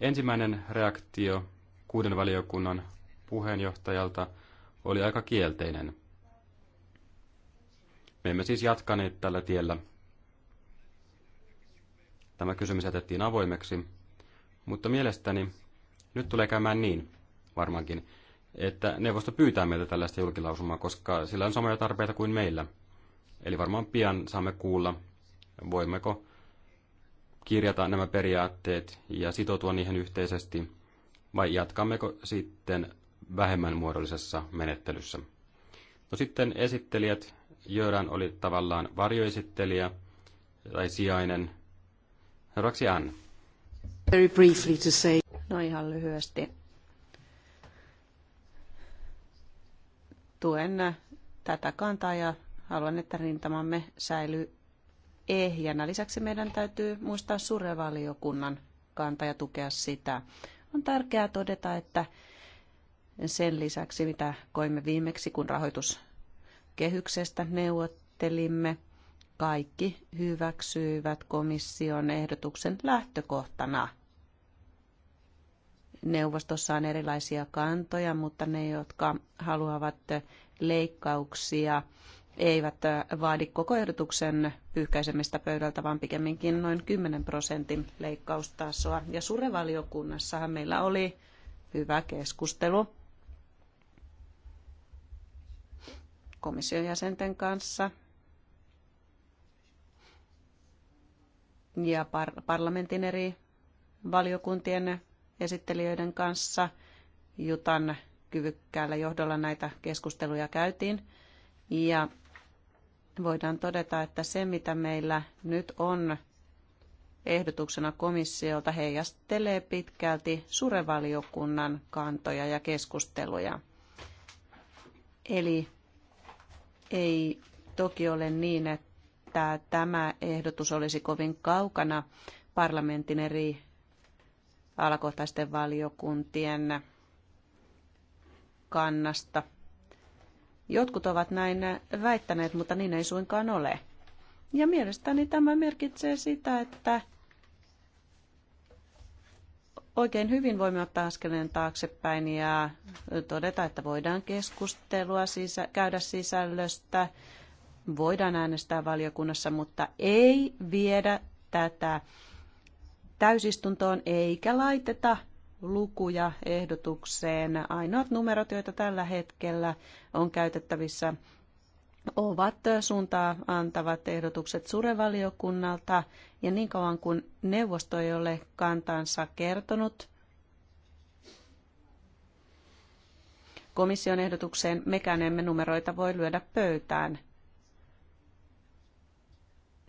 Ensimmäinen reaktio kuuden valiokunnan puheenjohtajalta oli aika kielteinen. Me emme siis jatkaneet tällä tiellä. Tämä kysymys jätettiin avoimeksi, mutta mielestäni nyt tulee käymään niin, varmaankin, että neuvosto pyytää meiltä tällaista julkilausumaa, koska sillä on samoja tarpeita kuin meillä. Eli varmaan pian saamme kuulla, voimmeko kirjata nämä periaatteet ja sitoutua niihin yhteisesti, vai jatkammeko sitten vähemmän muodollisessa menettelyssä. No sitten esittelijät, Jöran oli tavallaan varjoesittelijä tai sijainen. Seuraavaksi Anne. Very briefly to say. No ihan lyhyesti. Tuen tätä kantaa ja haluan, että rintamamme säilyy ehjänä. Lisäksi meidän täytyy muistaa surevaliokunnan kanta ja tukea sitä. On tärkeää todeta, että sen lisäksi, mitä koimme viimeksi, kun rahoituskehyksestä neuvottelimme, kaikki hyväksyivät komission ehdotuksen lähtökohtana. Neuvostossa on erilaisia kantoja, mutta ne, jotka haluavat leikkauksia, eivät vaadi koko ehdotuksen pyyhkäisemistä pöydältä, vaan pikemminkin noin 10 prosentin leikkaustasoa. Ja surevaliokunnassahan meillä oli hyvä keskustelu komission jäsenten kanssa ja par- parlamentin eri valiokuntien esittelijöiden kanssa. Jutan kyvykkäällä johdolla näitä keskusteluja käytiin. Ja voidaan todeta, että se mitä meillä nyt on ehdotuksena komissiolta heijastelee pitkälti surevaliokunnan kantoja ja keskusteluja. Eli ei toki ole niin, että tämä ehdotus olisi kovin kaukana parlamentin eri alakohtaisten valiokuntien kannasta. Jotkut ovat näin väittäneet, mutta niin ei suinkaan ole. Ja mielestäni tämä merkitsee sitä, että oikein hyvin voimme ottaa askeleen taaksepäin ja todeta, että voidaan keskustelua sisä, käydä sisällöstä, voidaan äänestää valiokunnassa, mutta ei viedä tätä täysistuntoon eikä laiteta lukuja ehdotukseen. Ainoat numerot, joita tällä hetkellä on käytettävissä ovat suuntaa antavat ehdotukset surevaliokunnalta ja niin kauan kuin neuvosto ei ole kantansa kertonut komission ehdotukseen, mekään emme numeroita voi lyödä pöytään.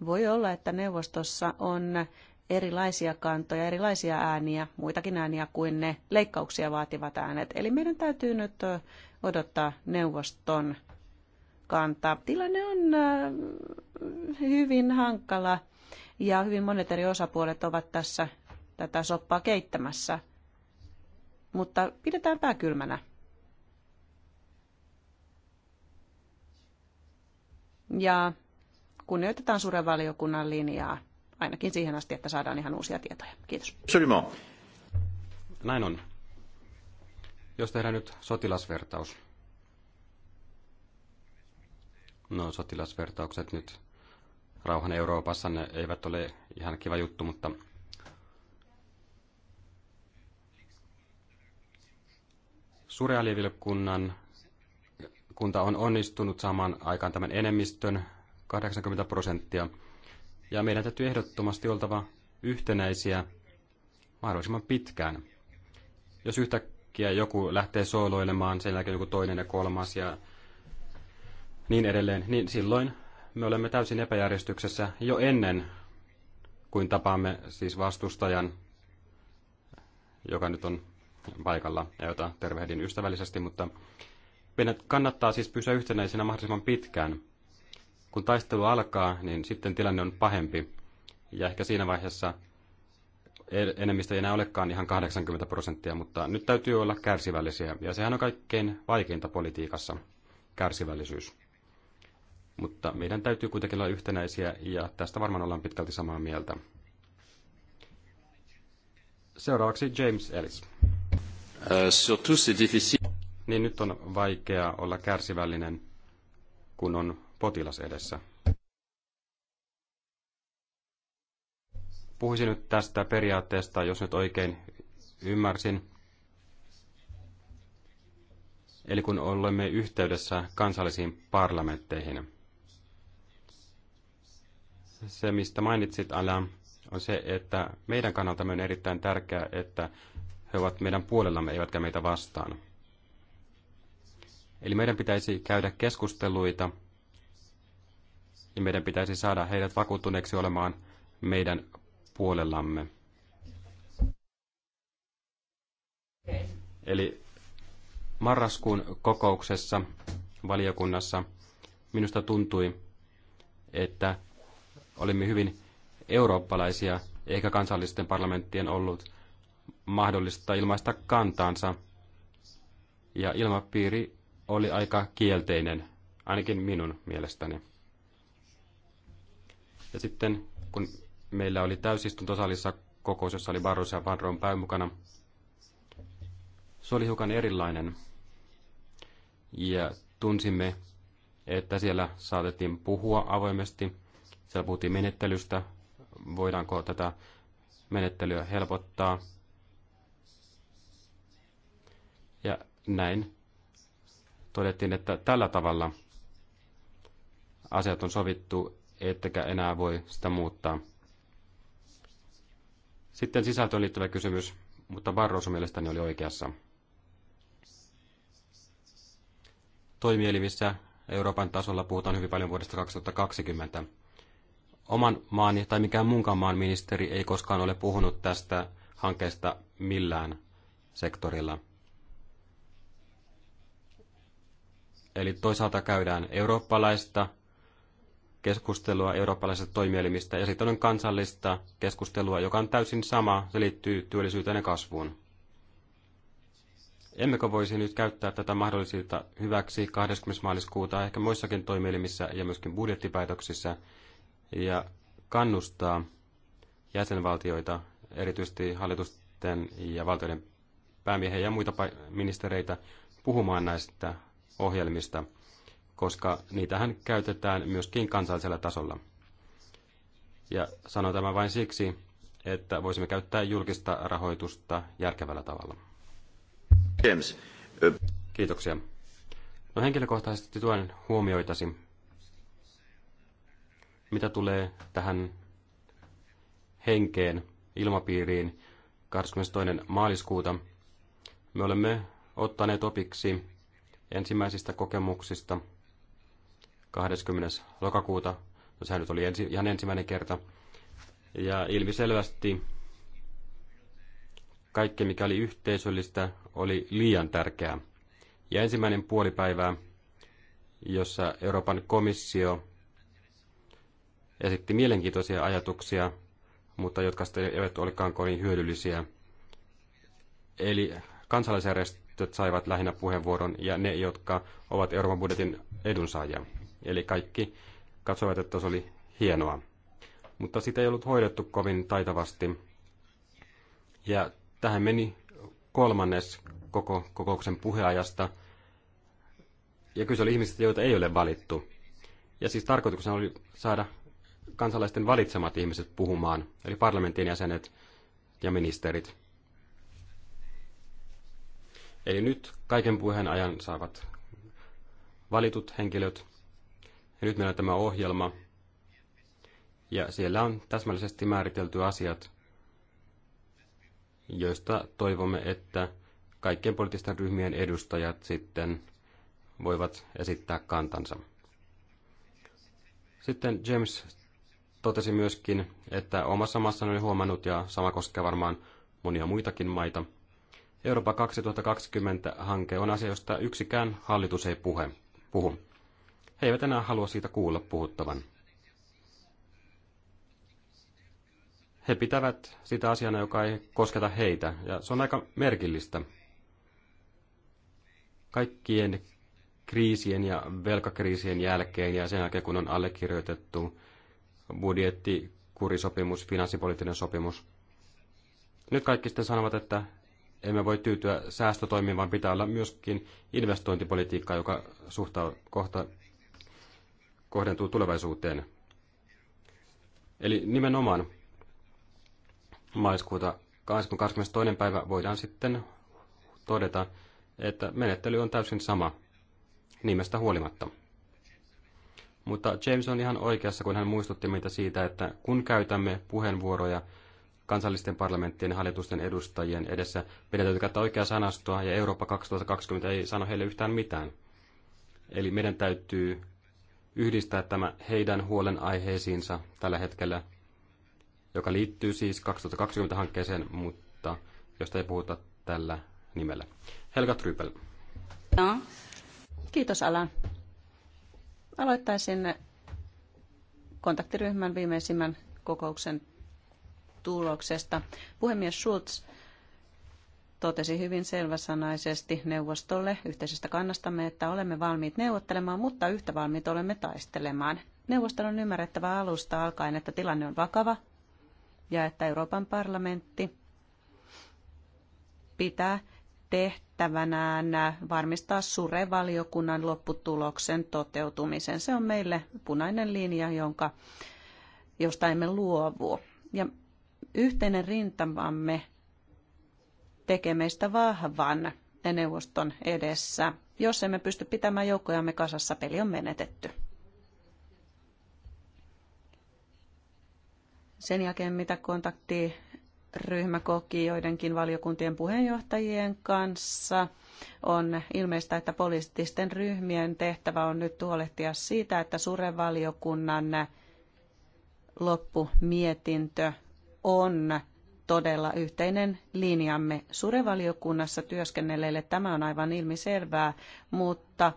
Voi olla, että neuvostossa on erilaisia kantoja, erilaisia ääniä, muitakin ääniä kuin ne leikkauksia vaativat äänet. Eli meidän täytyy nyt odottaa neuvoston kantaa. Tilanne on äh, hyvin hankala ja hyvin monet eri osapuolet ovat tässä tätä soppaa keittämässä. Mutta pidetään pää kylmänä. Ja kunnioitetaan suuren valiokunnan linjaa, ainakin siihen asti, että saadaan ihan uusia tietoja. Kiitos. Näin on. Jos tehdään nyt sotilasvertaus, No sotilasvertaukset nyt rauhan Euroopassa, ne eivät ole ihan kiva juttu, mutta Surealivilkunnan kunta on onnistunut saamaan aikaan tämän enemmistön 80 prosenttia. Ja meidän täytyy ehdottomasti oltava yhtenäisiä mahdollisimman pitkään. Jos yhtäkkiä joku lähtee sooloilemaan, sen jälkeen joku toinen ja kolmas ja niin edelleen, niin silloin me olemme täysin epäjärjestyksessä jo ennen kuin tapaamme siis vastustajan, joka nyt on paikalla ja jota tervehdin ystävällisesti, mutta meidän kannattaa siis pysyä yhtenäisenä mahdollisimman pitkään. Kun taistelu alkaa, niin sitten tilanne on pahempi ja ehkä siinä vaiheessa enemmistö ei enää olekaan ihan 80 prosenttia, mutta nyt täytyy olla kärsivällisiä ja sehän on kaikkein vaikeinta politiikassa, kärsivällisyys mutta meidän täytyy kuitenkin olla yhtenäisiä ja tästä varmaan ollaan pitkälti samaa mieltä. Seuraavaksi James Ellis. Euh, niin nyt on vaikea olla kärsivällinen, kun on potilas edessä. Puhuisin nyt tästä periaatteesta, jos nyt oikein ymmärsin. Eli kun olemme yhteydessä kansallisiin parlamentteihin. Se, mistä mainitsit, Ala, on se, että meidän kannalta on erittäin tärkeää, että he ovat meidän puolellamme eivätkä meitä vastaan. Eli meidän pitäisi käydä keskusteluita ja meidän pitäisi saada heidät vakuuttuneeksi olemaan meidän puolellamme. Eli marraskuun kokouksessa valiokunnassa minusta tuntui, että olimme hyvin eurooppalaisia, eikä kansallisten parlamenttien ollut mahdollista ilmaista kantaansa. Ja ilmapiiri oli aika kielteinen, ainakin minun mielestäni. Ja sitten kun meillä oli täysistuntosalissa kokous, jossa oli Barros ja Van Rompuy mukana, se oli hiukan erilainen. Ja tunsimme, että siellä saatettiin puhua avoimesti – siellä puhuttiin menettelystä, voidaanko tätä menettelyä helpottaa. Ja näin todettiin, että tällä tavalla asiat on sovittu, ettekä enää voi sitä muuttaa. Sitten sisältöön liittyvä kysymys, mutta Barroso mielestäni oli oikeassa. Toimielimissä Euroopan tasolla puhutaan hyvin paljon vuodesta 2020. Oman maani tai mikään muunkaan maan ministeri ei koskaan ole puhunut tästä hankkeesta millään sektorilla. Eli toisaalta käydään eurooppalaista keskustelua eurooppalaisista toimielimistä ja sitten on kansallista keskustelua, joka on täysin sama. Se liittyy työllisyyteen ja kasvuun. Emmekö voisi nyt käyttää tätä mahdollisuutta hyväksi 20. maaliskuuta ehkä muissakin toimielimissä ja myöskin budjettipäätöksissä – ja kannustaa jäsenvaltioita, erityisesti hallitusten ja valtioiden päämiehiä ja muita ministereitä puhumaan näistä ohjelmista, koska niitähän käytetään myöskin kansallisella tasolla. Ja sanon tämä vain siksi, että voisimme käyttää julkista rahoitusta järkevällä tavalla. James. Kiitoksia. No henkilökohtaisesti tuen huomioitasi mitä tulee tähän henkeen, ilmapiiriin 22. maaliskuuta, me olemme ottaneet opiksi ensimmäisistä kokemuksista 20. lokakuuta. No, sehän nyt oli ensi, ihan ensimmäinen kerta. Ja ilmiselvästi kaikki, mikä oli yhteisöllistä, oli liian tärkeää. Ja ensimmäinen puolipäivää, jossa Euroopan komissio esitti mielenkiintoisia ajatuksia, mutta jotka sitten eivät olikaan kovin hyödyllisiä. Eli kansalaisjärjestöt saivat lähinnä puheenvuoron ja ne, jotka ovat Euroopan budjetin edunsaajia. Eli kaikki katsoivat, että se oli hienoa. Mutta sitä ei ollut hoidettu kovin taitavasti. Ja tähän meni kolmannes koko kokouksen puheajasta. Ja kyse oli ihmisistä, joita ei ole valittu. Ja siis tarkoituksena oli saada kansalaisten valitsemat ihmiset puhumaan, eli parlamentin jäsenet ja ministerit. Eli nyt kaiken puheen ajan saavat valitut henkilöt. Ja nyt meillä on tämä ohjelma. Ja siellä on täsmällisesti määritelty asiat, joista toivomme, että kaikkien poliittisten ryhmien edustajat sitten voivat esittää kantansa. Sitten James totesi myöskin, että omassa maassani oli huomannut, ja sama koskee varmaan monia muitakin maita, Eurooppa 2020-hanke on asia, josta yksikään hallitus ei puhe, puhu. He eivät enää halua siitä kuulla puhuttavan. He pitävät sitä asiana, joka ei kosketa heitä, ja se on aika merkillistä. Kaikkien kriisien ja velkakriisien jälkeen ja sen jälkeen, kun on allekirjoitettu budjetti, kurisopimus, finanssipoliittinen sopimus. Nyt kaikki sitten sanovat, että emme voi tyytyä säästötoimiin, vaan pitää olla myöskin investointipolitiikkaa, joka suhtaa kohta kohdentuu tulevaisuuteen. Eli nimenomaan maaliskuuta 22. päivä voidaan sitten todeta, että menettely on täysin sama nimestä huolimatta. Mutta James on ihan oikeassa, kun hän muistutti meitä siitä, että kun käytämme puheenvuoroja kansallisten parlamenttien ja hallitusten edustajien edessä, meidän täytyy käyttää oikeaa sanastoa ja Eurooppa 2020 ei sano heille yhtään mitään. Eli meidän täytyy yhdistää tämä heidän huolenaiheisiinsa tällä hetkellä, joka liittyy siis 2020-hankkeeseen, mutta josta ei puhuta tällä nimellä. Helga Trypel. No. Kiitos Alan. Aloittaisin kontaktiryhmän viimeisimmän kokouksen tuloksesta. Puhemies Schulz totesi hyvin selväsanaisesti neuvostolle yhteisestä kannastamme, että olemme valmiit neuvottelemaan, mutta yhtä valmiit olemme taistelemaan. Neuvoston on ymmärrettävä alusta alkaen, että tilanne on vakava ja että Euroopan parlamentti pitää tehtävänään varmistaa surevaliokunnan lopputuloksen toteutumisen. Se on meille punainen linja, jonka, josta emme luovu. Ja yhteinen rintamamme tekee meistä vahvan neuvoston edessä. Jos emme pysty pitämään joukkojamme kasassa, peli on menetetty. Sen jälkeen, mitä kontakti ryhmäkoki joidenkin valiokuntien puheenjohtajien kanssa. On ilmeistä, että poliittisten ryhmien tehtävä on nyt huolehtia siitä, että surevaliokunnan loppumietintö on todella yhteinen linjamme. Surevaliokunnassa työskennelleille tämä on aivan ilmiselvää, mutta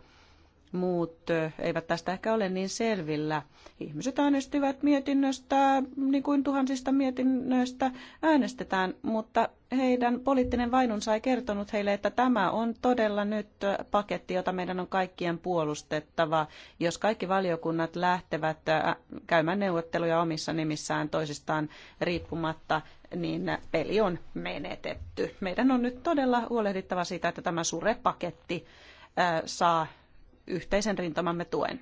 muut eivät tästä ehkä ole niin selvillä. Ihmiset äänestivät mietinnöstä, niin kuin tuhansista mietinnöistä äänestetään, mutta heidän poliittinen vainunsa ei kertonut heille, että tämä on todella nyt paketti, jota meidän on kaikkien puolustettava, jos kaikki valiokunnat lähtevät käymään neuvotteluja omissa nimissään toisistaan riippumatta niin peli on menetetty. Meidän on nyt todella huolehdittava siitä, että tämä suure paketti saa yhteisen rintamamme tuen.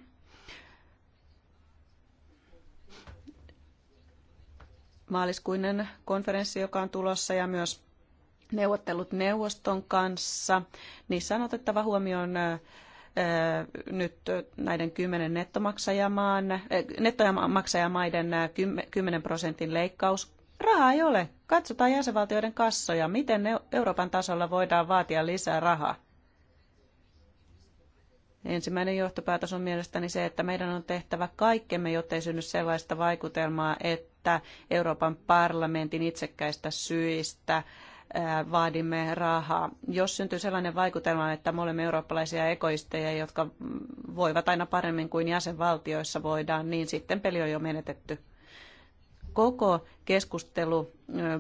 Maaliskuinen konferenssi, joka on tulossa ja myös neuvottelut neuvoston kanssa, niissä on otettava huomioon nyt näiden kymmenen nettomaksajamaiden 10 prosentin leikkaus. Rahaa ei ole. Katsotaan jäsenvaltioiden kassoja, miten Euroopan tasolla voidaan vaatia lisää rahaa. Ensimmäinen johtopäätös on mielestäni se, että meidän on tehtävä kaikkemme, jottei synny sellaista vaikutelmaa, että Euroopan parlamentin itsekkäistä syistä vaadimme rahaa. Jos syntyy sellainen vaikutelma, että me olemme eurooppalaisia ekoisteja, jotka voivat aina paremmin kuin jäsenvaltioissa voidaan, niin sitten peli on jo menetetty koko keskustelu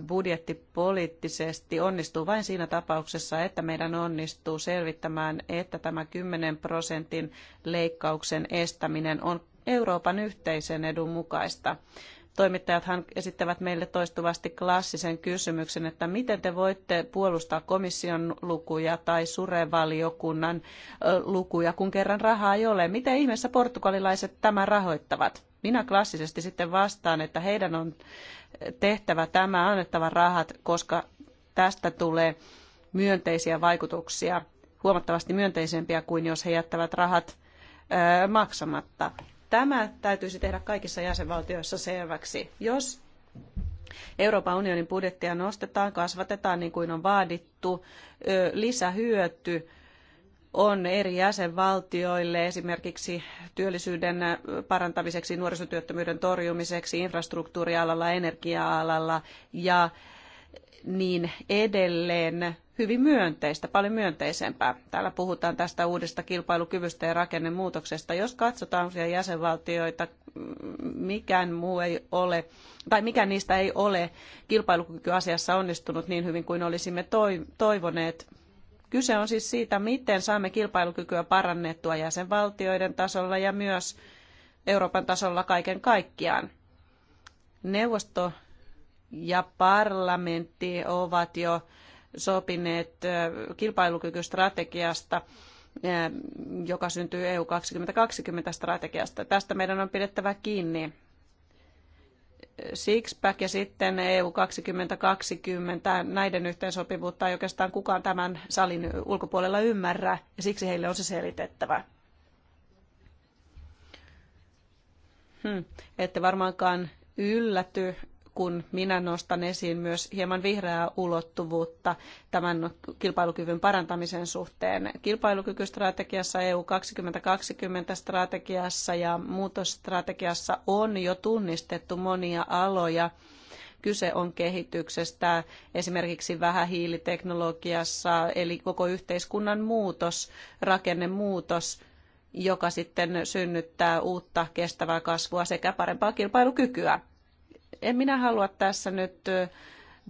budjettipoliittisesti onnistuu vain siinä tapauksessa, että meidän onnistuu selvittämään, että tämä 10 prosentin leikkauksen estäminen on Euroopan yhteisen edun mukaista toimittajathan esittävät meille toistuvasti klassisen kysymyksen, että miten te voitte puolustaa komission lukuja tai surevaliokunnan lukuja, kun kerran rahaa ei ole. Miten ihmeessä portugalilaiset tämän rahoittavat? Minä klassisesti sitten vastaan, että heidän on tehtävä tämä, annettava rahat, koska tästä tulee myönteisiä vaikutuksia, huomattavasti myönteisempiä kuin jos he jättävät rahat maksamatta. Tämä täytyisi tehdä kaikissa jäsenvaltioissa selväksi. Jos Euroopan unionin budjettia nostetaan, kasvatetaan niin kuin on vaadittu, lisähyöty on eri jäsenvaltioille esimerkiksi työllisyyden parantamiseksi, nuorisotyöttömyyden torjumiseksi, infrastruktuurialalla, energia-alalla ja niin edelleen hyvin myönteistä, paljon myönteisempää. Täällä puhutaan tästä uudesta kilpailukyvystä ja rakennemuutoksesta. Jos katsotaan siellä jäsenvaltioita, mikään muu ei ole, tai mikään niistä ei ole kilpailukykyasiassa onnistunut niin hyvin kuin olisimme toivoneet. Kyse on siis siitä, miten saamme kilpailukykyä parannettua jäsenvaltioiden tasolla ja myös Euroopan tasolla kaiken kaikkiaan. Neuvosto ja parlamentti ovat jo sopineet kilpailukykystrategiasta, joka syntyy EU 2020-strategiasta. Tästä meidän on pidettävä kiinni. Sixpack ja sitten EU 2020, näiden yhteensopivuutta ei oikeastaan kukaan tämän salin ulkopuolella ymmärrä, ja siksi heille on se selitettävä. Hmm. Ette varmaankaan ylläty, kun minä nostan esiin myös hieman vihreää ulottuvuutta tämän kilpailukyvyn parantamisen suhteen. Kilpailukykystrategiassa EU 2020 strategiassa ja muutosstrategiassa on jo tunnistettu monia aloja, kyse on kehityksestä, esimerkiksi vähähiiliteknologiassa, eli koko yhteiskunnan muutos, rakennemuutos, joka sitten synnyttää uutta kestävää kasvua sekä parempaa kilpailukykyä en minä halua tässä nyt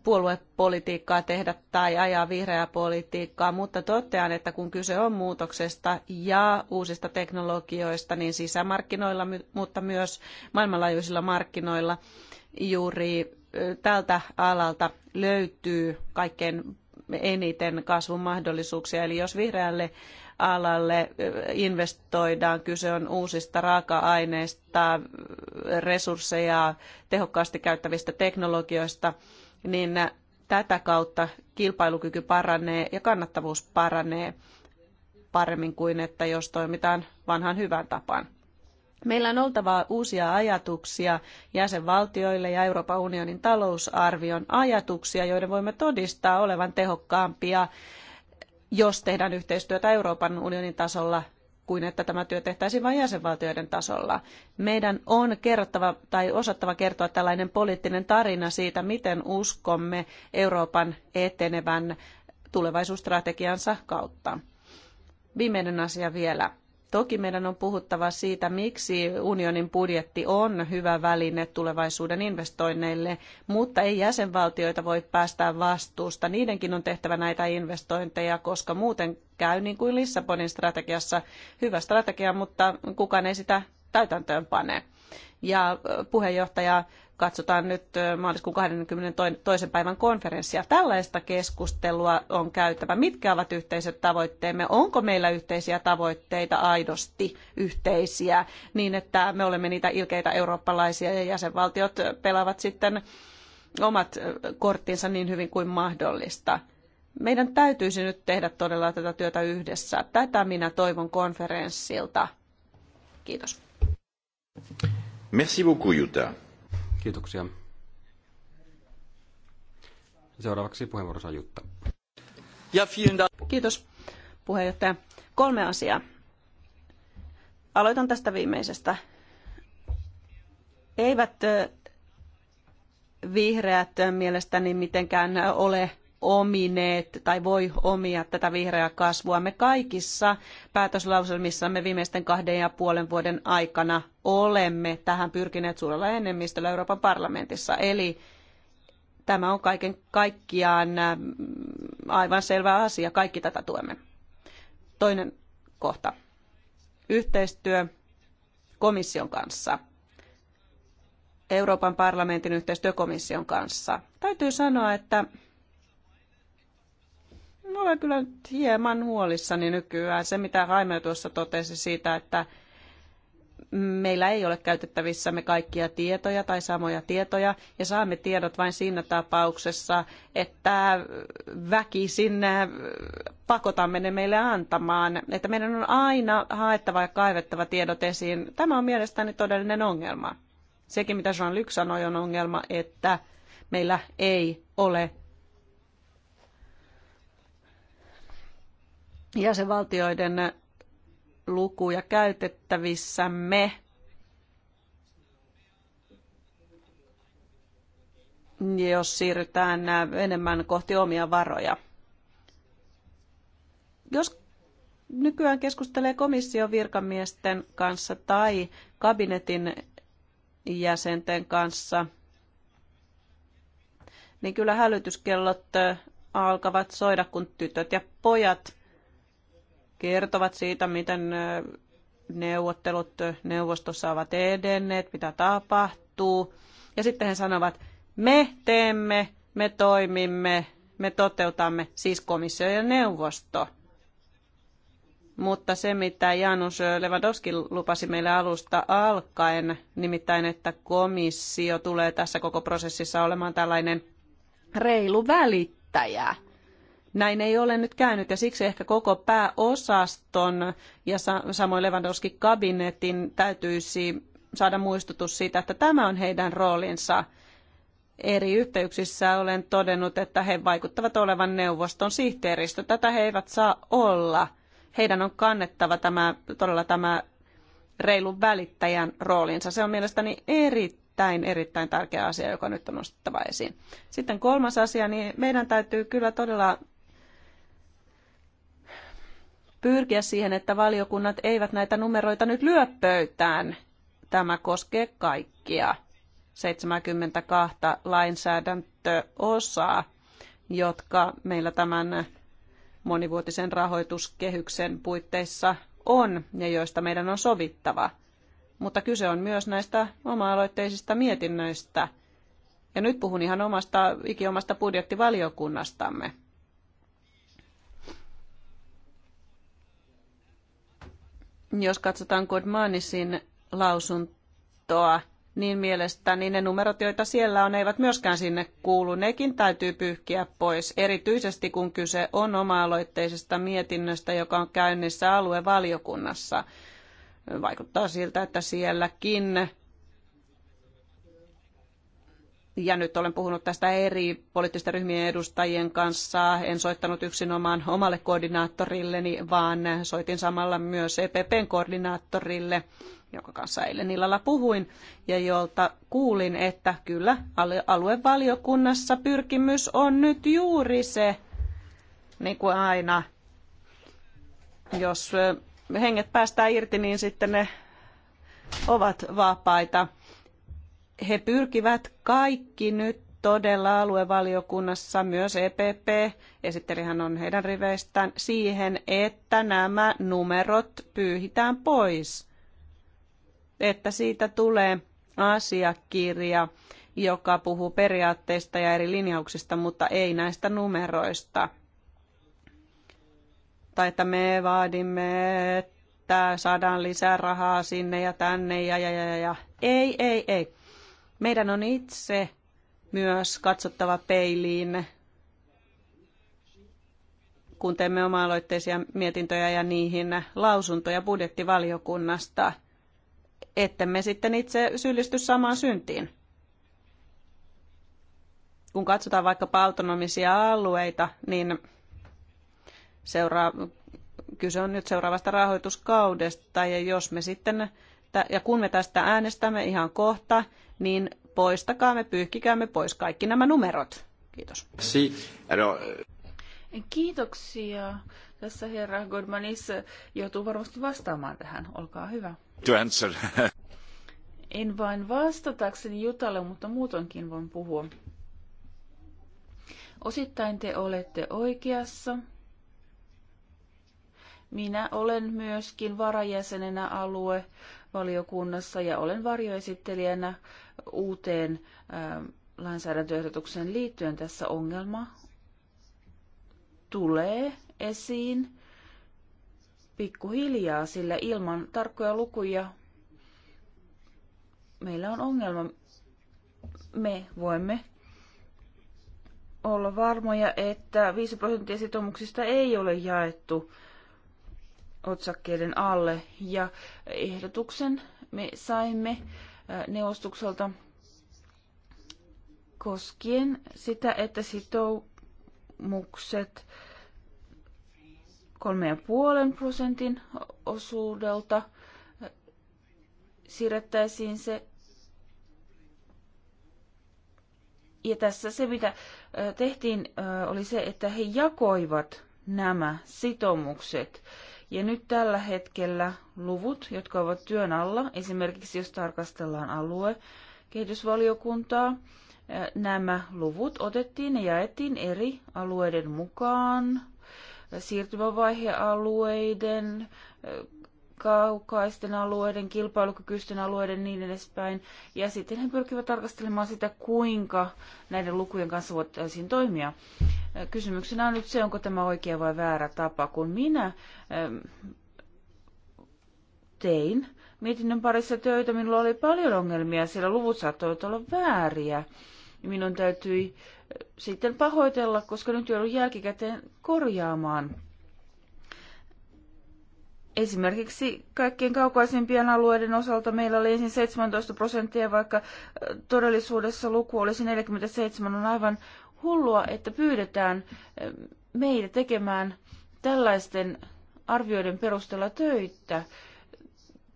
puoluepolitiikkaa tehdä tai ajaa vihreää politiikkaa, mutta totean, että kun kyse on muutoksesta ja uusista teknologioista, niin sisämarkkinoilla, mutta myös maailmanlaajuisilla markkinoilla juuri tältä alalta löytyy kaikkein eniten kasvun mahdollisuuksia. Eli jos vihreälle alalle investoidaan. Kyse on uusista raaka-aineista, resursseja, tehokkaasti käyttävistä teknologioista, niin tätä kautta kilpailukyky paranee ja kannattavuus paranee paremmin kuin että jos toimitaan vanhan hyvän tapaan. Meillä on oltava uusia ajatuksia jäsenvaltioille ja Euroopan unionin talousarvion ajatuksia, joiden voimme todistaa olevan tehokkaampia jos tehdään yhteistyötä Euroopan unionin tasolla kuin että tämä työ tehtäisiin vain jäsenvaltioiden tasolla. Meidän on kerrottava tai osattava kertoa tällainen poliittinen tarina siitä, miten uskomme Euroopan etenevän tulevaisuusstrategiansa kautta. Viimeinen asia vielä. Toki meidän on puhuttava siitä, miksi unionin budjetti on hyvä väline tulevaisuuden investoinneille, mutta ei jäsenvaltioita voi päästää vastuusta. Niidenkin on tehtävä näitä investointeja, koska muuten käy niin kuin Lissabonin strategiassa. Hyvä strategia, mutta kukaan ei sitä täytäntöön pane. Ja puheenjohtaja katsotaan nyt maaliskuun 22. päivän konferenssia. Tällaista keskustelua on käytävä. Mitkä ovat yhteiset tavoitteemme? Onko meillä yhteisiä tavoitteita aidosti yhteisiä niin, että me olemme niitä ilkeitä eurooppalaisia ja jäsenvaltiot pelaavat sitten omat korttinsa niin hyvin kuin mahdollista. Meidän täytyisi nyt tehdä todella tätä työtä yhdessä. Tätä minä toivon konferenssilta. Kiitos. Merci beaucoup, Jutta. Kiitoksia. Seuraavaksi puheenvuoro saa Jutta. Kiitos puheenjohtaja. Kolme asiaa. Aloitan tästä viimeisestä. Eivät vihreät mielestäni mitenkään ole omineet tai voi omia tätä vihreää kasvua. Me kaikissa päätöslauselmissamme viimeisten kahden ja puolen vuoden aikana olemme tähän pyrkineet suurella enemmistöllä Euroopan parlamentissa. Eli tämä on kaiken kaikkiaan mm, aivan selvä asia. Kaikki tätä tuemme. Toinen kohta. Yhteistyö komission kanssa. Euroopan parlamentin yhteistyökomission kanssa. Täytyy sanoa, että olen kyllä nyt hieman huolissani nykyään. Se, mitä Raimo tuossa totesi siitä, että meillä ei ole käytettävissämme kaikkia tietoja tai samoja tietoja, ja saamme tiedot vain siinä tapauksessa, että väki sinne pakotamme ne meille antamaan, että meidän on aina haettava ja kaivettava tiedot esiin. Tämä on mielestäni todellinen ongelma. Sekin, mitä Jean-Luc sanoi, on ongelma, että meillä ei ole jäsenvaltioiden lukuja käytettävissämme. jos siirrytään enemmän kohti omia varoja. Jos nykyään keskustelee komission virkamiesten kanssa tai kabinetin jäsenten kanssa, niin kyllä hälytyskellot alkavat soida, kun tytöt ja pojat kertovat siitä, miten neuvottelut neuvostossa ovat edenneet, mitä tapahtuu. Ja sitten he sanovat, me teemme, me toimimme, me toteutamme, siis komissio ja neuvosto. Mutta se, mitä Janus Lewandowski lupasi meille alusta alkaen, nimittäin, että komissio tulee tässä koko prosessissa olemaan tällainen reilu välittäjä – näin ei ole nyt käynyt ja siksi ehkä koko pääosaston ja samoin Lewandowski kabinetin täytyisi saada muistutus siitä, että tämä on heidän roolinsa. Eri yhteyksissä olen todennut, että he vaikuttavat olevan neuvoston sihteeristö. Tätä he eivät saa olla. Heidän on kannettava tämä, todella tämä reilun välittäjän roolinsa. Se on mielestäni erittäin, erittäin tärkeä asia, joka nyt on nostettava esiin. Sitten kolmas asia, niin meidän täytyy kyllä todella pyrkiä siihen, että valiokunnat eivät näitä numeroita nyt lyö pöytään. Tämä koskee kaikkia 72 lainsäädäntöosaa, jotka meillä tämän monivuotisen rahoituskehyksen puitteissa on ja joista meidän on sovittava. Mutta kyse on myös näistä oma-aloitteisista mietinnöistä. Ja nyt puhun ihan omasta, ikiomasta budjettivaliokunnastamme. Jos katsotaan Godmanisin lausuntoa, niin mielestäni ne numerot, joita siellä on, eivät myöskään sinne kuulu. Nekin täytyy pyyhkiä pois, erityisesti kun kyse on oma-aloitteisesta mietinnöstä, joka on käynnissä aluevaliokunnassa. Vaikuttaa siltä, että sielläkin ja nyt olen puhunut tästä eri poliittisten ryhmien edustajien kanssa. En soittanut yksinomaan omalle koordinaattorilleni, vaan soitin samalla myös EPPn koordinaattorille, jonka kanssa eilen illalla puhuin, ja jolta kuulin, että kyllä aluevaliokunnassa pyrkimys on nyt juuri se, niin kuin aina, jos henget päästään irti, niin sitten ne ovat vapaita he pyrkivät kaikki nyt todella aluevaliokunnassa, myös EPP, esittelihän on heidän riveistään, siihen, että nämä numerot pyyhitään pois. Että siitä tulee asiakirja, joka puhuu periaatteista ja eri linjauksista, mutta ei näistä numeroista. Tai että me vaadimme, että saadaan lisää rahaa sinne ja tänne ja ja ja ja. Ei, ei, ei meidän on itse myös katsottava peiliin, kun teemme oma-aloitteisia mietintöjä ja niihin lausuntoja budjettivaliokunnasta, että me sitten itse syyllisty samaan syntiin. Kun katsotaan vaikkapa autonomisia alueita, niin seuraa, kyse on nyt seuraavasta rahoituskaudesta, ja jos me sitten ja kun me tästä äänestämme ihan kohta, niin poistakaamme, pyyhkikäämme pois kaikki nämä numerot. Kiitos. Kiitoksia. Tässä herra Godmanis joutuu varmasti vastaamaan tähän. Olkaa hyvä. To answer. en vain vastatakseni Jutalle, mutta muutonkin voin puhua. Osittain te olette oikeassa. Minä olen myöskin varajäsenenä alue valiokunnassa ja olen varjoesittelijänä uuteen ähm, lainsäädäntöehdotukseen liittyen tässä ongelma tulee esiin pikkuhiljaa, sillä ilman tarkkoja lukuja meillä on ongelma. Me voimme olla varmoja, että 5 prosenttia sitoumuksista ei ole jaettu otsakkeiden alle. Ja ehdotuksen me saimme äh, neuvostukselta koskien sitä, että sitoumukset 3,5 prosentin osuudelta äh, siirrettäisiin se. Ja tässä se, mitä äh, tehtiin, oli se, että he jakoivat nämä sitomukset ja nyt tällä hetkellä luvut, jotka ovat työn alla, esimerkiksi jos tarkastellaan alue, kehitysvaliokuntaa, nämä luvut otettiin ja jaettiin eri alueiden mukaan, siirtymävaihealueiden, kaukaisten alueiden, kilpailukykyisten alueiden niin edespäin. Ja sitten he pyrkivät tarkastelemaan sitä, kuinka näiden lukujen kanssa voitaisiin toimia. Kysymyksenä on nyt se, onko tämä oikea vai väärä tapa. Kun minä ähm, tein mietinnön parissa töitä, minulla oli paljon ongelmia, siellä luvut saattoivat olla vääriä. Minun täytyi äh, sitten pahoitella, koska nyt joudun jälkikäteen korjaamaan. Esimerkiksi kaikkien kaukaisimpien alueiden osalta meillä oli ensin 17 prosenttia, vaikka äh, todellisuudessa luku olisi 47, on aivan hullua, että pyydetään eh, meitä tekemään tällaisten arvioiden perusteella töitä.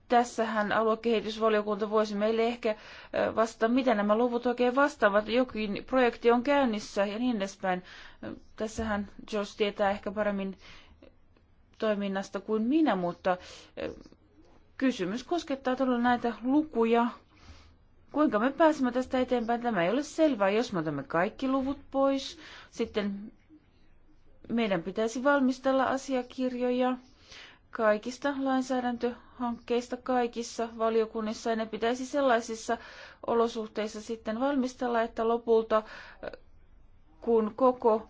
Tässähän aluekehitysvaliokunta voisi meille ehkä eh, vastata, mitä nämä luvut oikein vastaavat. Jokin projekti on käynnissä ja niin edespäin. Eh, tässähän jos tietää ehkä paremmin toiminnasta kuin minä, mutta kysymys koskettaa todella näitä lukuja, Kuinka me pääsemme tästä eteenpäin? Tämä ei ole selvää. Jos me otamme kaikki luvut pois, sitten meidän pitäisi valmistella asiakirjoja kaikista lainsäädäntöhankkeista kaikissa valiokunnissa ja ne pitäisi sellaisissa olosuhteissa sitten valmistella, että lopulta kun koko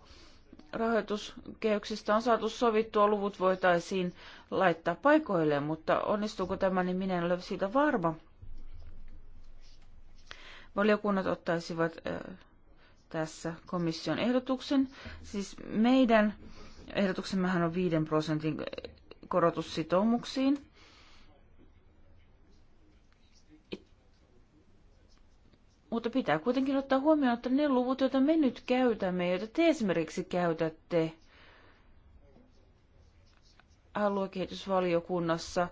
rahoituskehyksistä on saatu sovittua, luvut voitaisiin laittaa paikoilleen, mutta onnistuuko tämä, niin minä en ole siitä varma valiokunnat ottaisivat tässä komission ehdotuksen. Siis meidän ehdotuksemmehän on 5 prosentin korotus Mutta pitää kuitenkin ottaa huomioon, että ne luvut, joita me nyt käytämme, joita te esimerkiksi käytätte aluekehitysvaliokunnassa,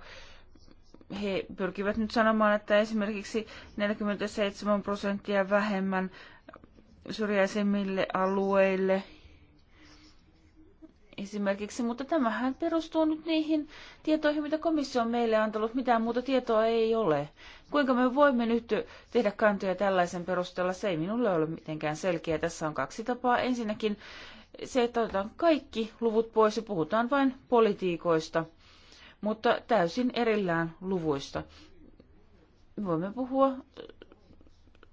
he pyrkivät nyt sanomaan, että esimerkiksi 47 prosenttia vähemmän syrjäisemmille alueille esimerkiksi, mutta tämähän perustuu nyt niihin tietoihin, mitä komissio on meille antanut. Mitään muuta tietoa ei ole. Kuinka me voimme nyt tehdä kantoja tällaisen perusteella, se ei minulle ole mitenkään selkeä. Tässä on kaksi tapaa. Ensinnäkin se, että otetaan kaikki luvut pois ja puhutaan vain politiikoista mutta täysin erillään luvuista. Voimme puhua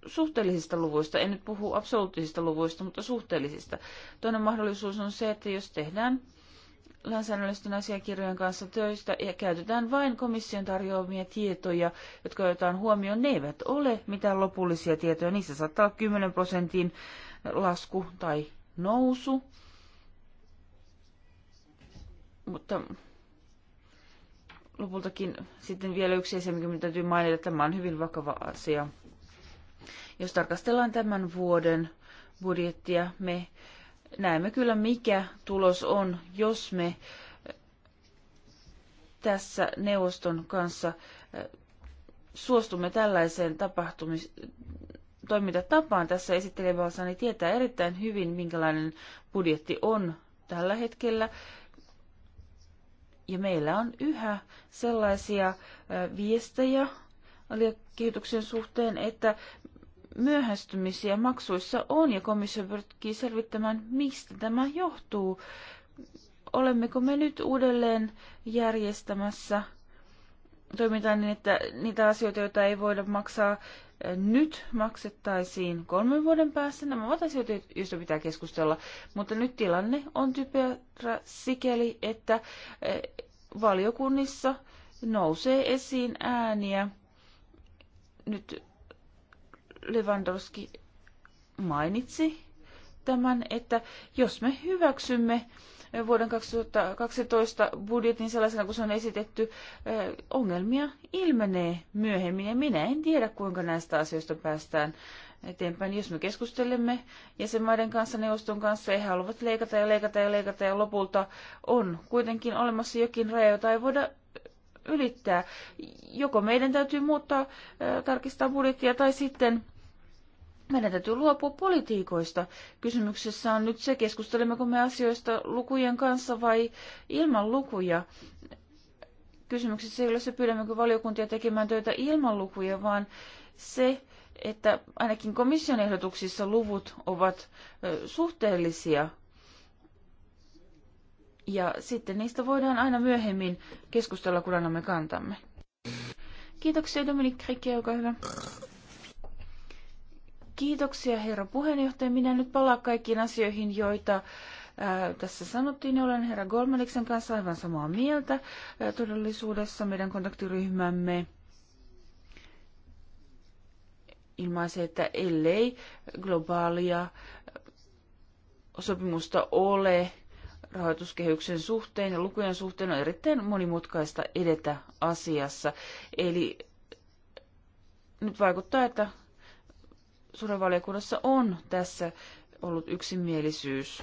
suhteellisista luvuista, en nyt puhu absoluuttisista luvuista, mutta suhteellisista. Toinen mahdollisuus on se, että jos tehdään lainsäädännöllisten asiakirjojen kanssa töistä ja käytetään vain komission tarjoamia tietoja, jotka otetaan huomioon, ne eivät ole mitään lopullisia tietoja. Niissä saattaa olla 10 prosentin lasku tai nousu. Mutta lopultakin sitten vielä yksi asia, mikä täytyy mainita, että tämä on hyvin vakava asia. Jos tarkastellaan tämän vuoden budjettia, me näemme kyllä mikä tulos on, jos me tässä neuvoston kanssa äh, suostumme tällaiseen tapahtumis- toimintatapaan. Tässä esittelevä niin tietää erittäin hyvin, minkälainen budjetti on tällä hetkellä ja meillä on yhä sellaisia viestejä kehityksen suhteen, että myöhästymisiä maksuissa on ja komissio pyrkii selvittämään, mistä tämä johtuu. Olemmeko me nyt uudelleen järjestämässä toimintaa niin, että niitä asioita, joita ei voida maksaa nyt maksettaisiin kolmen vuoden päässä. Nämä ovat asioita, joista pitää keskustella, mutta nyt tilanne on typerä sikeli, että eh, valiokunnissa nousee esiin ääniä. Nyt Lewandowski mainitsi tämän, että jos me hyväksymme vuoden 2012 budjetin sellaisena kuin se on esitetty, ongelmia ilmenee myöhemmin ja minä en tiedä kuinka näistä asioista päästään eteenpäin. Jos me keskustelemme jäsenmaiden kanssa, neuvoston kanssa, he haluavat leikata ja leikata ja leikata ja lopulta on kuitenkin olemassa jokin raja, jota ei voida ylittää. Joko meidän täytyy muuttaa, tarkistaa budjettia tai sitten meidän täytyy luopua politiikoista. Kysymyksessä on nyt se, keskustelemmeko me asioista lukujen kanssa vai ilman lukuja. Kysymyksessä ei ole se, pyydämmekö valiokuntia tekemään töitä ilman lukuja, vaan se, että ainakin komission ehdotuksissa luvut ovat suhteellisia. Ja sitten niistä voidaan aina myöhemmin keskustella, kun annamme kantamme. Kiitoksia Dominik Rikke, olkaa hyvä. Kiitoksia herra puheenjohtaja. Minä nyt palaa kaikkiin asioihin, joita tässä sanottiin, olen herra Golmaniksen kanssa aivan samaa mieltä. Todellisuudessa meidän kontaktiryhmämme ilmaisee, että ellei globaalia sopimusta ole rahoituskehyksen suhteen ja lukujen suhteen on erittäin monimutkaista edetä asiassa. Eli nyt vaikuttaa, että valiokunnassa on tässä ollut yksimielisyys.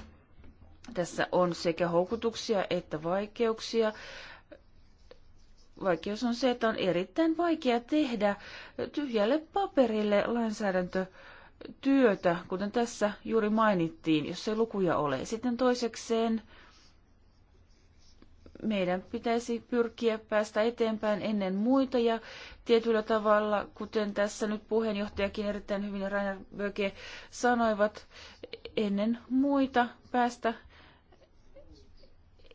Tässä on sekä houkutuksia että vaikeuksia. Vaikeus on se, että on erittäin vaikea tehdä tyhjälle paperille lainsäädäntötyötä, kuten tässä juuri mainittiin, jos ei lukuja ole. Sitten toisekseen meidän pitäisi pyrkiä päästä eteenpäin ennen muita ja tietyllä tavalla, kuten tässä nyt puheenjohtajakin erittäin hyvin ja Rainer Böke sanoivat, ennen muita päästä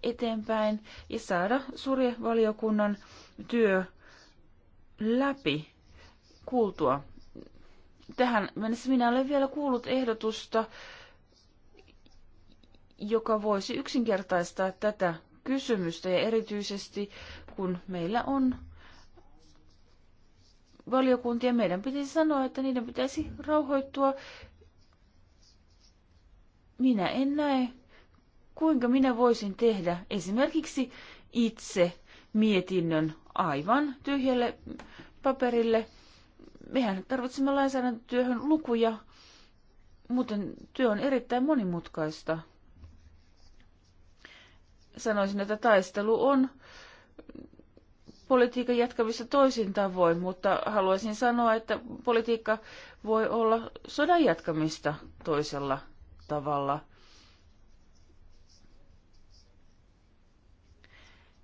eteenpäin ja saada surjevaliokunnan työ läpi kuultua. Tähän mennessä minä olen vielä kuullut ehdotusta, joka voisi yksinkertaistaa tätä kysymystä ja erityisesti kun meillä on valiokuntia, meidän pitäisi sanoa, että niiden pitäisi rauhoittua. Minä en näe, kuinka minä voisin tehdä esimerkiksi itse mietinnön aivan tyhjälle paperille. Mehän tarvitsemme lainsäädäntötyöhön lukuja, muuten työ on erittäin monimutkaista sanoisin, että taistelu on politiikan jatkamista toisin tavoin, mutta haluaisin sanoa, että politiikka voi olla sodan jatkamista toisella tavalla.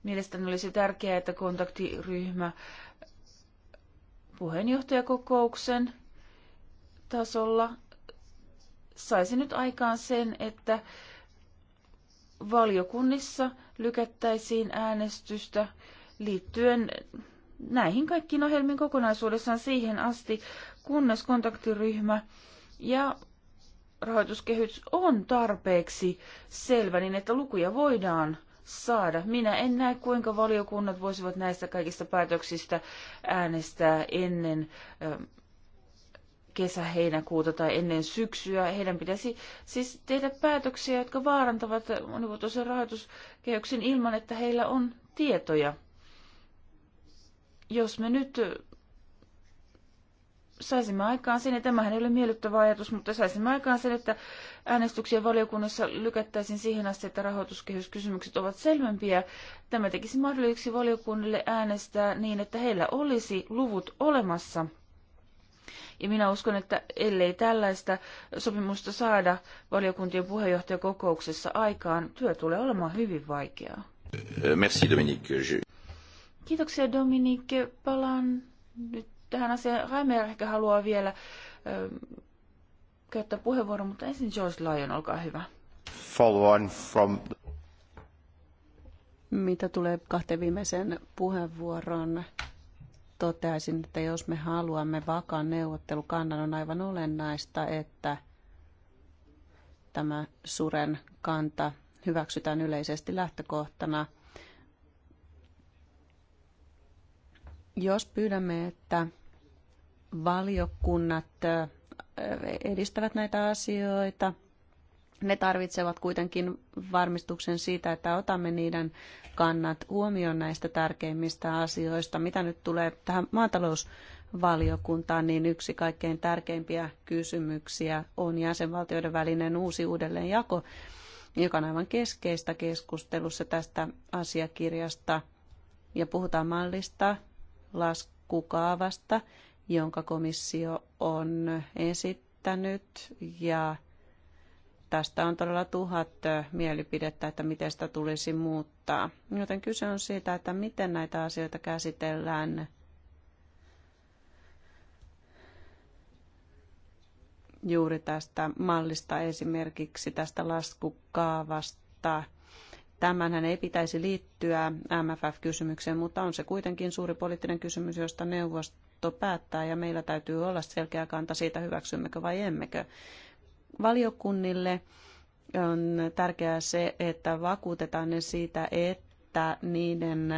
Mielestäni olisi tärkeää, että kontaktiryhmä puheenjohtajakokouksen tasolla saisi nyt aikaan sen, että valiokunnissa lykättäisiin äänestystä liittyen näihin kaikkiin ohjelmiin kokonaisuudessaan siihen asti, kunnes kontaktiryhmä ja rahoituskehys on tarpeeksi selvä, niin että lukuja voidaan saada. Minä en näe, kuinka valiokunnat voisivat näistä kaikista päätöksistä äänestää ennen kesä-heinäkuuta tai ennen syksyä. Heidän pitäisi siis tehdä päätöksiä, jotka vaarantavat monivuotoisen rahoituskehyksen ilman, että heillä on tietoja. Jos me nyt saisimme aikaan sen, ja tämähän ei ole miellyttävä ajatus, mutta saisimme aikaan sen, että äänestyksiä valiokunnassa lykättäisiin siihen asti, että rahoituskehyskysymykset ovat selvempiä. Tämä tekisi mahdolliseksi valiokunnille äänestää niin, että heillä olisi luvut olemassa – ja minä uskon, että ellei tällaista sopimusta saada valiokuntien puheenjohtajakokouksessa aikaan, työ tulee olemaan hyvin vaikeaa. Merci Dominique. Je... Kiitoksia Dominique. Palaan nyt tähän asiaan. Raimer ehkä haluaa vielä ö, ähm, käyttää puheenvuoron, mutta ensin George Lyon, olkaa hyvä. Follow on from... Mitä tulee kahteen viimeiseen puheenvuoroon, toteaisin, että jos me haluamme vakaan neuvottelukannan, on aivan olennaista, että tämä suren kanta hyväksytään yleisesti lähtökohtana. Jos pyydämme, että valiokunnat eh, edistävät näitä asioita, ne tarvitsevat kuitenkin varmistuksen siitä, että otamme niiden kannat huomioon näistä tärkeimmistä asioista. Mitä nyt tulee tähän maatalousvaliokuntaan, niin yksi kaikkein tärkeimpiä kysymyksiä on jäsenvaltioiden välinen uusi uudelleenjako, joka on aivan keskeistä keskustelussa tästä asiakirjasta. Ja puhutaan mallista, laskukaavasta, jonka komissio on esittänyt ja Tästä on todella tuhat mielipidettä, että miten sitä tulisi muuttaa. Joten kyse on siitä, että miten näitä asioita käsitellään juuri tästä mallista, esimerkiksi tästä laskukaavasta. Tämänhän ei pitäisi liittyä MFF-kysymykseen, mutta on se kuitenkin suuri poliittinen kysymys, josta neuvosto päättää ja meillä täytyy olla selkeä kanta siitä, hyväksymmekö vai emmekö valiokunnille on tärkeää se, että vakuutetaan ne siitä, että niiden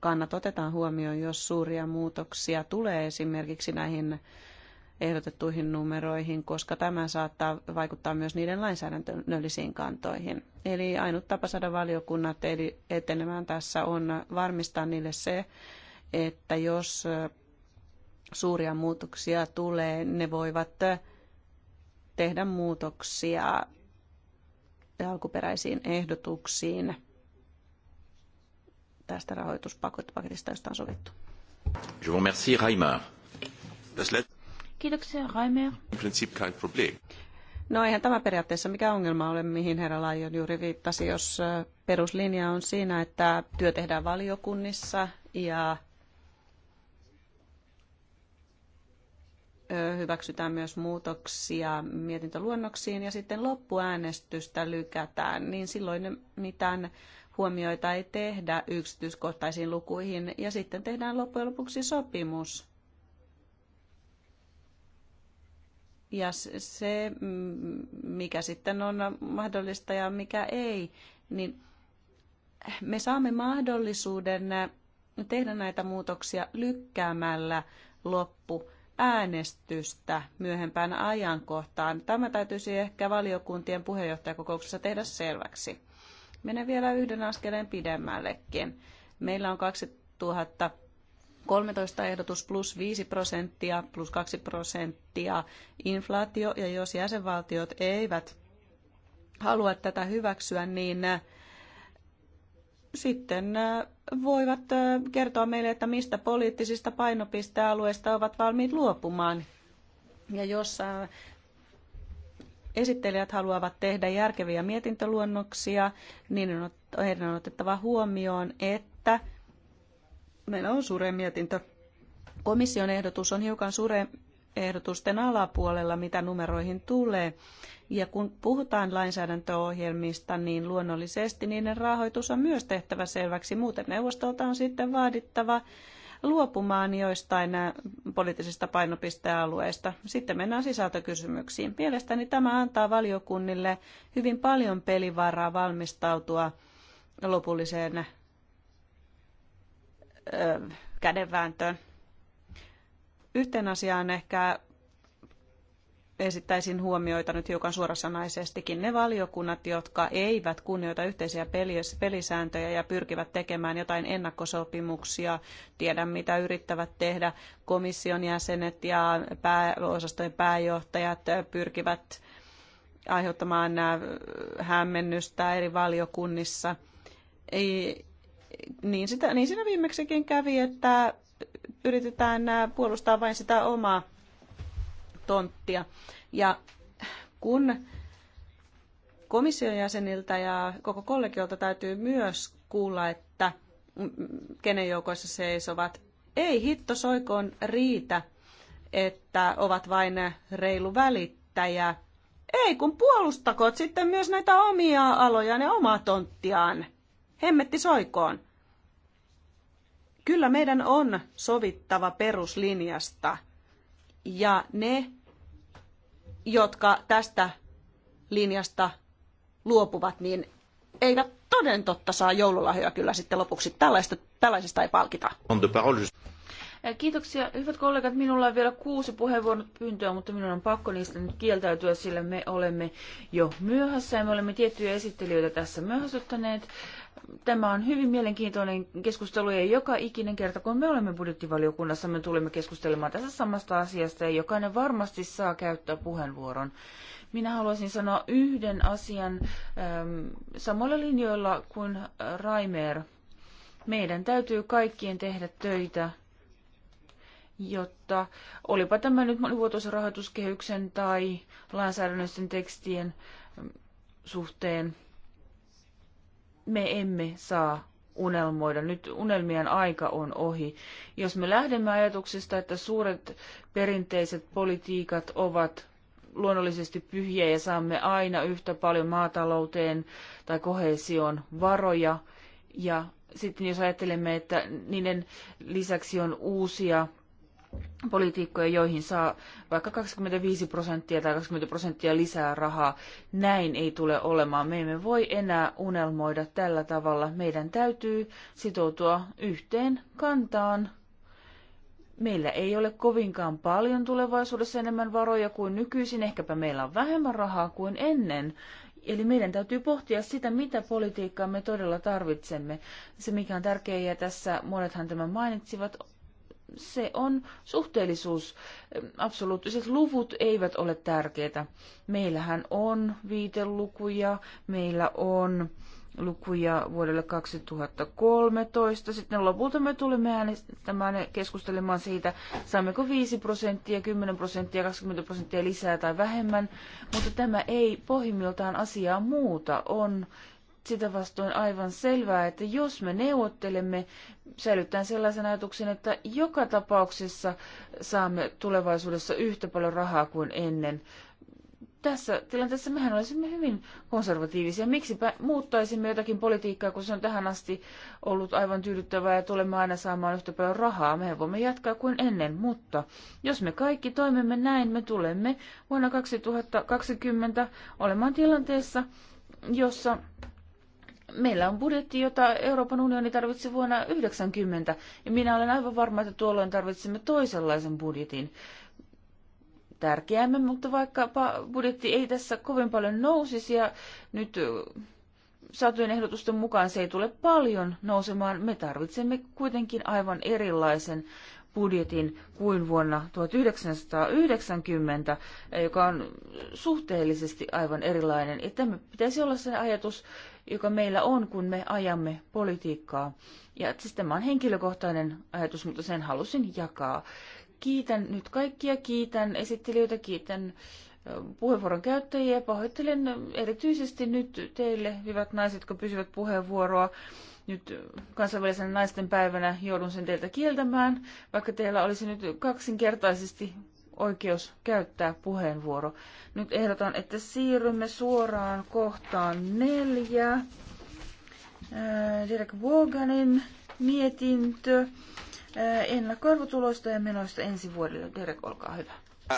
kannat otetaan huomioon, jos suuria muutoksia tulee esimerkiksi näihin ehdotettuihin numeroihin, koska tämä saattaa vaikuttaa myös niiden lainsäädännöllisiin kantoihin. Eli ainut tapa saada valiokunnat etenemään tässä on varmistaa niille se, että jos suuria muutoksia tulee, ne voivat tehdä muutoksia alkuperäisiin ehdotuksiin tästä rahoituspaketista, josta on sovittu. Je vous remercie, Kiitoksia, Raimer. kein Problem. No eihän tämä periaatteessa mikä ongelma ole, mihin herra Laion juuri viittasi, jos peruslinja on siinä, että työ tehdään valiokunnissa ja hyväksytään myös muutoksia mietintöluonnoksiin ja sitten loppuäänestystä lykätään, niin silloin mitään huomioita ei tehdä yksityiskohtaisiin lukuihin ja sitten tehdään loppujen lopuksi sopimus. Ja se, mikä sitten on mahdollista ja mikä ei, niin me saamme mahdollisuuden tehdä näitä muutoksia lykkäämällä loppu äänestystä myöhempään ajankohtaan. Tämä täytyisi ehkä valiokuntien puheenjohtajakokouksessa tehdä selväksi. Menen vielä yhden askeleen pidemmällekin. Meillä on 2000 13 ehdotus plus 5 prosenttia plus 2 prosenttia inflaatio, ja jos jäsenvaltiot eivät halua tätä hyväksyä, niin sitten äh, voivat äh, kertoa meille, että mistä poliittisista painopistealueista ovat valmiit luopumaan. Ja jos äh, esittelijät haluavat tehdä järkeviä mietintöluonnoksia, niin on, heidän on otettava huomioon, että meillä on suuren mietintö. Komission ehdotus on hiukan sure, ehdotusten alapuolella, mitä numeroihin tulee. Ja kun puhutaan lainsäädäntöohjelmista, niin luonnollisesti niiden rahoitus on myös tehtävä selväksi. Muuten neuvostolta on sitten vaadittava luopumaan joistain poliittisista painopistealueista. Sitten mennään sisältökysymyksiin. Mielestäni tämä antaa valiokunnille hyvin paljon pelivaraa valmistautua lopulliseen ö, kädenvääntöön. Yhteen asiaan ehkä esittäisin huomioita nyt hiukan suorasanaisestikin. Ne valiokunnat, jotka eivät kunnioita yhteisiä pelisääntöjä ja pyrkivät tekemään jotain ennakkosopimuksia, tiedän mitä yrittävät tehdä, komission jäsenet ja pääosastojen pääjohtajat pyrkivät aiheuttamaan äh, hämmennystä eri valiokunnissa. Ei, niin, sitä, niin siinä viimeksikin kävi, että yritetään äh, puolustaa vain sitä omaa tonttia. Ja kun komission jäseniltä ja koko kollegiolta täytyy myös kuulla, että mm, kenen joukoissa seisovat, ei hitto soikoon riitä, että ovat vain reilu välittäjä. Ei kun puolustakot sitten myös näitä omia aloja, ne omaa tonttiaan. Hemmetti soikoon. Kyllä meidän on sovittava peruslinjasta. Ja ne, jotka tästä linjasta luopuvat, niin eivät toden totta saa joululahjoja kyllä sitten lopuksi. Tällaista, tällaisesta ei palkita. Kiitoksia. Hyvät kollegat, minulla on vielä kuusi puheenvuoron pyyntöä, mutta minun on pakko niistä nyt kieltäytyä, sillä me olemme jo myöhässä ja me olemme tiettyjä esittelijöitä tässä myöhästyttäneet. Tämä on hyvin mielenkiintoinen keskustelu ja joka ikinen kerta, kun me olemme budjettivaliokunnassa, me tulemme keskustelemaan tässä samasta asiasta ja jokainen varmasti saa käyttää puheenvuoron. Minä haluaisin sanoa yhden asian ähm, samoilla linjoilla kuin Raimer. Meidän täytyy kaikkien tehdä töitä jotta olipa tämä nyt monivuotoisen rahoituskehyksen tai lainsäädännöllisten tekstien mm, suhteen, me emme saa unelmoida. Nyt unelmien aika on ohi. Jos me lähdemme ajatuksesta, että suuret perinteiset politiikat ovat luonnollisesti pyhiä ja saamme aina yhtä paljon maatalouteen tai kohesioon varoja, ja sitten jos ajattelemme, että niiden lisäksi on uusia politiikkoja, joihin saa vaikka 25 prosenttia tai 20 prosenttia lisää rahaa. Näin ei tule olemaan. Me emme voi enää unelmoida tällä tavalla. Meidän täytyy sitoutua yhteen kantaan. Meillä ei ole kovinkaan paljon tulevaisuudessa enemmän varoja kuin nykyisin. Ehkäpä meillä on vähemmän rahaa kuin ennen. Eli meidän täytyy pohtia sitä, mitä politiikkaa me todella tarvitsemme. Se, mikä on tärkeää, ja tässä monethan tämän mainitsivat, se on suhteellisuus. Absoluuttiset luvut eivät ole tärkeitä. Meillähän on viitelukuja, meillä on lukuja vuodelle 2013. Sitten lopulta me tulemme äänestämään ja keskustelemaan siitä, saammeko 5 prosenttia, 10 prosenttia, 20 prosenttia lisää tai vähemmän. Mutta tämä ei pohjimmiltaan asiaa muuta. On sitä vastoin aivan selvää, että jos me neuvottelemme, säilyttäen sellaisen ajatuksen, että joka tapauksessa saamme tulevaisuudessa yhtä paljon rahaa kuin ennen. Tässä tilanteessa mehän olisimme hyvin konservatiivisia. Miksipä muuttaisimme jotakin politiikkaa, kun se on tähän asti ollut aivan tyydyttävää ja tulemme aina saamaan yhtä paljon rahaa. Mehän voimme jatkaa kuin ennen, mutta jos me kaikki toimimme näin, me tulemme vuonna 2020 olemaan tilanteessa, jossa meillä on budjetti, jota Euroopan unioni tarvitsi vuonna 1990, ja minä olen aivan varma, että tuolloin tarvitsemme toisenlaisen budjetin. Tärkeämme, mutta vaikka budjetti ei tässä kovin paljon nousisi, ja nyt saatujen ehdotusten mukaan se ei tule paljon nousemaan, me tarvitsemme kuitenkin aivan erilaisen budjetin kuin vuonna 1990, joka on suhteellisesti aivan erilainen. Että me pitäisi olla se ajatus, joka meillä on, kun me ajamme politiikkaa. Ja siis tämä on henkilökohtainen ajatus, mutta sen halusin jakaa. Kiitän nyt kaikkia, kiitän esittelijöitä, kiitän puheenvuoron käyttäjiä. Pahoittelen erityisesti nyt teille, hyvät naiset, jotka pysyvät puheenvuoroa. Nyt kansainvälisen naisten päivänä joudun sen teiltä kieltämään, vaikka teillä olisi nyt kaksinkertaisesti oikeus käyttää puheenvuoro. Nyt ehdotan, että siirrymme suoraan kohtaan neljä. Äh, Derek Woganin mietintö äh, ennakkoarvotuloista ja menoista ensi vuodelle. Derek, olkaa hyvä.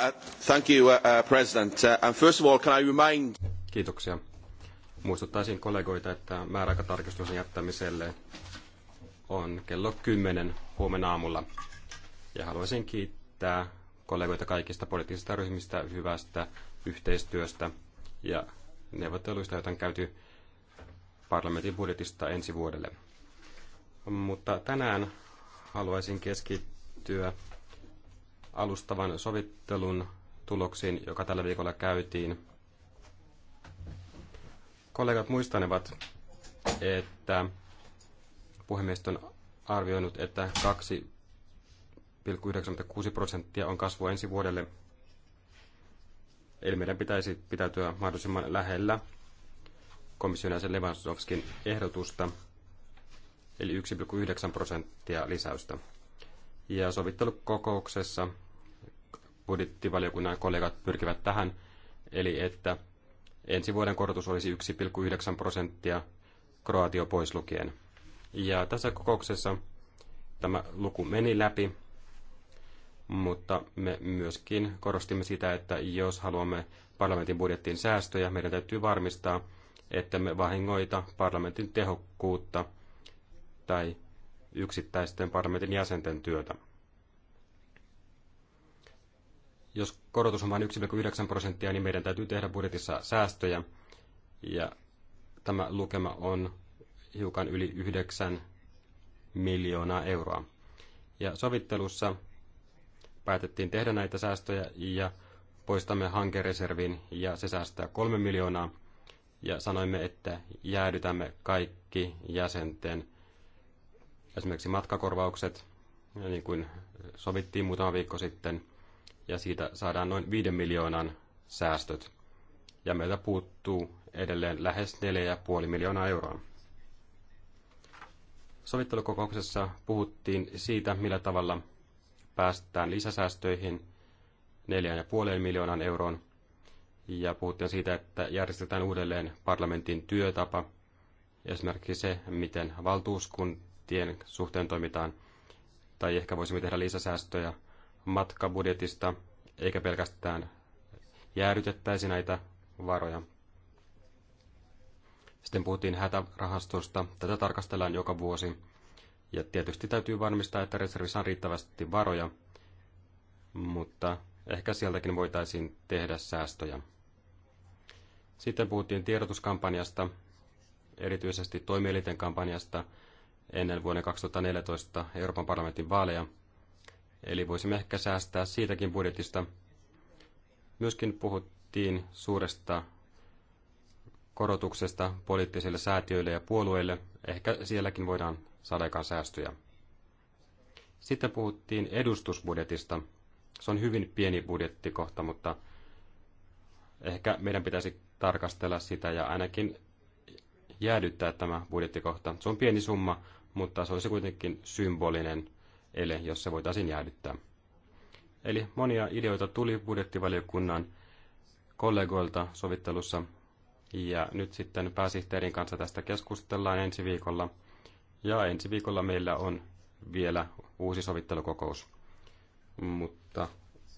Uh, thank you, uh, uh, President. Uh, and first of all, can I remind... Kiitoksia. Muistuttaisin kollegoita, että määräaikatarkistuksen jättämiselle on kello 10 huomenna aamulla. Ja haluaisin kiittää kollegoita kaikista poliittisista ryhmistä hyvästä yhteistyöstä ja neuvotteluista, joita on käyty parlamentin budjetista ensi vuodelle. Mutta tänään haluaisin keskittyä alustavan sovittelun tuloksiin, joka tällä viikolla käytiin. Kollegat muistanevat, että puhemies on arvioinut, että kaksi 0,96 prosenttia on kasvu ensi vuodelle. Eli meidän pitäisi pitäytyä mahdollisimman lähellä komission jäsen Lewandowskin ehdotusta, eli 1,9 prosenttia lisäystä. Ja sovittelukokouksessa budjettivaliokunnan kollegat pyrkivät tähän, eli että ensi vuoden korotus olisi 1,9 prosenttia Kroatio pois lukien. Ja tässä kokouksessa tämä luku meni läpi mutta me myöskin korostimme sitä, että jos haluamme parlamentin budjettiin säästöjä, meidän täytyy varmistaa, että me vahingoita parlamentin tehokkuutta tai yksittäisten parlamentin jäsenten työtä. Jos korotus on vain 1,9 prosenttia, niin meidän täytyy tehdä budjetissa säästöjä, ja tämä lukema on hiukan yli 9 miljoonaa euroa. Ja sovittelussa päätettiin tehdä näitä säästöjä ja poistamme hankereservin ja se säästää kolme miljoonaa. Ja sanoimme, että jäädytämme kaikki jäsenten esimerkiksi matkakorvaukset, niin kuin sovittiin muutama viikko sitten, ja siitä saadaan noin 5 miljoonan säästöt. Ja meiltä puuttuu edelleen lähes 4,5 miljoonaa euroa. Sovittelukokouksessa puhuttiin siitä, millä tavalla päästään lisäsäästöihin 4,5 miljoonan euroon. Ja puhuttiin siitä, että järjestetään uudelleen parlamentin työtapa, esimerkiksi se, miten valtuuskuntien suhteen toimitaan, tai ehkä voisimme tehdä lisäsäästöjä matkabudjetista, eikä pelkästään jäädytettäisi näitä varoja. Sitten puhuttiin hätärahastosta. Tätä tarkastellaan joka vuosi. Ja tietysti täytyy varmistaa, että reservissä on riittävästi varoja, mutta ehkä sieltäkin voitaisiin tehdä säästöjä. Sitten puhuttiin tiedotuskampanjasta, erityisesti toimielinten kampanjasta ennen vuoden 2014 Euroopan parlamentin vaaleja. Eli voisimme ehkä säästää siitäkin budjetista. Myöskin puhuttiin suuresta korotuksesta poliittisille säätiöille ja puolueille. Ehkä sielläkin voidaan saada aikaan säästöjä. Sitten puhuttiin edustusbudjetista. Se on hyvin pieni budjettikohta, mutta ehkä meidän pitäisi tarkastella sitä ja ainakin jäädyttää tämä budjettikohta. Se on pieni summa, mutta se olisi kuitenkin symbolinen ele, jos se voitaisiin jäädyttää. Eli monia ideoita tuli budjettivaliokunnan kollegoilta sovittelussa, ja nyt sitten pääsihteerin kanssa tästä keskustellaan ensi viikolla – ja ensi viikolla meillä on vielä uusi sovittelukokous. Mutta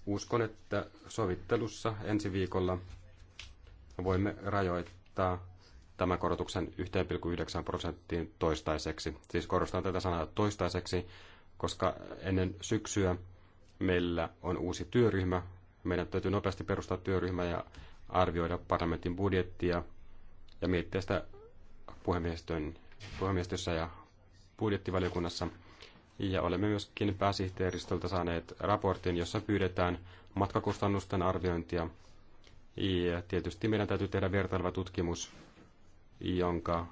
uskon, että sovittelussa ensi viikolla voimme rajoittaa tämän korotuksen 1,9 prosenttiin toistaiseksi. Siis korostan tätä sanaa toistaiseksi, koska ennen syksyä meillä on uusi työryhmä. Meidän täytyy nopeasti perustaa työryhmä ja arvioida parlamentin budjettia ja miettiä sitä puhemiestössä ja budjettivaliokunnassa. Ja olemme myöskin pääsihteeristöltä saaneet raportin, jossa pyydetään matkakustannusten arviointia. Ja tietysti meidän täytyy tehdä vertaileva tutkimus, jonka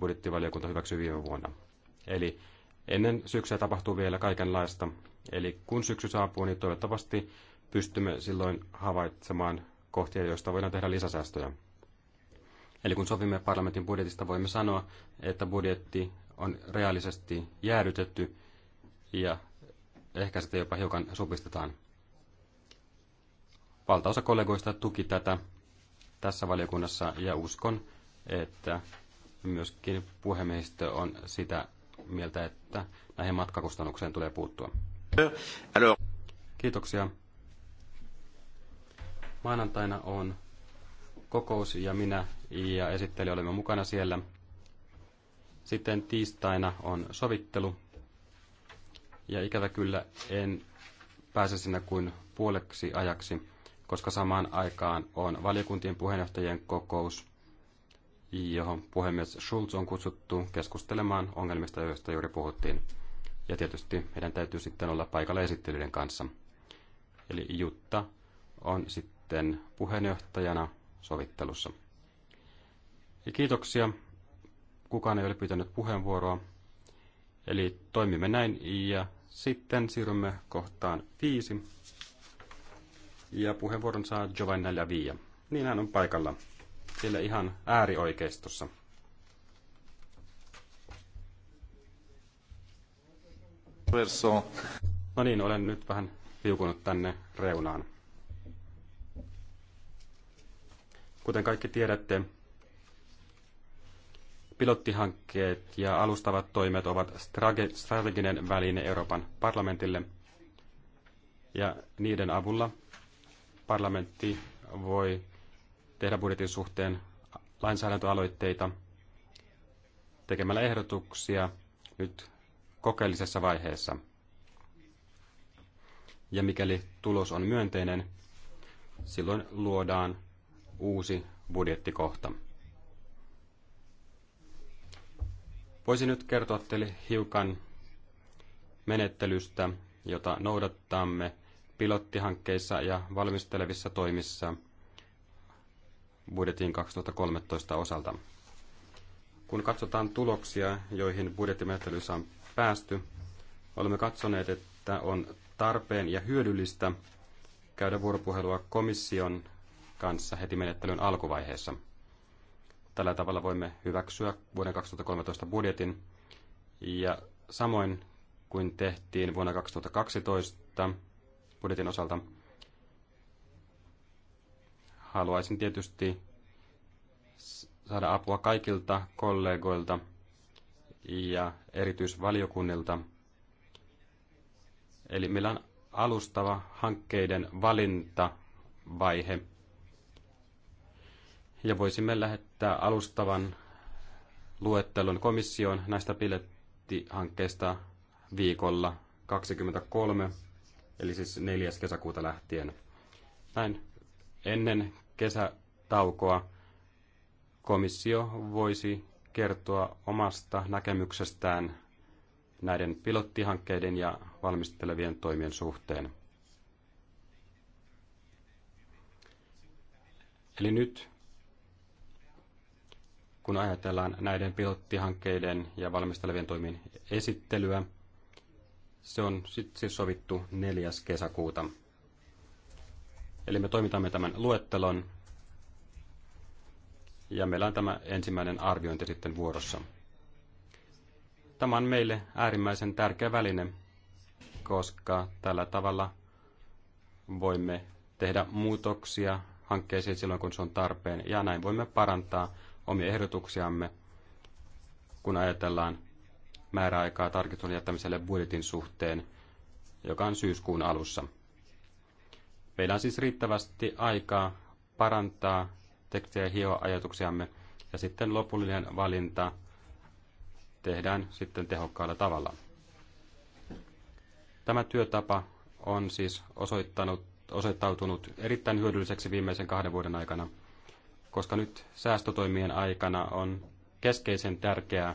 budjettivaliokunta hyväksyi viime vuonna. Eli ennen syksyä tapahtuu vielä kaikenlaista. Eli kun syksy saapuu, niin toivottavasti pystymme silloin havaitsemaan kohtia, joista voidaan tehdä lisäsäästöjä. Eli kun sovimme parlamentin budjetista, voimme sanoa, että budjetti on reaalisesti jäädytetty ja ehkä sitä jopa hiukan supistetaan. Valtaosa kollegoista tuki tätä tässä valiokunnassa ja uskon, että myöskin puhemiehistö on sitä mieltä, että näihin matkakustannukseen tulee puuttua. Kiitoksia. Maanantaina on kokous ja minä ja esittelijä olemme mukana siellä. Sitten tiistaina on sovittelu. Ja ikävä kyllä en pääse sinne kuin puoleksi ajaksi, koska samaan aikaan on valiokuntien puheenjohtajien kokous, johon puhemies Schulz on kutsuttu keskustelemaan ongelmista, joista juuri puhuttiin. Ja tietysti meidän täytyy sitten olla paikalla esittelyiden kanssa. Eli Jutta on sitten puheenjohtajana sovittelussa. Ja kiitoksia Kukaan ei ole pyytänyt puheenvuoroa. Eli toimimme näin ja sitten siirrymme kohtaan viisi. Ja puheenvuoron saa Giovanna Lavia. Niin hän on paikalla. Siellä ihan äärioikeistossa. Verso. No niin, olen nyt vähän liukunut tänne reunaan. Kuten kaikki tiedätte, Pilottihankkeet ja alustavat toimet ovat strateginen väline Euroopan parlamentille, ja niiden avulla parlamentti voi tehdä budjetin suhteen lainsäädäntöaloitteita tekemällä ehdotuksia nyt kokeellisessa vaiheessa. Ja mikäli tulos on myönteinen, silloin luodaan uusi budjettikohta. Voisin nyt kertoa teille hiukan menettelystä, jota noudattamme pilottihankkeissa ja valmistelevissa toimissa budjetin 2013 osalta. Kun katsotaan tuloksia, joihin budjettimenettelyssä on päästy, olemme katsoneet, että on tarpeen ja hyödyllistä käydä vuoropuhelua komission kanssa heti menettelyn alkuvaiheessa – Tällä tavalla voimme hyväksyä vuoden 2013 budjetin. Ja samoin kuin tehtiin vuonna 2012 budjetin osalta, haluaisin tietysti saada apua kaikilta kollegoilta ja erityisvaliokunnilta. Eli meillä on alustava hankkeiden valintavaihe ja voisimme lähettää alustavan luettelon komission näistä pilettihankkeista viikolla 23, eli siis 4. kesäkuuta lähtien. Näin ennen kesätaukoa komissio voisi kertoa omasta näkemyksestään näiden pilottihankkeiden ja valmistelevien toimien suhteen. Eli nyt kun ajatellaan näiden pilottihankkeiden ja valmistelevien toimien esittelyä. Se on sitten siis sovittu 4. kesäkuuta. Eli me toimitamme tämän luettelon ja meillä on tämä ensimmäinen arviointi sitten vuorossa. Tämä on meille äärimmäisen tärkeä väline, koska tällä tavalla voimme tehdä muutoksia hankkeisiin silloin, kun se on tarpeen, ja näin voimme parantaa omia ehdotuksiamme, kun ajatellaan määräaikaa tarkistuksen jättämiselle budjetin suhteen, joka on syyskuun alussa. Meillä on siis riittävästi aikaa parantaa tekstiä ja hioa ajatuksiamme, ja sitten lopullinen valinta tehdään sitten tehokkaalla tavalla. Tämä työtapa on siis osoittanut, osoittautunut erittäin hyödylliseksi viimeisen kahden vuoden aikana, koska nyt säästötoimien aikana on keskeisen tärkeää,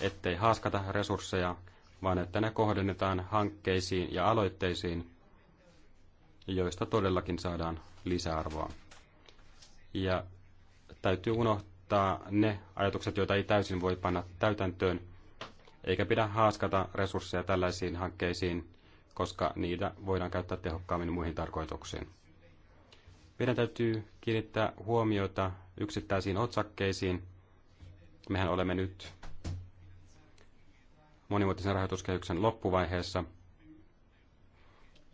ettei haaskata resursseja, vaan että ne kohdennetaan hankkeisiin ja aloitteisiin, joista todellakin saadaan lisäarvoa. Ja täytyy unohtaa ne ajatukset, joita ei täysin voi panna täytäntöön, eikä pidä haaskata resursseja tällaisiin hankkeisiin, koska niitä voidaan käyttää tehokkaammin muihin tarkoituksiin. Meidän täytyy kiinnittää huomiota yksittäisiin otsakkeisiin. Mehän olemme nyt monivuotisen rahoituskehyksen loppuvaiheessa.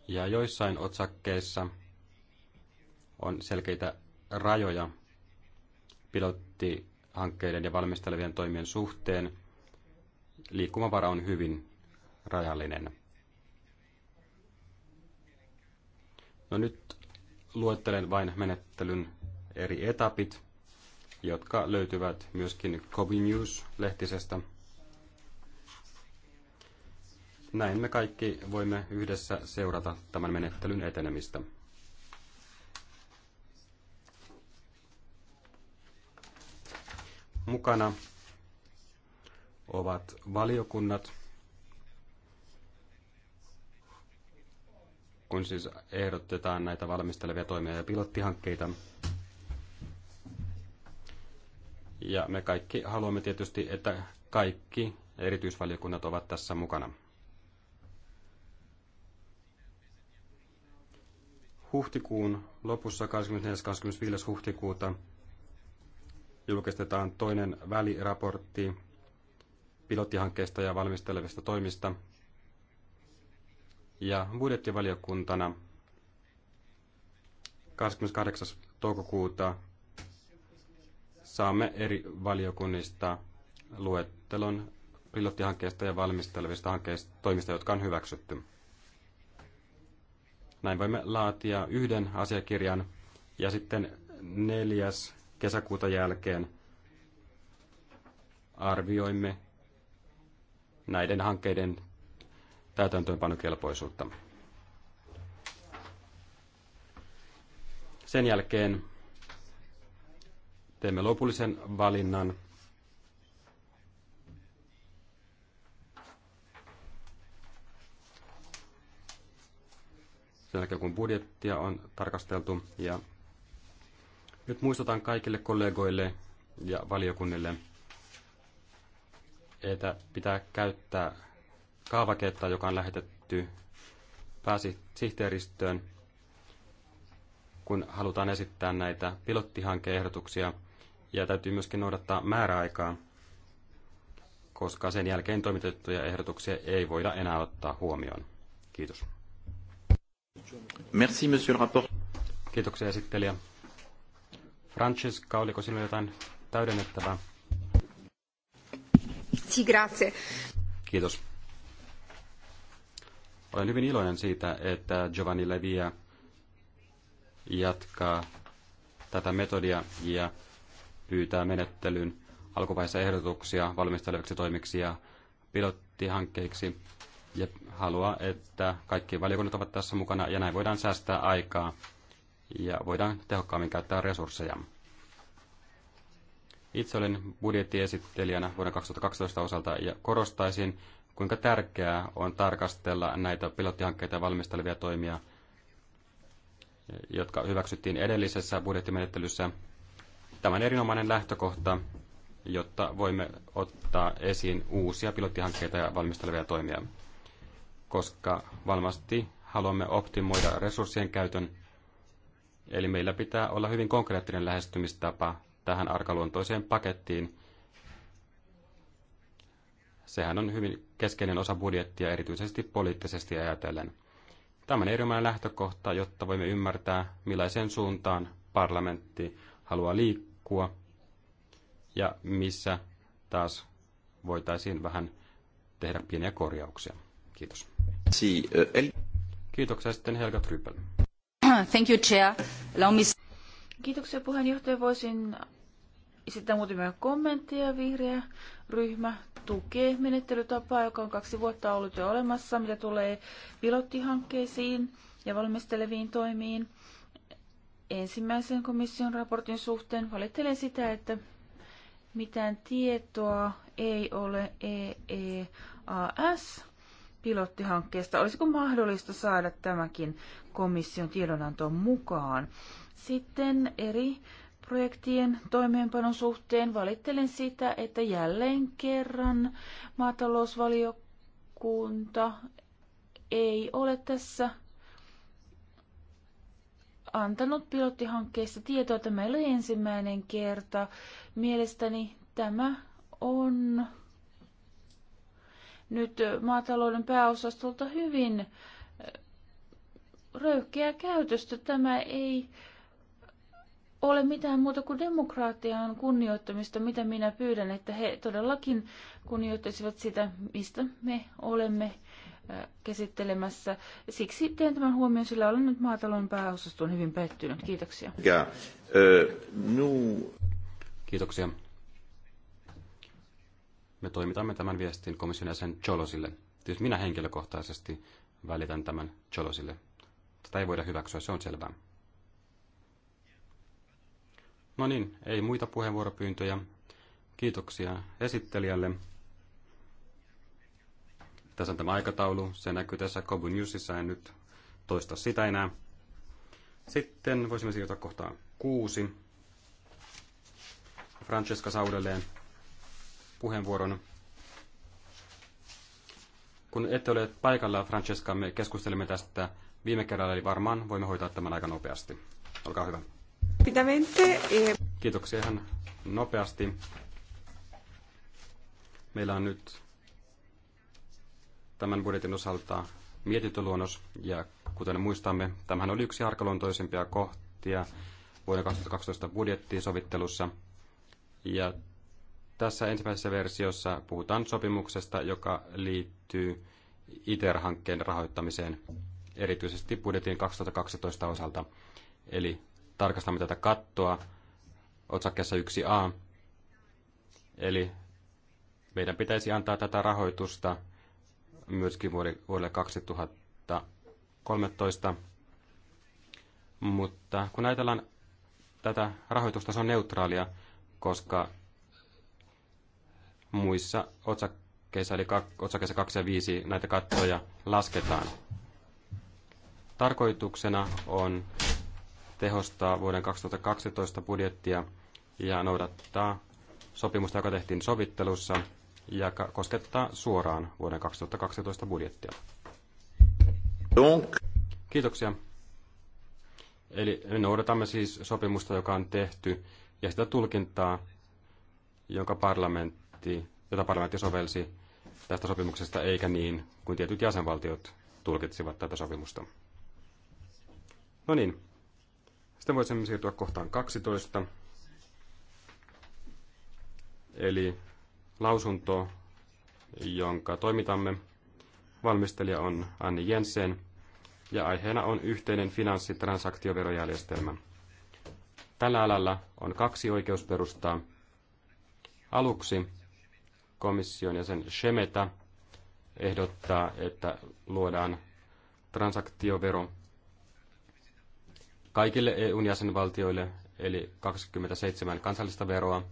Ja joissain otsakkeissa on selkeitä rajoja pilottihankkeiden ja valmistelevien toimien suhteen. Liikkumavara on hyvin rajallinen. No nyt luettelen vain menettelyn eri etapit, jotka löytyvät myöskin Kobi News-lehtisestä. Näin me kaikki voimme yhdessä seurata tämän menettelyn etenemistä. Mukana ovat valiokunnat, kun siis ehdotetaan näitä valmistelevia toimia ja pilottihankkeita. Ja me kaikki haluamme tietysti, että kaikki erityisvaliokunnat ovat tässä mukana. Huhtikuun lopussa 24.25. huhtikuuta julkistetaan toinen väliraportti pilottihankkeista ja valmistelevista toimista – ja budjettivaliokuntana 28. toukokuuta saamme eri valiokunnista luettelon pilottihankkeista ja valmistelevista hankkeista, toimista, jotka on hyväksytty. Näin voimme laatia yhden asiakirjan ja sitten 4. kesäkuuta jälkeen arvioimme näiden hankkeiden täytäntöönpanokelpoisuutta. Sen jälkeen teemme lopullisen valinnan. Sen jälkeen kun budjettia on tarkasteltu ja nyt muistutan kaikille kollegoille ja valiokunnille, että pitää käyttää kaavaketta, joka on lähetetty pääsihteeristöön, kun halutaan esittää näitä pilottihankeehdotuksia. Ja täytyy myöskin noudattaa määräaikaa, koska sen jälkeen toimitettuja ehdotuksia ei voida enää ottaa huomioon. Kiitos. Merci, monsieur le rapport. Kiitoksia esittelijä. Francesca, oliko sinulla jotain täydennettävää? Sì, grazie. Kiitos. Olen hyvin iloinen siitä, että Giovanni Levia jatkaa tätä metodia ja pyytää menettelyn alkuvaiheessa ehdotuksia valmisteleviksi toimiksi ja pilottihankkeiksi ja haluaa, että kaikki valiokunnat ovat tässä mukana ja näin voidaan säästää aikaa ja voidaan tehokkaammin käyttää resursseja. Itse olen budjettiesittelijänä vuoden 2012 osalta ja korostaisin kuinka tärkeää on tarkastella näitä pilottihankkeita valmistelevia toimia, jotka hyväksyttiin edellisessä budjettimenettelyssä. Tämä on erinomainen lähtökohta, jotta voimme ottaa esiin uusia pilottihankkeita ja valmistelevia toimia, koska varmasti haluamme optimoida resurssien käytön, eli meillä pitää olla hyvin konkreettinen lähestymistapa tähän arkaluontoiseen pakettiin, Sehän on hyvin keskeinen osa budjettia, erityisesti poliittisesti ajatellen. Tämä on erilainen lähtökohta, jotta voimme ymmärtää, millaiseen suuntaan parlamentti haluaa liikkua ja missä taas voitaisiin vähän tehdä pieniä korjauksia. Kiitos. Eh, Kiitoksia sitten Helga Trypel. Thank you, Chair. Allow me... Kiitoksia puheenjohtaja. Voisin esittää muutamia kommentteja. Vihreä ryhmä tukee menettelytapaa, joka on kaksi vuotta ollut jo olemassa, mitä tulee pilottihankkeisiin ja valmisteleviin toimiin. Ensimmäisen komission raportin suhteen valittelen sitä, että mitään tietoa ei ole EEAS pilottihankkeesta. Olisiko mahdollista saada tämäkin komission tiedonantoon mukaan? Sitten eri projektien toimeenpanon suhteen. Valittelen sitä, että jälleen kerran maatalousvaliokunta ei ole tässä antanut pilottihankkeessa tietoa. Tämä ei ole ensimmäinen kerta. Mielestäni tämä on nyt maatalouden pääosastolta hyvin röyhkeä käytöstä. Tämä ei ole mitään muuta kuin demokraatian kunnioittamista, mitä minä pyydän, että he todellakin kunnioittaisivat sitä, mistä me olemme käsittelemässä. Siksi teen tämän huomioon, sillä olen nyt maatalon pääosastoon hyvin pettynyt. Kiitoksia. Ja, ö, nu... Kiitoksia. Me toimitamme tämän viestin komission jäsen Cholosille. Tietysti minä henkilökohtaisesti välitän tämän Cholosille. Tätä ei voida hyväksyä, se on selvää. No niin, ei muita puheenvuoropyyntöjä. Kiitoksia esittelijälle. Tässä on tämä aikataulu. Se näkyy tässä Kobu Newsissa. En nyt toista sitä enää. Sitten voisimme siirtyä kohtaan kuusi. Francesca Saudelleen puheenvuoron. Kun ette ole paikalla, Francesca, me keskustelemme tästä viime kerralla, eli varmaan voimme hoitaa tämän aika nopeasti. Olkaa hyvä. E Kiitoksia ihan nopeasti. Meillä on nyt tämän budjetin osalta mietintöluonnos, ja kuten muistamme, tämähän oli yksi arkaluontoisimpia kohtia vuoden 2012 budjettiin sovittelussa. Ja tässä ensimmäisessä versiossa puhutaan sopimuksesta, joka liittyy ITER-hankkeen rahoittamiseen, erityisesti budjetin 2012 osalta. Eli tarkastamme tätä kattoa otsakkeessa 1a. Eli meidän pitäisi antaa tätä rahoitusta myöskin vuodelle 2013. Mutta kun ajatellaan tätä rahoitusta, se on neutraalia, koska muissa otsakkeissa, eli otsakkeissa 2 ja 5, näitä kattoja lasketaan. Tarkoituksena on tehostaa vuoden 2012 budjettia ja noudattaa sopimusta, joka tehtiin sovittelussa ja koskettaa suoraan vuoden 2012 budjettia. Kiitoksia. Eli me noudatamme siis sopimusta, joka on tehty, ja sitä tulkintaa, jonka parlamentti, jota parlamentti sovelsi tästä sopimuksesta, eikä niin kuin tietyt jäsenvaltiot tulkitsivat tätä sopimusta. No niin, sitten voisimme siirtyä kohtaan 12, eli lausunto, jonka toimitamme. Valmistelija on Anni Jensen ja aiheena on yhteinen finanssitransaktioverojärjestelmä. Tällä alalla on kaksi oikeusperustaa. Aluksi komission jäsen Shemeta ehdottaa, että luodaan transaktiovero kaikille EUn jäsenvaltioille, eli 27 kansallista veroa.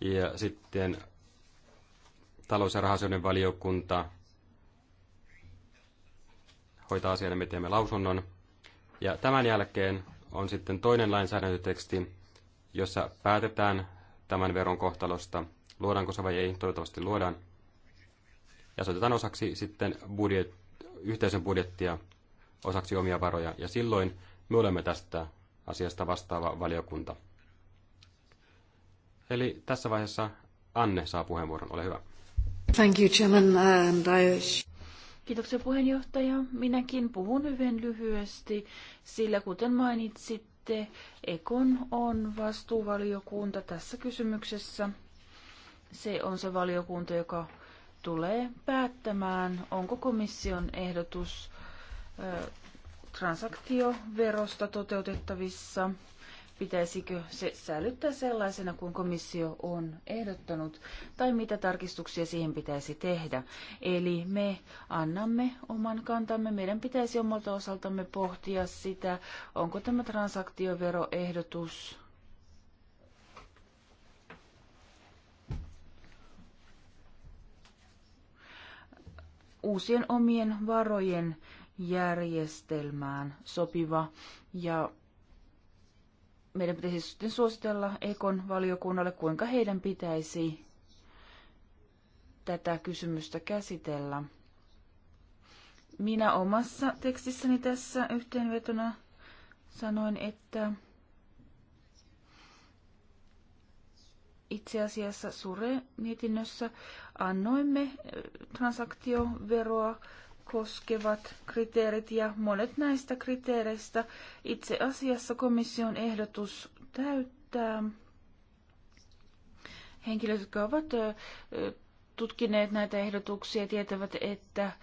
Ja sitten talous- ja rahasioiden valiokunta hoitaa asian me teemme lausunnon. Ja tämän jälkeen on sitten toinen lainsäädäntöteksti, jossa päätetään tämän veron kohtalosta, luodaanko se vai ei, toivottavasti luodaan. Ja se otetaan osaksi sitten budjetti yhteisön budjettia osaksi omia varoja, ja silloin me olemme tästä asiasta vastaava valiokunta. Eli tässä vaiheessa Anne saa puheenvuoron, ole hyvä. Thank you, Chairman, and I... Kiitoksia puheenjohtaja. Minäkin puhun hyvin lyhyesti, sillä kuten mainitsitte, Ekon on vastuuvaliokunta tässä kysymyksessä. Se on se valiokunta, joka tulee päättämään, onko komission ehdotus transaktioverosta toteutettavissa, pitäisikö se säilyttää sellaisena kuin komissio on ehdottanut, tai mitä tarkistuksia siihen pitäisi tehdä. Eli me annamme oman kantamme, meidän pitäisi omalta osaltamme pohtia sitä, onko tämä transaktioveroehdotus uusien omien varojen järjestelmään sopiva ja meidän pitäisi sitten suositella Ekon valiokunnalle, kuinka heidän pitäisi tätä kysymystä käsitellä. Minä omassa tekstissäni tässä yhteenvetona sanoin, että itse asiassa Sure mietinnössä annoimme äh, transaktioveroa koskevat kriteerit ja monet näistä kriteereistä itse asiassa komission ehdotus täyttää. Henkilöt, jotka ovat äh, tutkineet näitä ehdotuksia, tietävät, että äh,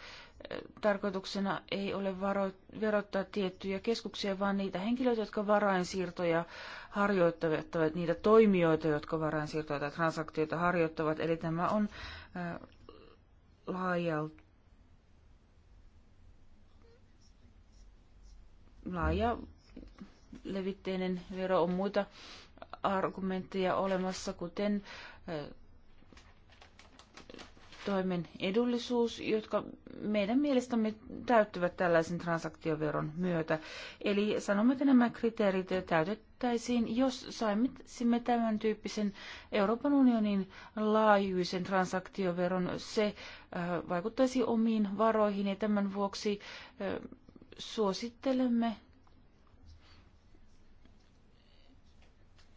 tarkoituksena ei ole varo- verottaa tiettyjä keskuksia, vaan niitä henkilöitä, jotka varainsiirtoja harjoittavat, niitä toimijoita, jotka varainsiirtoja tai transaktioita harjoittavat. Eli tämä on laajalti laaja levitteinen vero on muita argumentteja olemassa, kuten toimen edullisuus, jotka meidän mielestämme täyttyvät tällaisen transaktioveron myötä. Eli sanomme, että nämä kriteerit täytettäisiin, jos saimme tämän tyyppisen Euroopan unionin laajuisen transaktioveron. Se äh, vaikuttaisi omiin varoihin ja tämän vuoksi äh, suosittelemme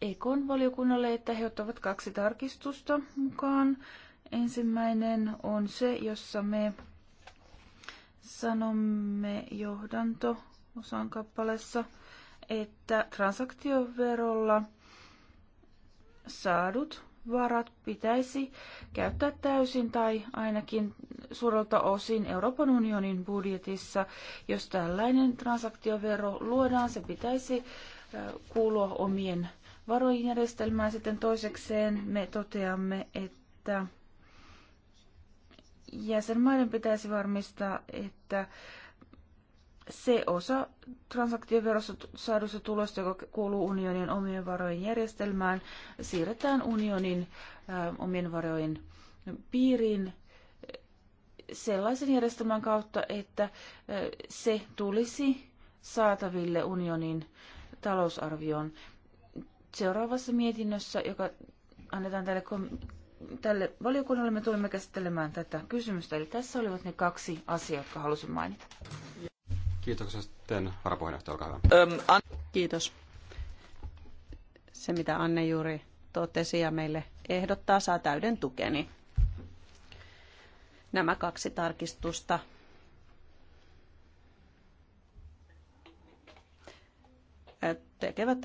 Ekon valiokunnalle, että he ottavat kaksi tarkistusta mukaan Ensimmäinen on se, jossa me sanomme johdanto osan kappaleessa, että transaktioverolla saadut varat pitäisi käyttää täysin tai ainakin suurelta osin Euroopan unionin budjetissa. Jos tällainen transaktiovero luodaan, se pitäisi kuulua omien varojen järjestelmään. Sitten toisekseen me toteamme, että jäsenmaiden pitäisi varmistaa, että se osa transaktioverossa saadusta tulosta, joka kuuluu unionin omien varojen järjestelmään, siirretään unionin ä, omien varojen piiriin sellaisen järjestelmän kautta, että ä, se tulisi saataville unionin talousarvioon. Seuraavassa mietinnössä, joka annetaan tälle tälle valiokunnalle me tulemme käsittelemään tätä kysymystä. Eli tässä olivat ne kaksi asiaa, jotka halusin mainita. Kiitoksia sitten varapuheenjohtaja, olkaa hyvä. Öm, an- Kiitos. Se, mitä Anne juuri totesi ja meille ehdottaa, saa täyden tukeni. Nämä kaksi tarkistusta tekevät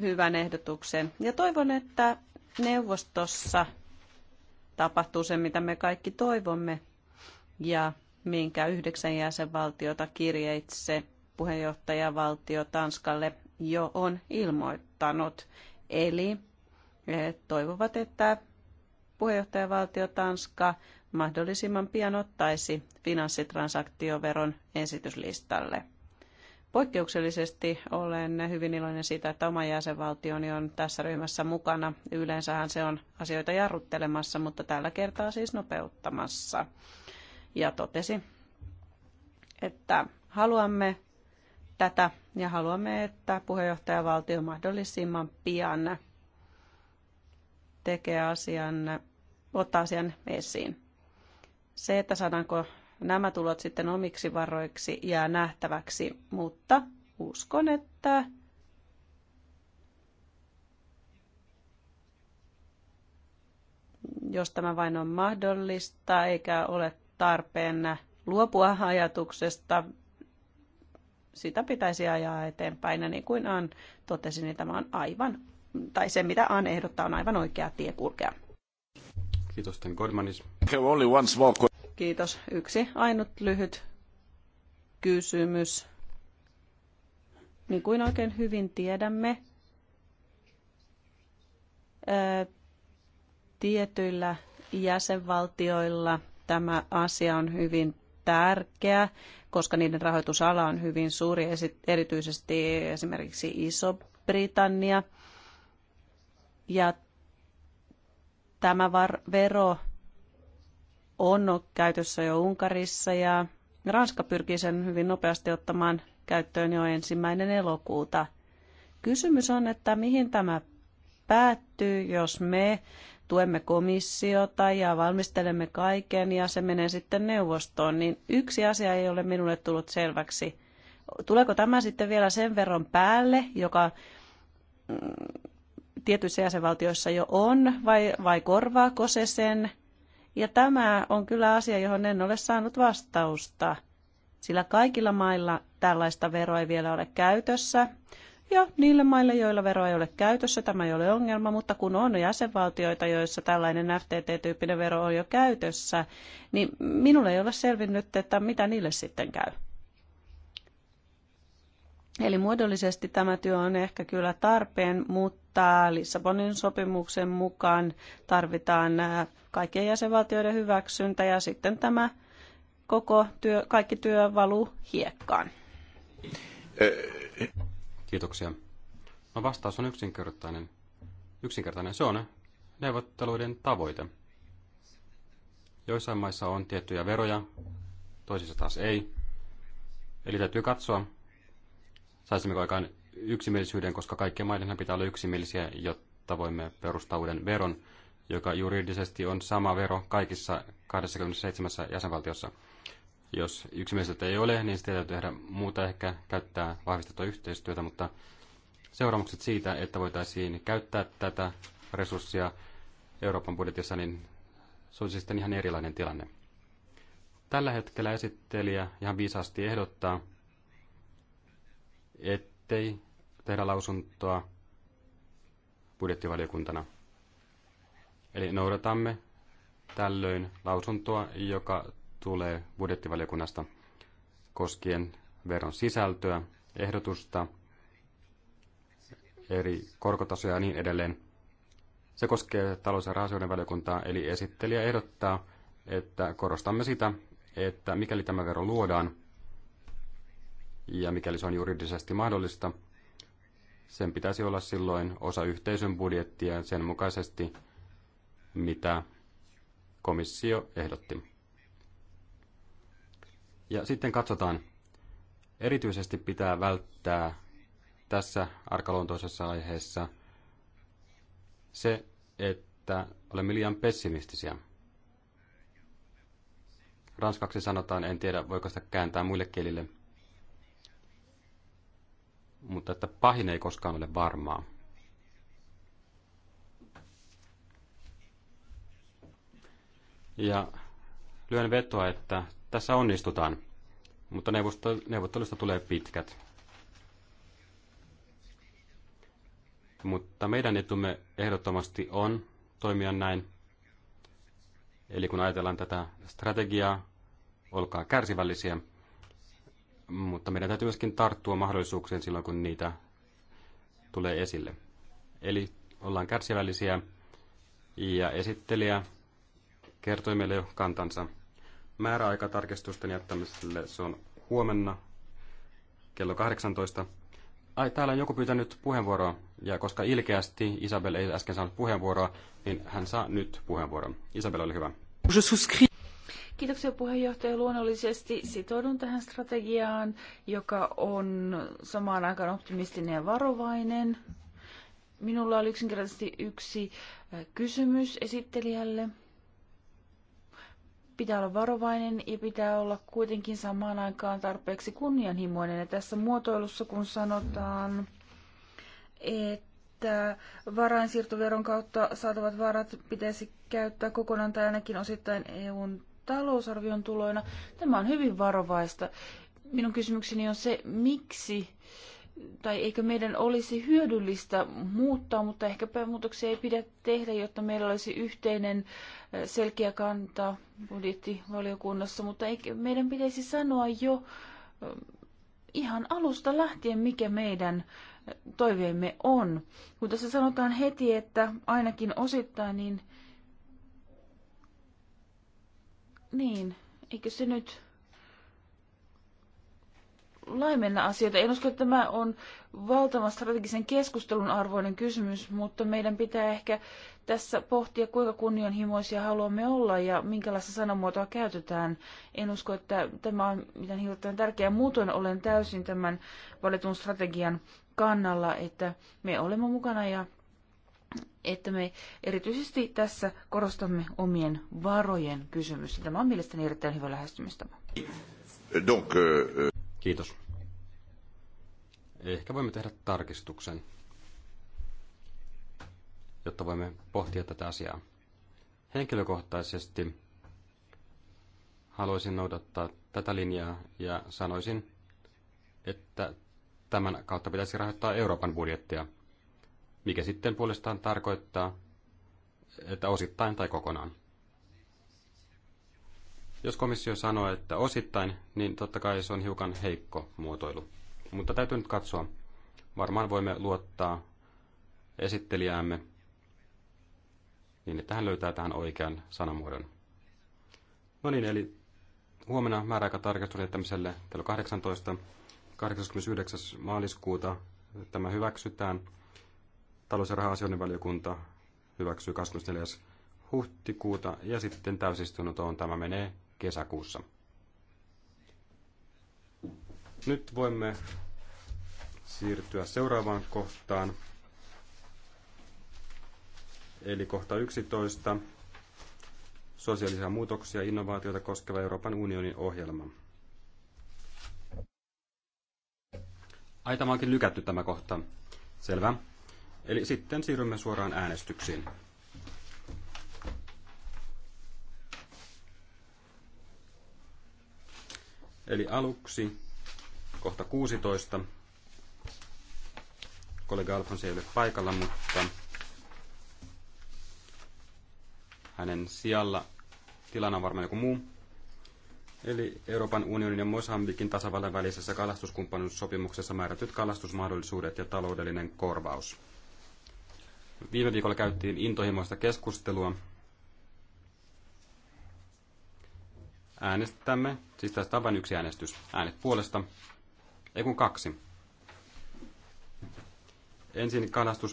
hyvän ehdotuksen. Ja toivon, että neuvostossa tapahtuu se, mitä me kaikki toivomme ja minkä yhdeksän jäsenvaltiota kirjeitse puheenjohtajavaltio Tanskalle jo on ilmoittanut. Eli he toivovat, että puheenjohtajavaltio Tanska mahdollisimman pian ottaisi finanssitransaktioveron esityslistalle. Poikkeuksellisesti olen hyvin iloinen siitä, että oma jäsenvaltioni on tässä ryhmässä mukana. Yleensähän se on asioita jarruttelemassa, mutta tällä kertaa siis nopeuttamassa. Ja totesi, että haluamme tätä ja haluamme, että puheenjohtajavaltio mahdollisimman pian tekee asian, ottaa asian esiin. Se, että saadaanko nämä tulot sitten omiksi varoiksi jää nähtäväksi, mutta uskon, että jos tämä vain on mahdollista eikä ole tarpeen luopua ajatuksesta, sitä pitäisi ajaa eteenpäin. Ja niin kuin An totesi, niin tämä on aivan, tai se mitä An ehdottaa, on aivan oikea tie kulkea. Kiitos, Ten Godmanis. Only one small Kiitos. Yksi ainut lyhyt kysymys. Niin kuin oikein hyvin tiedämme, tietyillä jäsenvaltioilla tämä asia on hyvin tärkeä, koska niiden rahoitusala on hyvin suuri, erityisesti esimerkiksi Iso-Britannia. Ja tämä var- vero on käytössä jo Unkarissa ja Ranska pyrkii sen hyvin nopeasti ottamaan käyttöön jo ensimmäinen elokuuta. Kysymys on, että mihin tämä päättyy, jos me tuemme komissiota ja valmistelemme kaiken ja se menee sitten neuvostoon, niin yksi asia ei ole minulle tullut selväksi. Tuleeko tämä sitten vielä sen verran päälle, joka mm, tietyissä jäsenvaltioissa jo on, vai, vai korvaako se sen? Ja tämä on kyllä asia, johon en ole saanut vastausta, sillä kaikilla mailla tällaista veroa ei vielä ole käytössä. Ja niille maille, joilla vero ei ole käytössä, tämä ei ole ongelma, mutta kun on jäsenvaltioita, joissa tällainen FTT-tyyppinen vero on jo käytössä, niin minulle ei ole selvinnyt, että mitä niille sitten käy. Eli muodollisesti tämä työ on ehkä kyllä tarpeen, mutta Lissabonin sopimuksen mukaan tarvitaan äh, kaikkien jäsenvaltioiden hyväksyntä ja sitten tämä koko työ, kaikki työ valuu hiekkaan. Kiitoksia. No vastaus on yksinkertainen. Yksinkertainen se on neuvotteluiden tavoite. Joissain maissa on tiettyjä veroja, toisissa taas ei. Eli täytyy katsoa, saisimmeko aikaan yksimielisyyden, koska kaikkien maiden pitää olla yksimielisiä, jotta voimme perustaa uuden veron, joka juridisesti on sama vero kaikissa 27 jäsenvaltiossa. Jos yksimielisyyttä ei ole, niin sitä täytyy tehdä muuta ehkä käyttää vahvistettua yhteistyötä, mutta seuraamukset siitä, että voitaisiin käyttää tätä resurssia Euroopan budjetissa, niin se olisi sitten ihan erilainen tilanne. Tällä hetkellä esittelijä ihan viisaasti ehdottaa, ettei tehdä lausuntoa budjettivaliokuntana. Eli noudatamme tällöin lausuntoa, joka tulee budjettivaliokunnasta koskien veron sisältöä, ehdotusta, eri korkotasoja ja niin edelleen. Se koskee talous- ja rahasioiden valiokuntaa, eli esittelijä ehdottaa, että korostamme sitä, että mikäli tämä vero luodaan, ja mikäli se on juridisesti mahdollista, sen pitäisi olla silloin osa yhteisön budjettia sen mukaisesti, mitä komissio ehdotti. Ja sitten katsotaan. Erityisesti pitää välttää tässä arkaluontoisessa aiheessa se, että olemme liian pessimistisiä. Ranskaksi sanotaan, en tiedä voiko sitä kääntää muille kielille, mutta että pahin ei koskaan ole varmaa. Ja lyön vetoa, että tässä onnistutaan, mutta neuvottelusta tulee pitkät. Mutta meidän etumme ehdottomasti on toimia näin. Eli kun ajatellaan tätä strategiaa, olkaa kärsivällisiä mutta meidän täytyy myöskin tarttua mahdollisuuksiin silloin, kun niitä tulee esille. Eli ollaan kärsivällisiä ja esittelijä kertoi meille jo kantansa. määräaikatarkistusten jättämiselle se on huomenna kello 18. Ai, täällä on joku pyytänyt puheenvuoroa, ja koska ilkeästi Isabel ei äsken saanut puheenvuoroa, niin hän saa nyt puheenvuoron. Isabel, oli hyvä. Je souscris Kiitoksia puheenjohtaja. Luonnollisesti sitoudun tähän strategiaan, joka on samaan aikaan optimistinen ja varovainen. Minulla oli yksinkertaisesti yksi äh, kysymys esittelijälle. Pitää olla varovainen ja pitää olla kuitenkin samaan aikaan tarpeeksi kunnianhimoinen. Ja tässä muotoilussa, kun sanotaan, että varainsiirtoveron kautta saatavat varat pitäisi käyttää kokonaan tai ainakin osittain EUn talousarvion tuloina. Tämä on hyvin varovaista. Minun kysymykseni on se, miksi tai eikö meidän olisi hyödyllistä muuttaa, mutta ehkäpä muutoksia ei pidä tehdä, jotta meillä olisi yhteinen selkeä kanta budjettivaliokunnassa, mutta eikö meidän pitäisi sanoa jo ihan alusta lähtien, mikä meidän toiveemme on. Kun tässä sanotaan heti, että ainakin osittain, niin niin, eikö se nyt laimenna asioita. En usko, että tämä on valtavan strategisen keskustelun arvoinen kysymys, mutta meidän pitää ehkä tässä pohtia, kuinka kunnianhimoisia haluamme olla ja minkälaista sanamuotoa käytetään. En usko, että tämä on mitään hirveän tärkeää. Muutoin olen täysin tämän valitun strategian kannalla, että me olemme mukana ja että me erityisesti tässä korostamme omien varojen kysymystä. Tämä on mielestäni erittäin hyvä lähestymistapa. Euh, euh, Kiitos. Ehkä voimme tehdä tarkistuksen, jotta voimme pohtia tätä asiaa. Henkilökohtaisesti haluaisin noudattaa tätä linjaa ja sanoisin, että tämän kautta pitäisi rahoittaa Euroopan budjettia – mikä sitten puolestaan tarkoittaa, että osittain tai kokonaan. Jos komissio sanoo, että osittain, niin totta kai se on hiukan heikko muotoilu. Mutta täytyy nyt katsoa. Varmaan voimme luottaa esittelijäämme niin, että hän löytää tähän oikean sanamuodon. No niin, eli huomenna määräaika tarkastuksen jättämiselle kello 18. 89. maaliskuuta tämä hyväksytään talous- ja raha-asioiden valiokunta hyväksyy 24. huhtikuuta ja sitten täysistuntoon tämä menee kesäkuussa. Nyt voimme siirtyä seuraavaan kohtaan, eli kohta 11. Sosiaalisia muutoksia ja innovaatioita koskeva Euroopan unionin ohjelma. Ai onkin lykätty tämä kohta. Selvä. Eli sitten siirrymme suoraan äänestyksiin. Eli aluksi kohta 16. Kollega Alfons ei ole paikalla, mutta hänen sijalla tilana on varmaan joku muu. Eli Euroopan unionin ja Mosambikin tasavallan välisessä kalastuskumppanuussopimuksessa määrätyt kalastusmahdollisuudet ja taloudellinen korvaus. Viime viikolla käytiin intohimoista keskustelua. Äänestämme, siis tästä on vain yksi äänestys. Äänet puolesta, ei kun kaksi. Ensin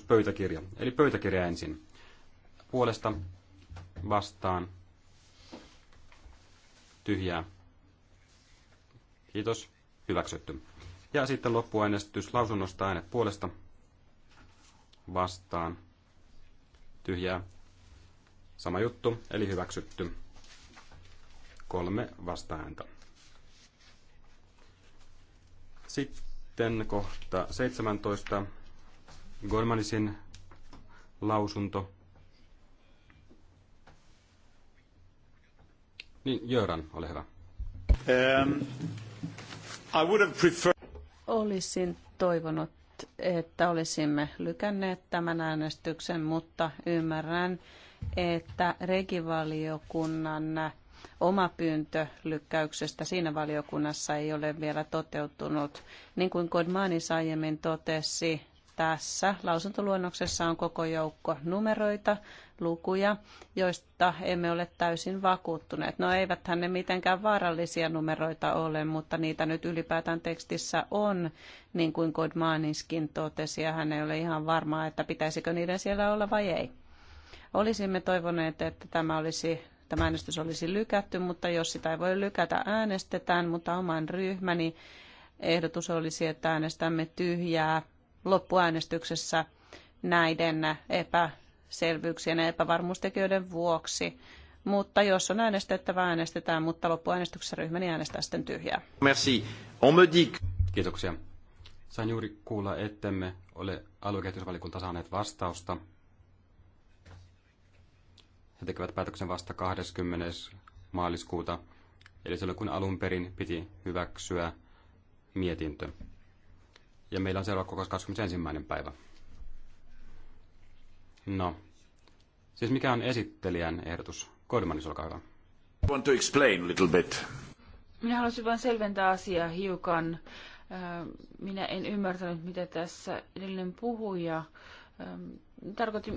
pöytäkirja, eli pöytäkirja ensin. Puolesta, vastaan, tyhjää. Kiitos, hyväksytty. Ja sitten loppuäänestys lausunnosta äänet puolesta, vastaan, tyhjää. Sama juttu, eli hyväksytty. Kolme vastaääntä. Sitten kohta 17. Gormanisin lausunto. Niin, Jöran, ole hyvä. Um, I would have preferred... Olisin toivonut että olisimme lykänneet tämän äänestyksen, mutta ymmärrän, että regivaliokunnan oma pyyntö lykkäyksestä siinä valiokunnassa ei ole vielä toteutunut. Niin kuin Kodmanis aiemmin totesi, tässä lausuntoluonnoksessa on koko joukko numeroita, lukuja, joista emme ole täysin vakuuttuneet. No eiväthän ne mitenkään vaarallisia numeroita ole, mutta niitä nyt ylipäätään tekstissä on, niin kuin Godmaniskin totesi, ja hän ei ole ihan varmaa, että pitäisikö niiden siellä olla vai ei. Olisimme toivoneet, että tämä olisi tämä äänestys olisi lykätty, mutta jos sitä ei voi lykätä, äänestetään, mutta oman ryhmäni ehdotus olisi, että äänestämme tyhjää loppuäänestyksessä näiden epäselvyyksien ja epävarmuustekijöiden vuoksi. Mutta jos on äänestettävä, äänestetään, mutta loppuäänestyksessä ryhmäni niin äänestää sitten tyhjää. Merci. On me dit... Kiitoksia. Sain juuri kuulla, ettemme ole aluekehitysvalikunta saaneet vastausta. He tekevät päätöksen vasta 20. maaliskuuta, eli silloin kun alun perin piti hyväksyä mietintö. Ja meillä on seuraava kokous 21. päivä. No. Siis mikä on esittelijän ehdotus? Kodmanis, olkaa hyvä. I want to explain a little bit. Minä haluaisin vain selventää asiaa hiukan. Äh, minä en ymmärtänyt, mitä tässä edellinen puhuja ähm, tarkoitti.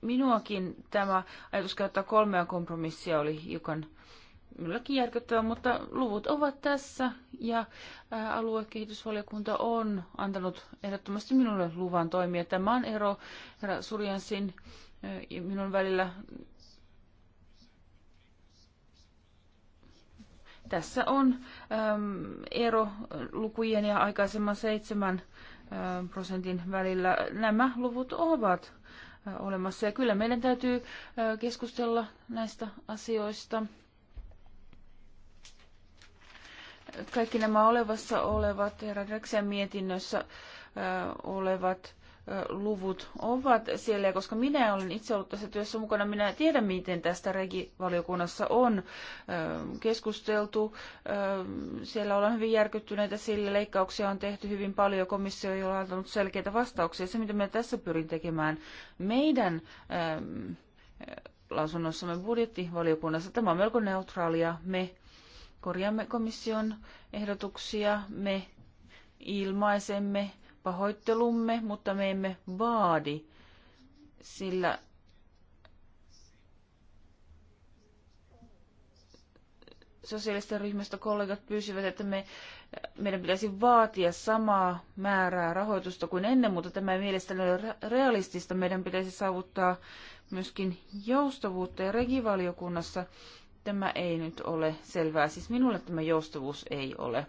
Minuakin tämä ajatus käyttää kolmea kompromissia oli hiukan minullekin järkyttävä, mutta luvut ovat tässä ja aluekehitysvaliokunta on antanut ehdottomasti minulle luvan toimia. Tämä on ero herra Surjansin ja minun välillä. Tässä on ero lukujen ja aikaisemman seitsemän prosentin välillä. Nämä luvut ovat olemassa ja kyllä meidän täytyy keskustella näistä asioista kaikki nämä olevassa olevat, herra Drexian mietinnössä olevat luvut ovat siellä, ja koska minä olen itse ollut tässä työssä mukana, minä tiedän, miten tästä regivaliokunnassa on keskusteltu. Siellä ollaan hyvin järkyttyneitä, sillä leikkauksia on tehty hyvin paljon, komissio ei ole antanut selkeitä vastauksia. Se, mitä minä tässä pyrin tekemään meidän lausunnossamme budjettivaliokunnassa, tämä on melko neutraalia. Me korjaamme komission ehdotuksia, me ilmaisemme pahoittelumme, mutta me emme vaadi, sillä sosiaalista ryhmästä kollegat pyysivät, että me, meidän pitäisi vaatia samaa määrää rahoitusta kuin ennen, mutta tämä mielestäni ole realistista. Meidän pitäisi saavuttaa myöskin joustavuutta ja regivaliokunnassa tämä ei nyt ole selvää. Siis minulle tämä joustavuus ei ole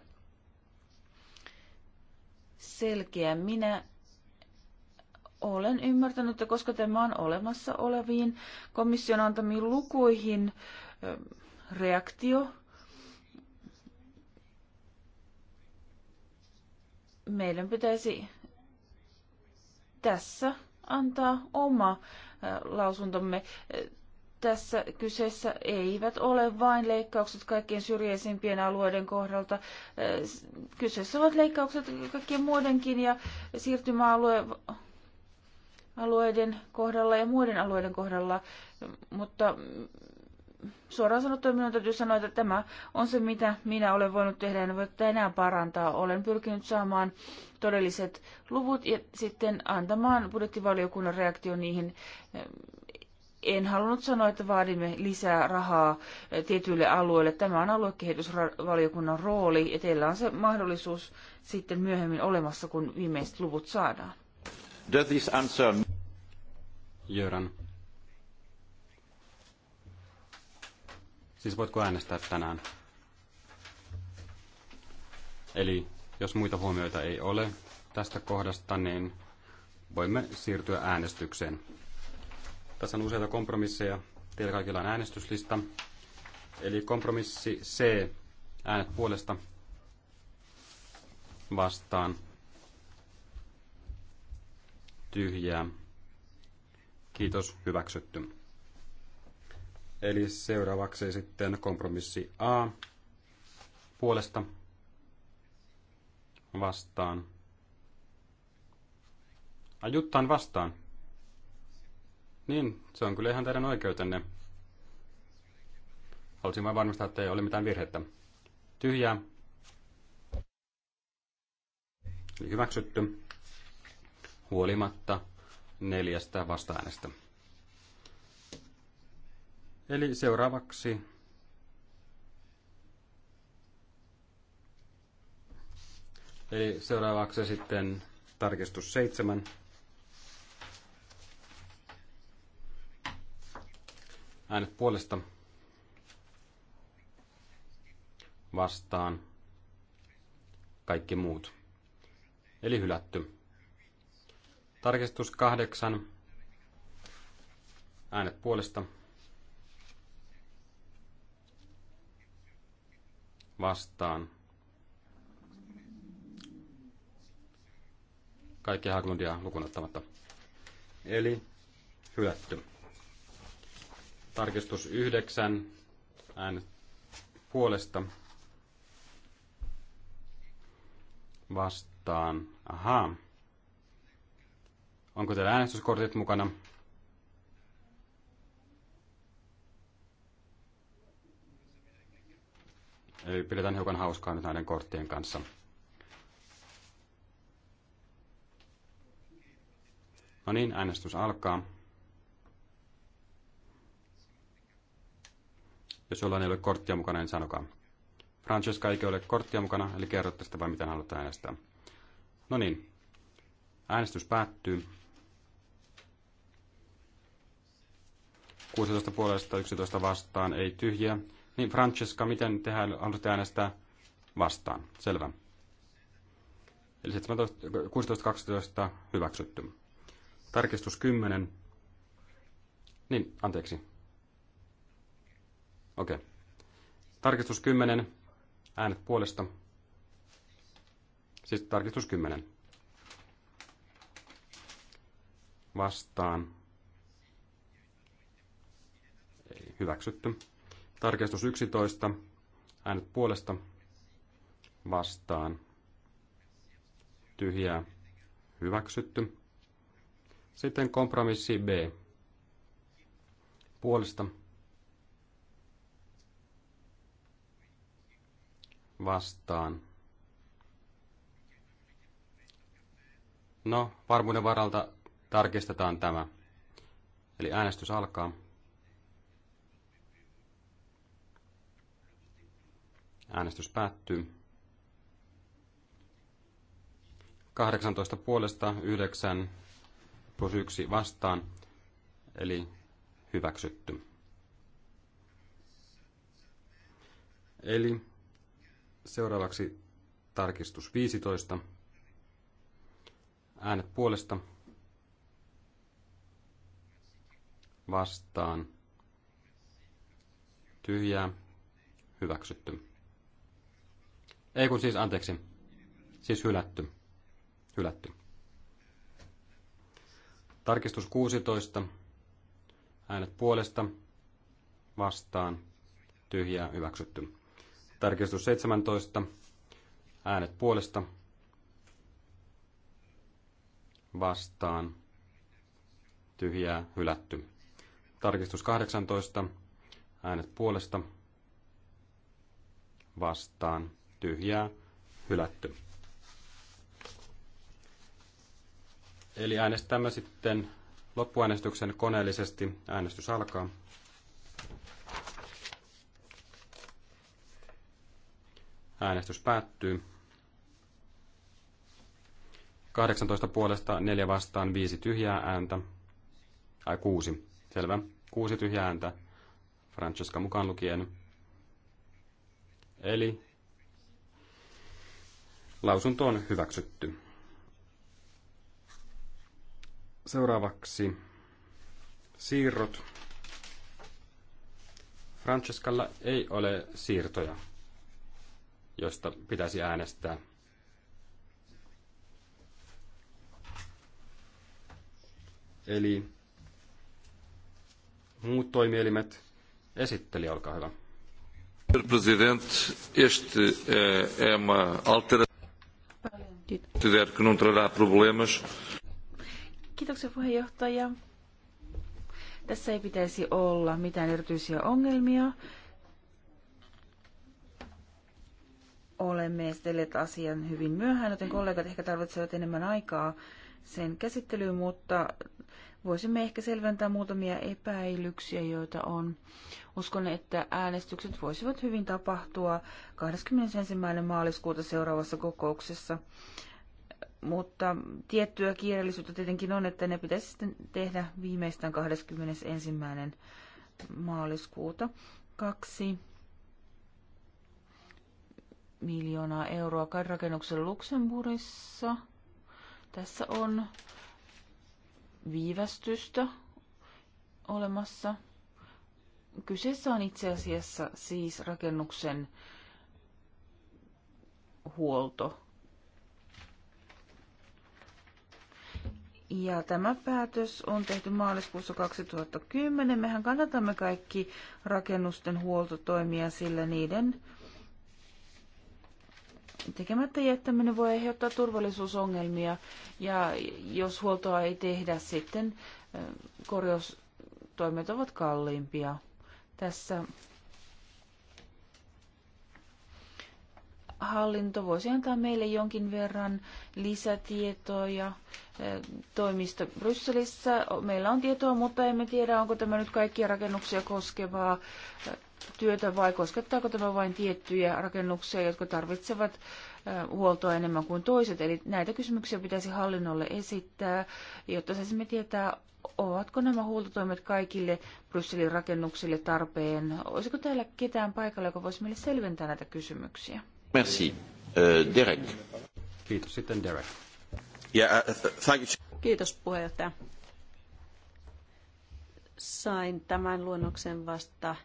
selkeä. Minä olen ymmärtänyt, että koska tämä on olemassa oleviin komission antamiin lukuihin reaktio, meidän pitäisi tässä antaa oma lausuntomme tässä kyseessä eivät ole vain leikkaukset kaikkien syrjäisimpien alueiden kohdalta. Äh, kyseessä ovat leikkaukset kaikkien muidenkin ja siirtymäalueiden kohdalla ja muiden alueiden kohdalla, mutta suoraan sanottuna minun täytyy sanoa, että tämä on se, mitä minä olen voinut tehdä, en voi enää parantaa. Olen pyrkinyt saamaan todelliset luvut ja sitten antamaan budjettivaliokunnan reaktio niihin en halunnut sanoa, että vaadimme lisää rahaa eh, tietyille alueille. Tämä on aluekehitysvaliokunnan rooli ja teillä on se mahdollisuus sitten myöhemmin olemassa, kun viimeiset luvut saadaan. Does this answer? Jöran. Siis voitko äänestää tänään? Eli jos muita huomioita ei ole tästä kohdasta, niin voimme siirtyä äänestykseen. Tässä on useita kompromisseja. Teillä kaikilla on äänestyslista. Eli kompromissi C, äänet puolesta vastaan tyhjää. Kiitos, hyväksytty. Eli seuraavaksi sitten kompromissi A puolesta vastaan. Ajuttaan vastaan. Niin, se on kyllä ihan teidän oikeutenne. Haluaisin vain varmistaa, että ei ole mitään virhettä. Tyhjää. Eli hyväksytty. Huolimatta neljästä vasta-äänestä. Eli seuraavaksi Eli seuraavaksi sitten tarkistus seitsemän. Äänet puolesta vastaan kaikki muut. Eli hylätty. Tarkistus kahdeksan. Äänet puolesta. Vastaan. Kaikki Haglundia lukunottamatta. Eli hylätty. Tarkistus 9. Äänet puolesta. Vastaan. Ahaa. Onko teillä äänestyskortit mukana? Eli pidetään hiukan hauskaa nyt näiden korttien kanssa. No niin, äänestys alkaa. Jos jollain ei ole korttia mukana, niin sanokaa. Francesca ei ole korttia mukana, eli kerro tästä vai miten haluat äänestää. No niin, äänestys päättyy. 16 puolesta, 11 vastaan, ei tyhjiä. Niin Francesca, miten te haluatte äänestää vastaan? Selvä. Eli 16, 12 hyväksytty. Tarkistus 10. Niin, anteeksi. Okei. Okay. Tarkistus 10. Äänet puolesta. Siis tarkistus 10. Vastaan. Ei hyväksytty. Tarkistus 11. Äänet puolesta. Vastaan. Tyhjää. Hyväksytty. Sitten kompromissi B. Puolesta vastaan. No, varmuuden varalta tarkistetaan tämä. Eli äänestys alkaa. Äänestys päättyy. 18 puolesta 9 plus 1 vastaan, eli hyväksytty. Eli Seuraavaksi tarkistus 15. Äänet puolesta. Vastaan. Tyhjää. Hyväksytty. Ei kun siis, anteeksi. Siis hylätty. Hylätty. Tarkistus 16. Äänet puolesta. Vastaan. Tyhjää. Hyväksytty. Tarkistus 17. Äänet puolesta. Vastaan. Tyhjää. Hylätty. Tarkistus 18. Äänet puolesta. Vastaan. Tyhjää. Hylätty. Eli äänestämme sitten loppuäänestyksen koneellisesti. Äänestys alkaa. Äänestys päättyy. 18 puolesta, 4 vastaan, 5 tyhjää ääntä. Ai 6, selvä. 6 tyhjää ääntä, Francesca mukaan lukien. Eli lausunto on hyväksytty. Seuraavaksi siirrot. Francescalla ei ole siirtoja josta pitäisi äänestää. Eli muut toimielimet. Esitteli, olkaa hyvä. Herr este eh, é uma alteração considero que não trará problemas. Kiitoksia puheenjohtaja. Tässä ei pitäisi olla mitään erityisiä ongelmia. olemme estelleet asian hyvin myöhään, joten kollegat ehkä tarvitsevat enemmän aikaa sen käsittelyyn, mutta voisimme ehkä selventää muutamia epäilyksiä, joita on. Uskon, että äänestykset voisivat hyvin tapahtua 21. maaliskuuta seuraavassa kokouksessa. Mutta tiettyä kiireellisyyttä tietenkin on, että ne pitäisi sitten tehdä viimeistään 21. maaliskuuta. Kaksi miljoonaa euroa kadrakennuksen Luxemburgissa. Tässä on viivästystä olemassa. Kyseessä on itse asiassa siis rakennuksen huolto. Ja tämä päätös on tehty maaliskuussa 2010. Mehän kannatamme kaikki rakennusten huoltotoimia, sillä niiden tekemättä jättäminen voi aiheuttaa turvallisuusongelmia ja jos huoltoa ei tehdä, sitten korjaustoimet ovat kalliimpia. Tässä hallinto voisi antaa meille jonkin verran lisätietoja toimisto Brysselissä. Meillä on tietoa, mutta emme tiedä, onko tämä nyt kaikkia rakennuksia koskevaa työtä vai koskettaako tämä vain tiettyjä rakennuksia, jotka tarvitsevat äh, huoltoa enemmän kuin toiset. Eli näitä kysymyksiä pitäisi hallinnolle esittää, jotta saisimme tietää, ovatko nämä huoltotoimet kaikille Brysselin rakennuksille tarpeen. Olisiko täällä ketään paikalla, joka voisi meille selventää näitä kysymyksiä? Merci. Uh, Derek. Kiitos. Sitten Derek. Yeah, uh, thank you. Kiitos puheenjohtaja. Sain tämän luonnoksen vasta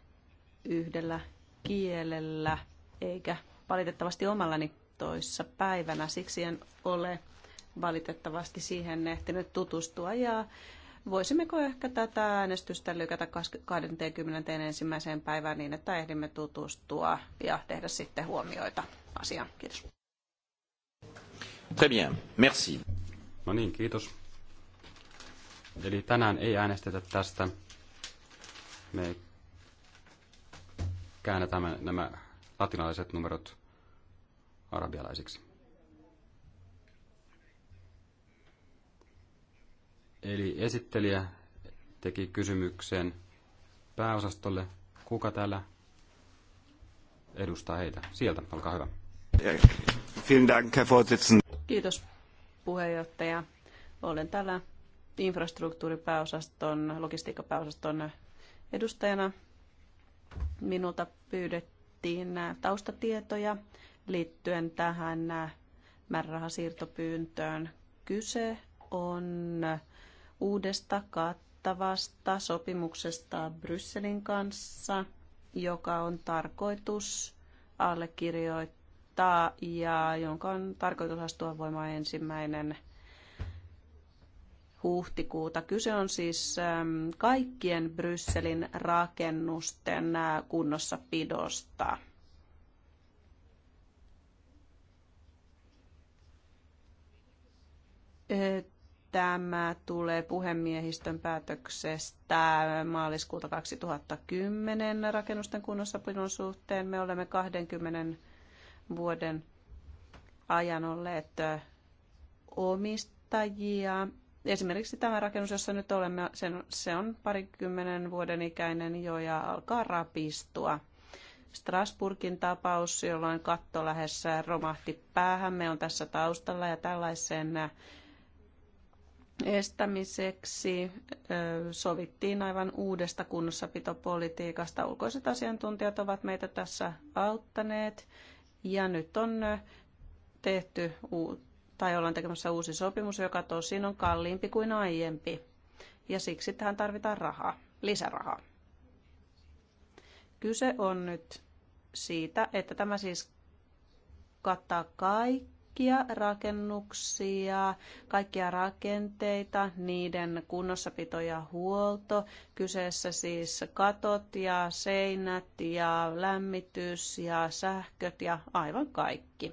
yhdellä kielellä, eikä valitettavasti omallani toissa päivänä. Siksi en ole valitettavasti siihen ehtinyt tutustua. Ja voisimmeko ehkä tätä äänestystä lykätä 21. päivään niin, että ehdimme tutustua ja tehdä sitten huomioita asiaan. Kiitos. Très bien, merci. No niin, kiitos. Eli tänään ei äänestetä tästä. Me käännetään nämä latinalaiset numerot arabialaisiksi. Eli esittelijä teki kysymyksen pääosastolle, kuka täällä edustaa heitä. Sieltä, olkaa hyvä. Kiitos puheenjohtaja. Olen täällä infrastruktuuripääosaston, logistiikkapääosaston edustajana minulta pyydettiin äh, taustatietoja liittyen tähän äh, määrärahasiirtopyyntöön. Kyse on äh, uudesta kattavasta sopimuksesta Brysselin kanssa, joka on tarkoitus allekirjoittaa ja jonka on tarkoitus astua voimaan ensimmäinen huhtikuuta. Kyse on siis ähm, kaikkien Brysselin rakennusten äh, kunnossapidosta. Tämä tulee puhemiehistön päätöksestä maaliskuuta 2010 rakennusten kunnossapidon suhteen. Me olemme 20 vuoden ajan olleet omistajia Esimerkiksi tämä rakennus, jossa nyt olemme, sen, se on parikymmenen vuoden ikäinen jo ja alkaa rapistua. Strasburgin tapaus, jolloin katto lähes romahti päähämme, on tässä taustalla ja tällaisen estämiseksi sovittiin aivan uudesta kunnossapitopolitiikasta. Ulkoiset asiantuntijat ovat meitä tässä auttaneet ja nyt on tehty tai ollaan tekemässä uusi sopimus, joka tosin on kalliimpi kuin aiempi. Ja siksi tähän tarvitaan rahaa, lisärahaa. Kyse on nyt siitä, että tämä siis kattaa kaikkia rakennuksia, kaikkia rakenteita, niiden kunnossapito ja huolto. Kyseessä siis katot ja seinät ja lämmitys ja sähköt ja aivan kaikki.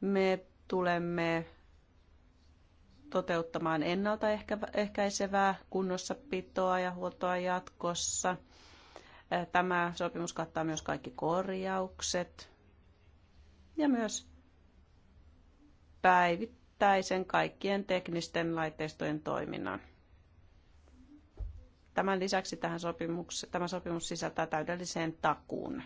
Me tulemme toteuttamaan ennaltaehkäisevää kunnossapitoa ja huoltoa jatkossa. Tämä sopimus kattaa myös kaikki korjaukset ja myös päivittäisen kaikkien teknisten laitteistojen toiminnan. Tämän lisäksi tähän sopimuks, tämä sopimus sisältää täydellisen takuun.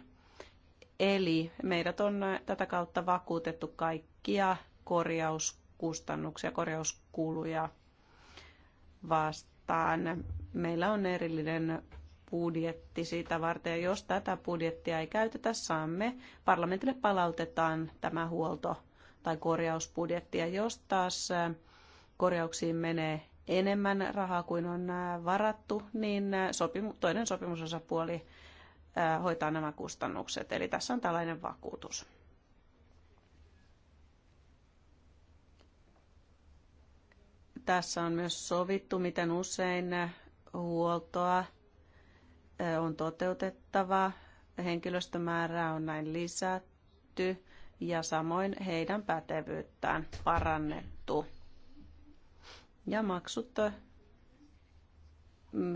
Eli meidät on tätä kautta vakuutettu kaikkia korjauskustannuksia, korjauskuluja vastaan. Meillä on erillinen budjetti siitä varten, ja jos tätä budjettia ei käytetä, saamme parlamentille palautetaan tämä huolto- tai korjausbudjetti, ja jos taas korjauksiin menee enemmän rahaa kuin on varattu, niin sopimu- toinen sopimusosapuoli hoitaa nämä kustannukset. Eli tässä on tällainen vakuutus. Tässä on myös sovittu, miten usein huoltoa on toteutettava. Henkilöstömäärää on näin lisätty ja samoin heidän pätevyyttään parannettu. Ja maksut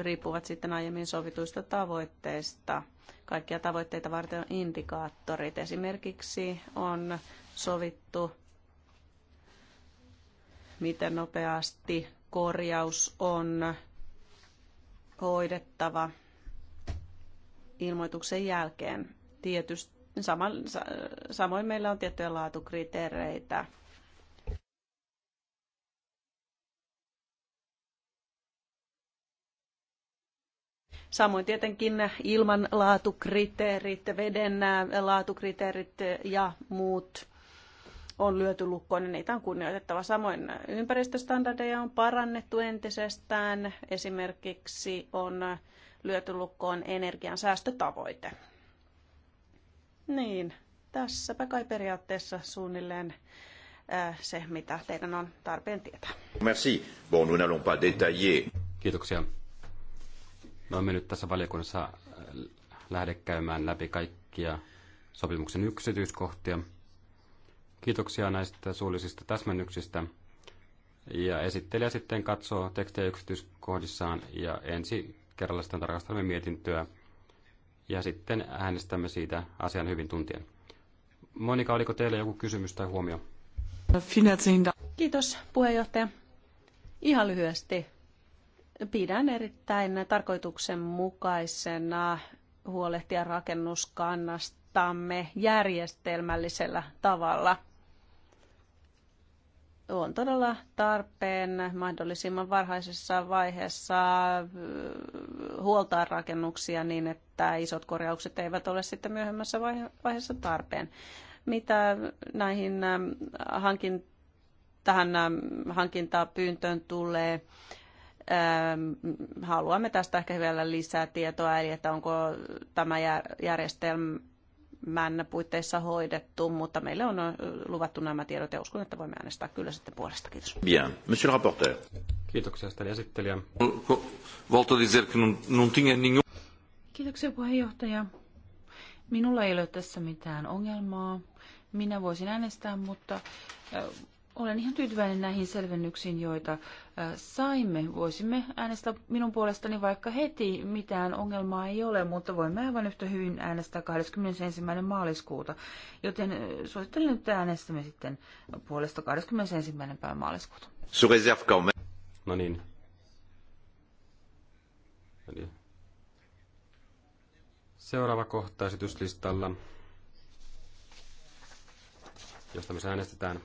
riippuvat sitten aiemmin sovituista tavoitteista. Kaikkia tavoitteita varten on indikaattorit. Esimerkiksi on sovittu miten nopeasti korjaus on hoidettava ilmoituksen jälkeen. Tietysti, sama, samoin meillä on tiettyjä laatukriteereitä. Samoin tietenkin ilman laatukriteerit, veden laatukriteerit ja muut on lyöty lukkoon, niin niitä on kunnioitettava. Samoin ympäristöstandardeja on parannettu entisestään. Esimerkiksi on lyöty lukkoon energian säästötavoite. Niin, tässäpä kai periaatteessa suunnilleen äh, se, mitä teidän on tarpeen tietää. Merci. Bon, nous n'allons pas détailler. Kiitoksia. Me no, olemme nyt tässä valiokunnassa äh, lähde käymään läpi kaikkia sopimuksen yksityiskohtia. Kiitoksia näistä suullisista täsmennyksistä. Ja esittelijä sitten katsoo tekstejä yksityiskohdissaan ja ensi kerralla sitten tarkastamme mietintöä ja sitten äänestämme siitä asian hyvin tuntien. Monika, oliko teillä joku kysymys tai huomio? Kiitos puheenjohtaja. Ihan lyhyesti. Pidän erittäin tarkoituksenmukaisena huolehtia rakennuskannastamme järjestelmällisellä tavalla – on todella tarpeen mahdollisimman varhaisessa vaiheessa äh, huoltaa rakennuksia niin, että isot korjaukset eivät ole sitten myöhemmässä vaiheessa tarpeen. Mitä näihin äh, hankin, tähän äh, hankintapyyntöön tulee, haluamme tästä ehkä vielä lisää tietoa, eli että onko tämä järjestelmä männä puitteissa hoidettu, mutta meille on luvattu nämä tiedot ja uskon, että voimme äänestää kyllä sitten puolesta. Kiitos. Bien. Monsieur le rapporteur. Kiitoksia sitä esittelijä. Volto dizer que non tinha Kiitoksia puheenjohtaja. Minulla ei ole tässä mitään ongelmaa. Minä voisin äänestää, mutta olen ihan tyytyväinen näihin selvennyksiin, joita äh, saimme. Voisimme äänestää minun puolestani vaikka heti, mitään ongelmaa ei ole, mutta voimme aivan yhtä hyvin äänestää 21. maaliskuuta. Joten äh, suosittelen, nyt äänestämme sitten puolesta 21. päivä maaliskuuta. No niin. seuraava kohta esityslistalla, josta me äänestetään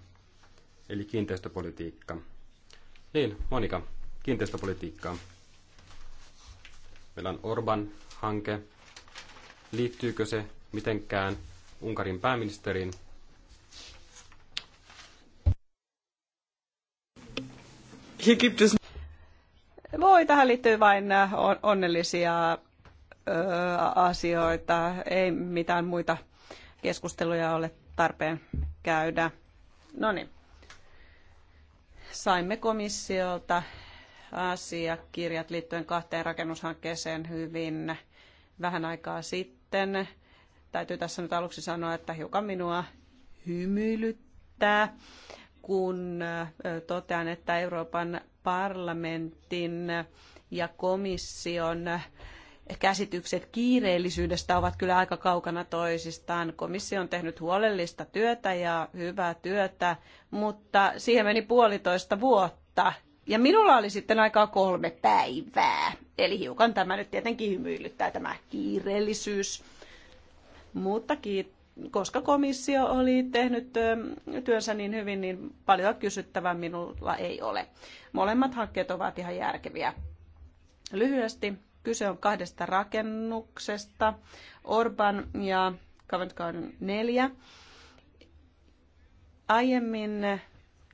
eli kiinteistöpolitiikka. Niin, Monika, kiinteistöpolitiikkaa. Meillä on Orban-hanke. Liittyykö se mitenkään Unkarin pääministeriin? Voi, tähän liittyy vain äh, onnellisia asioita. Ei mitään muita keskusteluja ole tarpeen käydä. No niin saimme komissiolta asiakirjat liittyen kahteen rakennushankkeeseen hyvin vähän aikaa sitten. Täytyy tässä nyt aluksi sanoa, että hiukan minua hymyilyttää, kun totean, että Euroopan parlamentin ja komission käsitykset kiireellisyydestä ovat kyllä aika kaukana toisistaan. Komissio on tehnyt huolellista työtä ja hyvää työtä, mutta siihen meni puolitoista vuotta. Ja minulla oli sitten aikaa kolme päivää. Eli hiukan tämä nyt tietenkin hymyilyttää tämä kiireellisyys. Mutta koska komissio oli tehnyt ähm, työnsä niin hyvin, niin paljon kysyttävää minulla ei ole. Molemmat hankkeet ovat ihan järkeviä. Lyhyesti Kyse on kahdesta rakennuksesta, Orban ja Covent Garden 4. Aiemmin,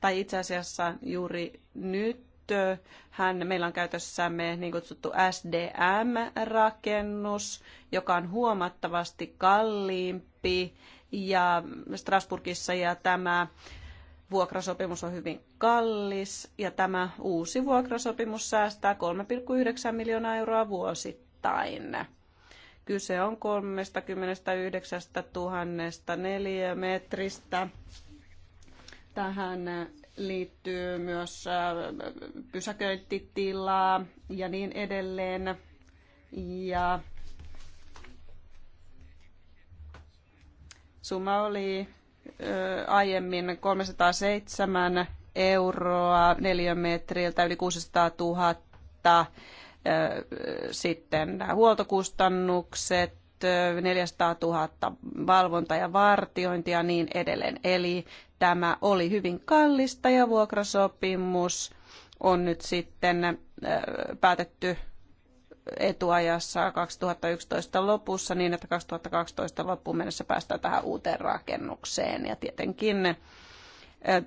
tai itse asiassa juuri nyt, hän, meillä on käytössämme niin kutsuttu SDM-rakennus, joka on huomattavasti kalliimpi ja Strasburgissa ja tämä vuokrasopimus on hyvin kallis ja tämä uusi vuokrasopimus säästää 3,9 miljoonaa euroa vuosittain. Kyse on 39 000 neliömetristä. Tähän liittyy myös äh, pysäköintitilaa ja niin edelleen. Ja summa oli aiemmin 307 euroa neliömetriltä, yli 600 000 sitten huoltokustannukset, 400 000 valvonta ja vartiointi ja niin edelleen. Eli tämä oli hyvin kallista ja vuokrasopimus on nyt sitten päätetty etuajassa 2011 lopussa niin, että 2012 loppuun mennessä päästään tähän uuteen rakennukseen. Ja tietenkin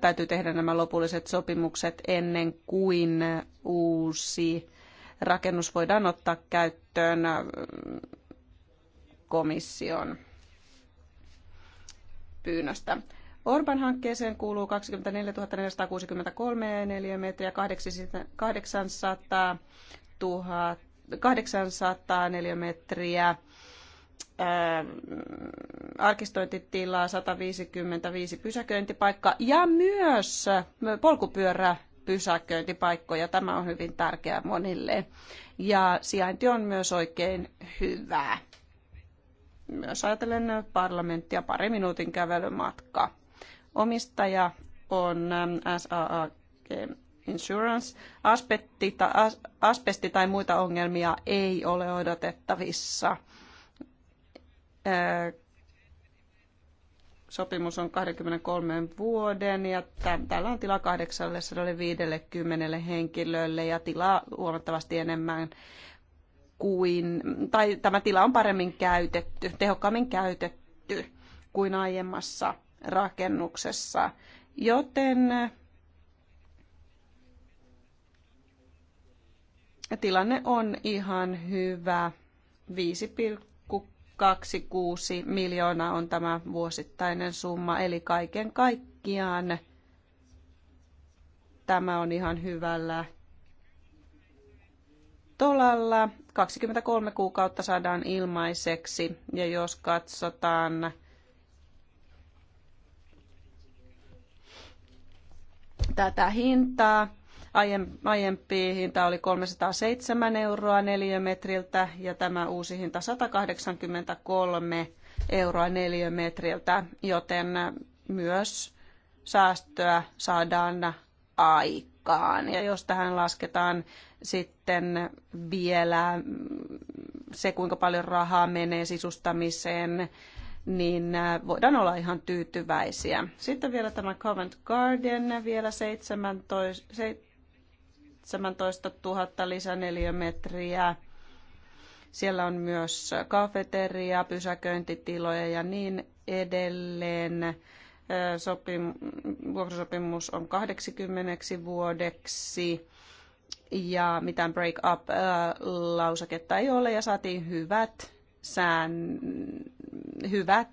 täytyy tehdä nämä lopulliset sopimukset ennen kuin uusi rakennus voidaan ottaa käyttöön komission pyynnöstä. Orban-hankkeeseen kuuluu 24 463 neliömetriä, 800 000 800 neliömetriä, arkistointitilaa 155 pysäköintipaikkaa ja myös polkupyörä pysäköintipaikkoja. Tämä on hyvin tärkeää monille. Ja sijainti on myös oikein hyvää. Myös ajatellen parlamenttia pari minuutin kävelymatka. Omistaja on SAA insurance asbesti tai muita ongelmia ei ole odotettavissa. Sopimus on 23 vuoden ja täällä on tila 850 henkilölle ja tilaa huomattavasti enemmän kuin, tai tämä tila on paremmin käytetty, tehokkaammin käytetty kuin aiemmassa rakennuksessa. Joten tilanne on ihan hyvä. 5,26 miljoonaa on tämä vuosittainen summa, eli kaiken kaikkiaan tämä on ihan hyvällä tolalla. 23 kuukautta saadaan ilmaiseksi ja jos katsotaan tätä hintaa, Aiempi hinta oli 307 euroa neliömetriltä ja tämä uusi hinta 183 euroa neliömetriltä, joten myös säästöä saadaan aikaan. Ja jos tähän lasketaan sitten vielä se, kuinka paljon rahaa menee sisustamiseen, niin voidaan olla ihan tyytyväisiä. Sitten vielä tämä Covent Garden, vielä 17, 17 000 lisäneliömetriä. Siellä on myös kafeteria, pysäköintitiloja ja niin edelleen. Sopim, vuokrasopimus on 80 vuodeksi ja mitään break up lausaketta ei ole ja saatiin hyvät sään, hyvät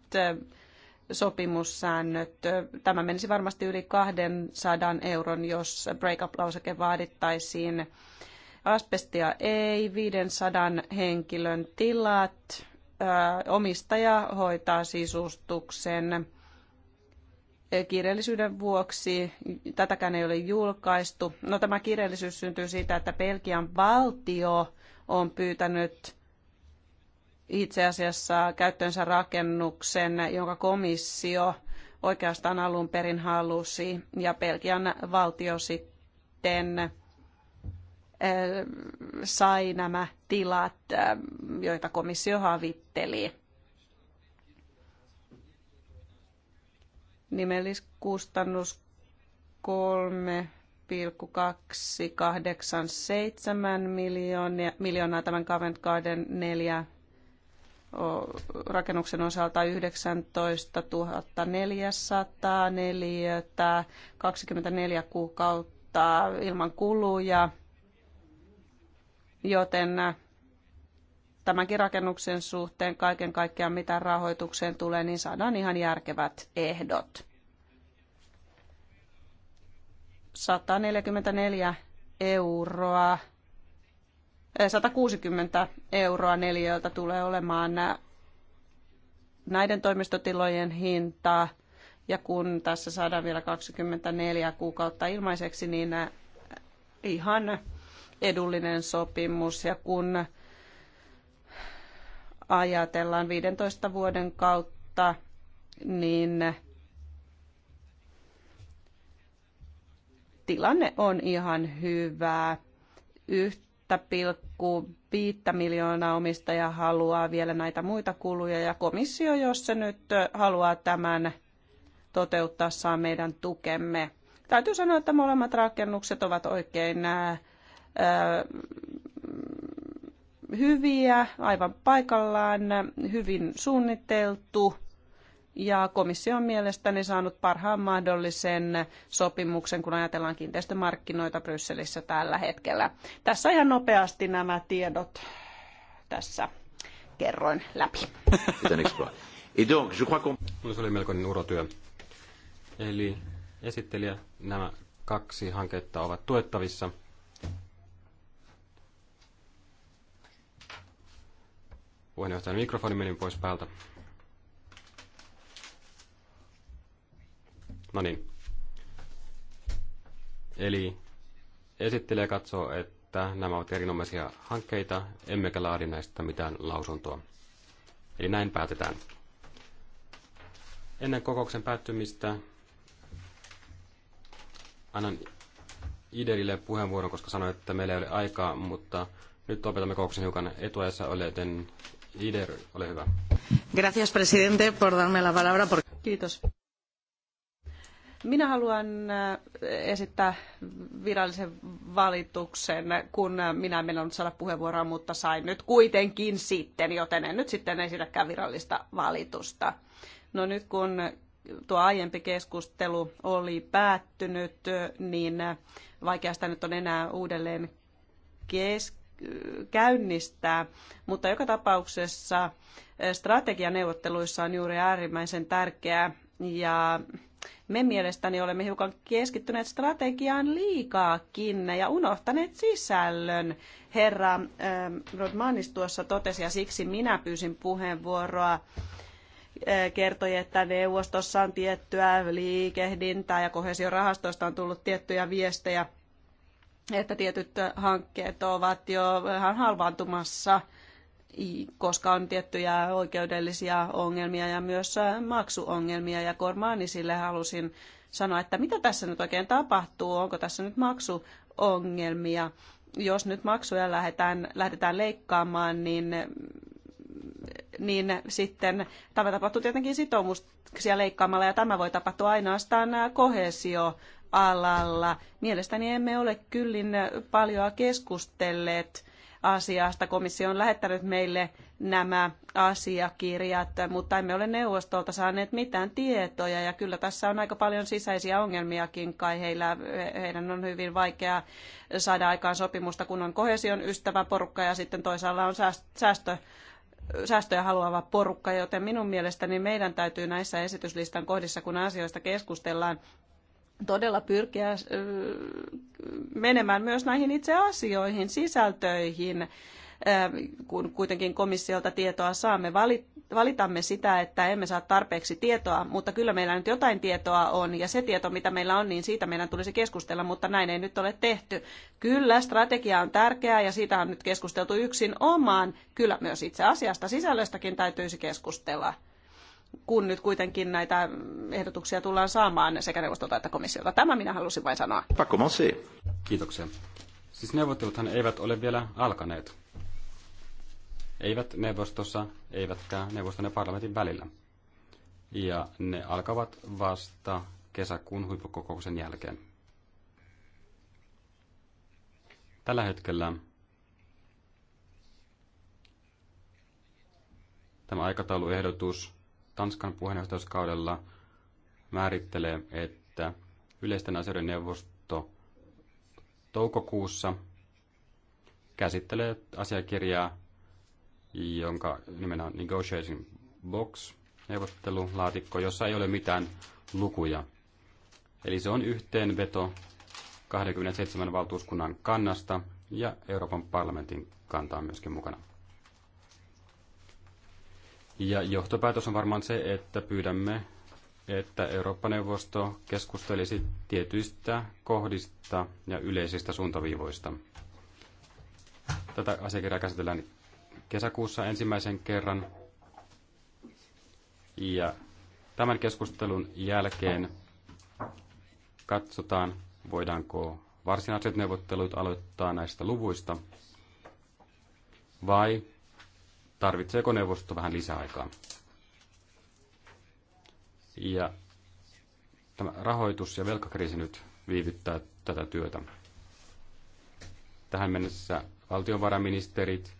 sopimussäännöt. Tämä menisi varmasti yli 200 euron, jos break-up-lauseke vaadittaisiin. Asbestia ei, 500 henkilön tilat, omistaja hoitaa sisustuksen e, kiireellisyyden vuoksi. Tätäkään ei ole julkaistu. No, tämä kiireellisyys syntyy siitä, että Belgian valtio on pyytänyt itse asiassa käyttöönsä rakennuksen, jonka komissio oikeastaan alun perin halusi, ja Belgian valtio sitten eh, sai nämä tilat, eh, joita komissio havitteli. Nimelliskustannus 3,287 miljoonaa, miljoonaa tämän Covent Garden 4 rakennuksen osalta 19 400 neliötä, 24 kuukautta ilman kuluja, joten tämänkin rakennuksen suhteen kaiken kaikkiaan mitä rahoitukseen tulee, niin saadaan ihan järkevät ehdot. 144 euroa 160 euroa neliöltä tulee olemaan näiden toimistotilojen hintaa. Ja kun tässä saadaan vielä 24 kuukautta ilmaiseksi, niin ihan edullinen sopimus. Ja kun ajatellaan 15 vuoden kautta, niin tilanne on ihan hyvä. Yht 2,5 miljoonaa omistajaa haluaa vielä näitä muita kuluja ja komissio, jos se nyt haluaa tämän toteuttaa, saa meidän tukemme. Täytyy sanoa, että molemmat rakennukset ovat oikein ää, äh, äh, hyviä, aivan paikallaan, hyvin suunniteltu ja komissio on mielestäni saanut parhaan mahdollisen sopimuksen, kun ajatellaan kiinteistömarkkinoita Brysselissä tällä hetkellä. Tässä ihan nopeasti nämä tiedot tässä kerroin läpi. No, se oli melkoinen urotyö. Eli esittelijä, nämä kaksi hanketta ovat tuettavissa. Puheenjohtajan mikrofoni meni pois päältä. No niin. Eli esittelijä katsoo, että nämä ovat erinomaisia hankkeita, emmekä laadi näistä mitään lausuntoa. Eli näin päätetään. Ennen kokouksen päättymistä annan Iderille puheenvuoron, koska sanoin, että meillä ei ole aikaa, mutta nyt opetamme kokouksen hiukan etuajassa, joten Ider, ole hyvä. Gracias, presidente, por darme la palabra. Por... Kiitos minä haluan äh, esittää virallisen valituksen, kun äh, minä en mennyt saada puheenvuoroa, mutta sain nyt kuitenkin sitten, joten en nyt sitten esitäkään virallista valitusta. No nyt kun tuo aiempi keskustelu oli päättynyt, niin äh, vaikeasta nyt on enää uudelleen kes- käynnistää, mutta joka tapauksessa strategianeuvotteluissa on juuri äärimmäisen tärkeää ja me mielestäni olemme hiukan keskittyneet strategiaan liikaakin ja unohtaneet sisällön. Herra ähm, Rodmanis tuossa totesi ja siksi minä pyysin puheenvuoroa äh, kertoi, että neuvostossa on tiettyä liikehdintää ja kohesiorahastoista on tullut tiettyjä viestejä, että tietyt hankkeet ovat jo vähän halvaantumassa – koska on tiettyjä oikeudellisia ongelmia ja myös äh, maksuongelmia. Ja Kormaani sille halusin sanoa, että mitä tässä nyt oikein tapahtuu, onko tässä nyt maksuongelmia. Jos nyt maksuja lähdetään, lähdetään leikkaamaan, niin niin sitten tämä tapahtuu tietenkin sitoumuksia leikkaamalla ja tämä voi tapahtua ainoastaan äh, alalla. Mielestäni emme ole kyllin äh, paljoa keskustelleet asiasta. Komissio on lähettänyt meille nämä asiakirjat, mutta emme ole neuvostolta saaneet mitään tietoja. Ja kyllä tässä on aika paljon sisäisiä ongelmiakin kai. Heillä, heidän on hyvin vaikea saada aikaan sopimusta, kun on kohesion ystävä porukka ja sitten toisaalla on säästö säästöjä haluava porukka, joten minun mielestäni meidän täytyy näissä esityslistan kohdissa, kun asioista keskustellaan, todella pyrkiä menemään myös näihin itse asioihin, sisältöihin, kun kuitenkin komissiolta tietoa saamme. Valitamme sitä, että emme saa tarpeeksi tietoa, mutta kyllä meillä nyt jotain tietoa on, ja se tieto, mitä meillä on, niin siitä meidän tulisi keskustella, mutta näin ei nyt ole tehty. Kyllä, strategia on tärkeää, ja siitä on nyt keskusteltu yksin omaan. Kyllä myös itse asiasta sisällöstäkin täytyisi keskustella kun nyt kuitenkin näitä ehdotuksia tullaan saamaan sekä neuvostolta että komissiolta. Tämä minä halusin vain sanoa. Pakko Kiitoksia. Siis neuvotteluthan eivät ole vielä alkaneet. Eivät neuvostossa, eivätkä neuvoston ja parlamentin välillä. Ja ne alkavat vasta kesäkuun huippukokouksen jälkeen. Tällä hetkellä tämä aikatauluehdotus Tanskan puheenjohtajuuskaudella määrittelee, että yleisten asioiden neuvosto toukokuussa käsittelee asiakirjaa, jonka nimenä on Negotiating Box, neuvottelulaatikko, jossa ei ole mitään lukuja. Eli se on yhteenveto 27 valtuuskunnan kannasta ja Euroopan parlamentin kantaa myöskin mukana. Ja johtopäätös on varmaan se, että pyydämme, että Eurooppa-neuvosto keskustelisi tietyistä kohdista ja yleisistä suuntaviivoista. Tätä asiakirjaa käsitellään kesäkuussa ensimmäisen kerran. Ja tämän keskustelun jälkeen katsotaan, voidaanko varsinaiset neuvottelut aloittaa näistä luvuista vai tarvitseeko neuvosto vähän lisäaikaa. Ja tämä rahoitus- ja velkakriisi nyt viivyttää tätä työtä. Tähän mennessä valtionvarainministerit,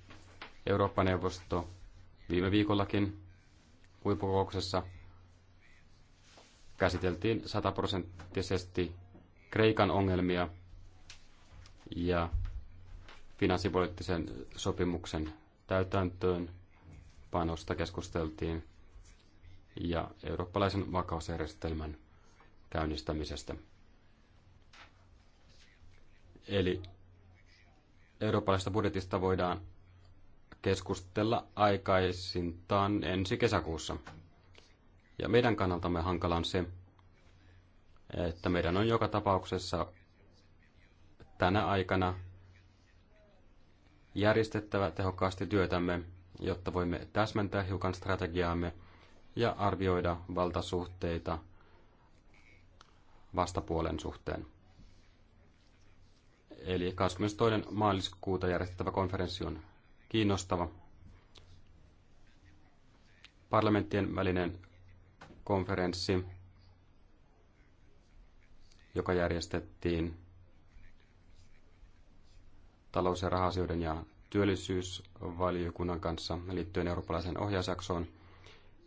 Eurooppa-neuvosto viime viikollakin huippukokouksessa käsiteltiin sataprosenttisesti Kreikan ongelmia ja finanssipoliittisen sopimuksen täytäntöön panosta keskusteltiin ja eurooppalaisen vakausjärjestelmän käynnistämisestä. Eli eurooppalaisesta budjetista voidaan keskustella aikaisintaan ensi kesäkuussa. Ja meidän kannaltamme hankala on se, että meidän on joka tapauksessa tänä aikana järjestettävä tehokkaasti työtämme, jotta voimme täsmentää hiukan strategiaamme ja arvioida valtasuhteita vastapuolen suhteen. Eli 22. maaliskuuta järjestettävä konferenssi on kiinnostava. Parlamenttien välinen konferenssi, joka järjestettiin talous- ja rahasioiden ja työllisyysvaliokunnan kanssa liittyen eurooppalaiseen ohjausjaksoon.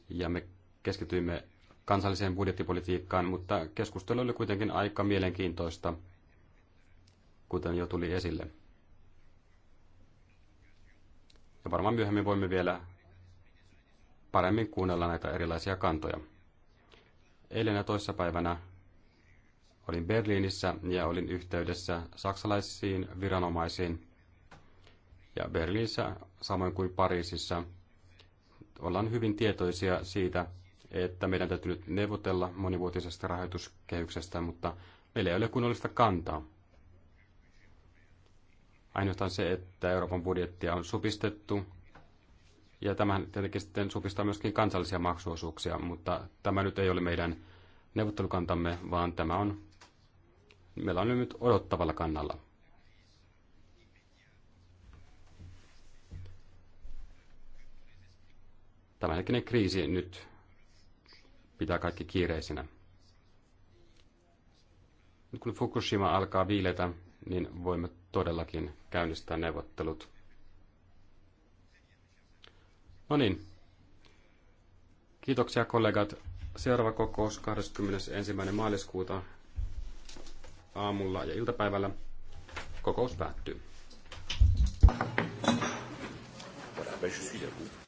Ja me keskityimme kansalliseen budjettipolitiikkaan, mutta keskustelu oli kuitenkin aika mielenkiintoista, kuten jo tuli esille. Ja varmaan myöhemmin voimme vielä paremmin kuunnella näitä erilaisia kantoja. Eilen ja toissapäivänä Olin Berliinissä ja olin yhteydessä saksalaisiin viranomaisiin. Ja Berliinissä, samoin kuin Pariisissa, ollaan hyvin tietoisia siitä, että meidän täytyy nyt neuvotella monivuotisesta rahoituskehyksestä, mutta meillä ei ole kunnollista kantaa. Ainoastaan se, että Euroopan budjettia on supistettu, ja tämä tietenkin sitten supistaa myöskin kansallisia maksuosuuksia, mutta tämä nyt ei ole meidän neuvottelukantamme, vaan tämä on meillä on nyt odottavalla kannalla. Tämänhetkinen kriisi nyt pitää kaikki kiireisinä. Nyt kun Fukushima alkaa viiletä, niin voimme todellakin käynnistää neuvottelut. No niin. Kiitoksia kollegat. Seuraava kokous 21. maaliskuuta aamulla ja iltapäivällä. Kokous päättyy. Voilà, ben je suis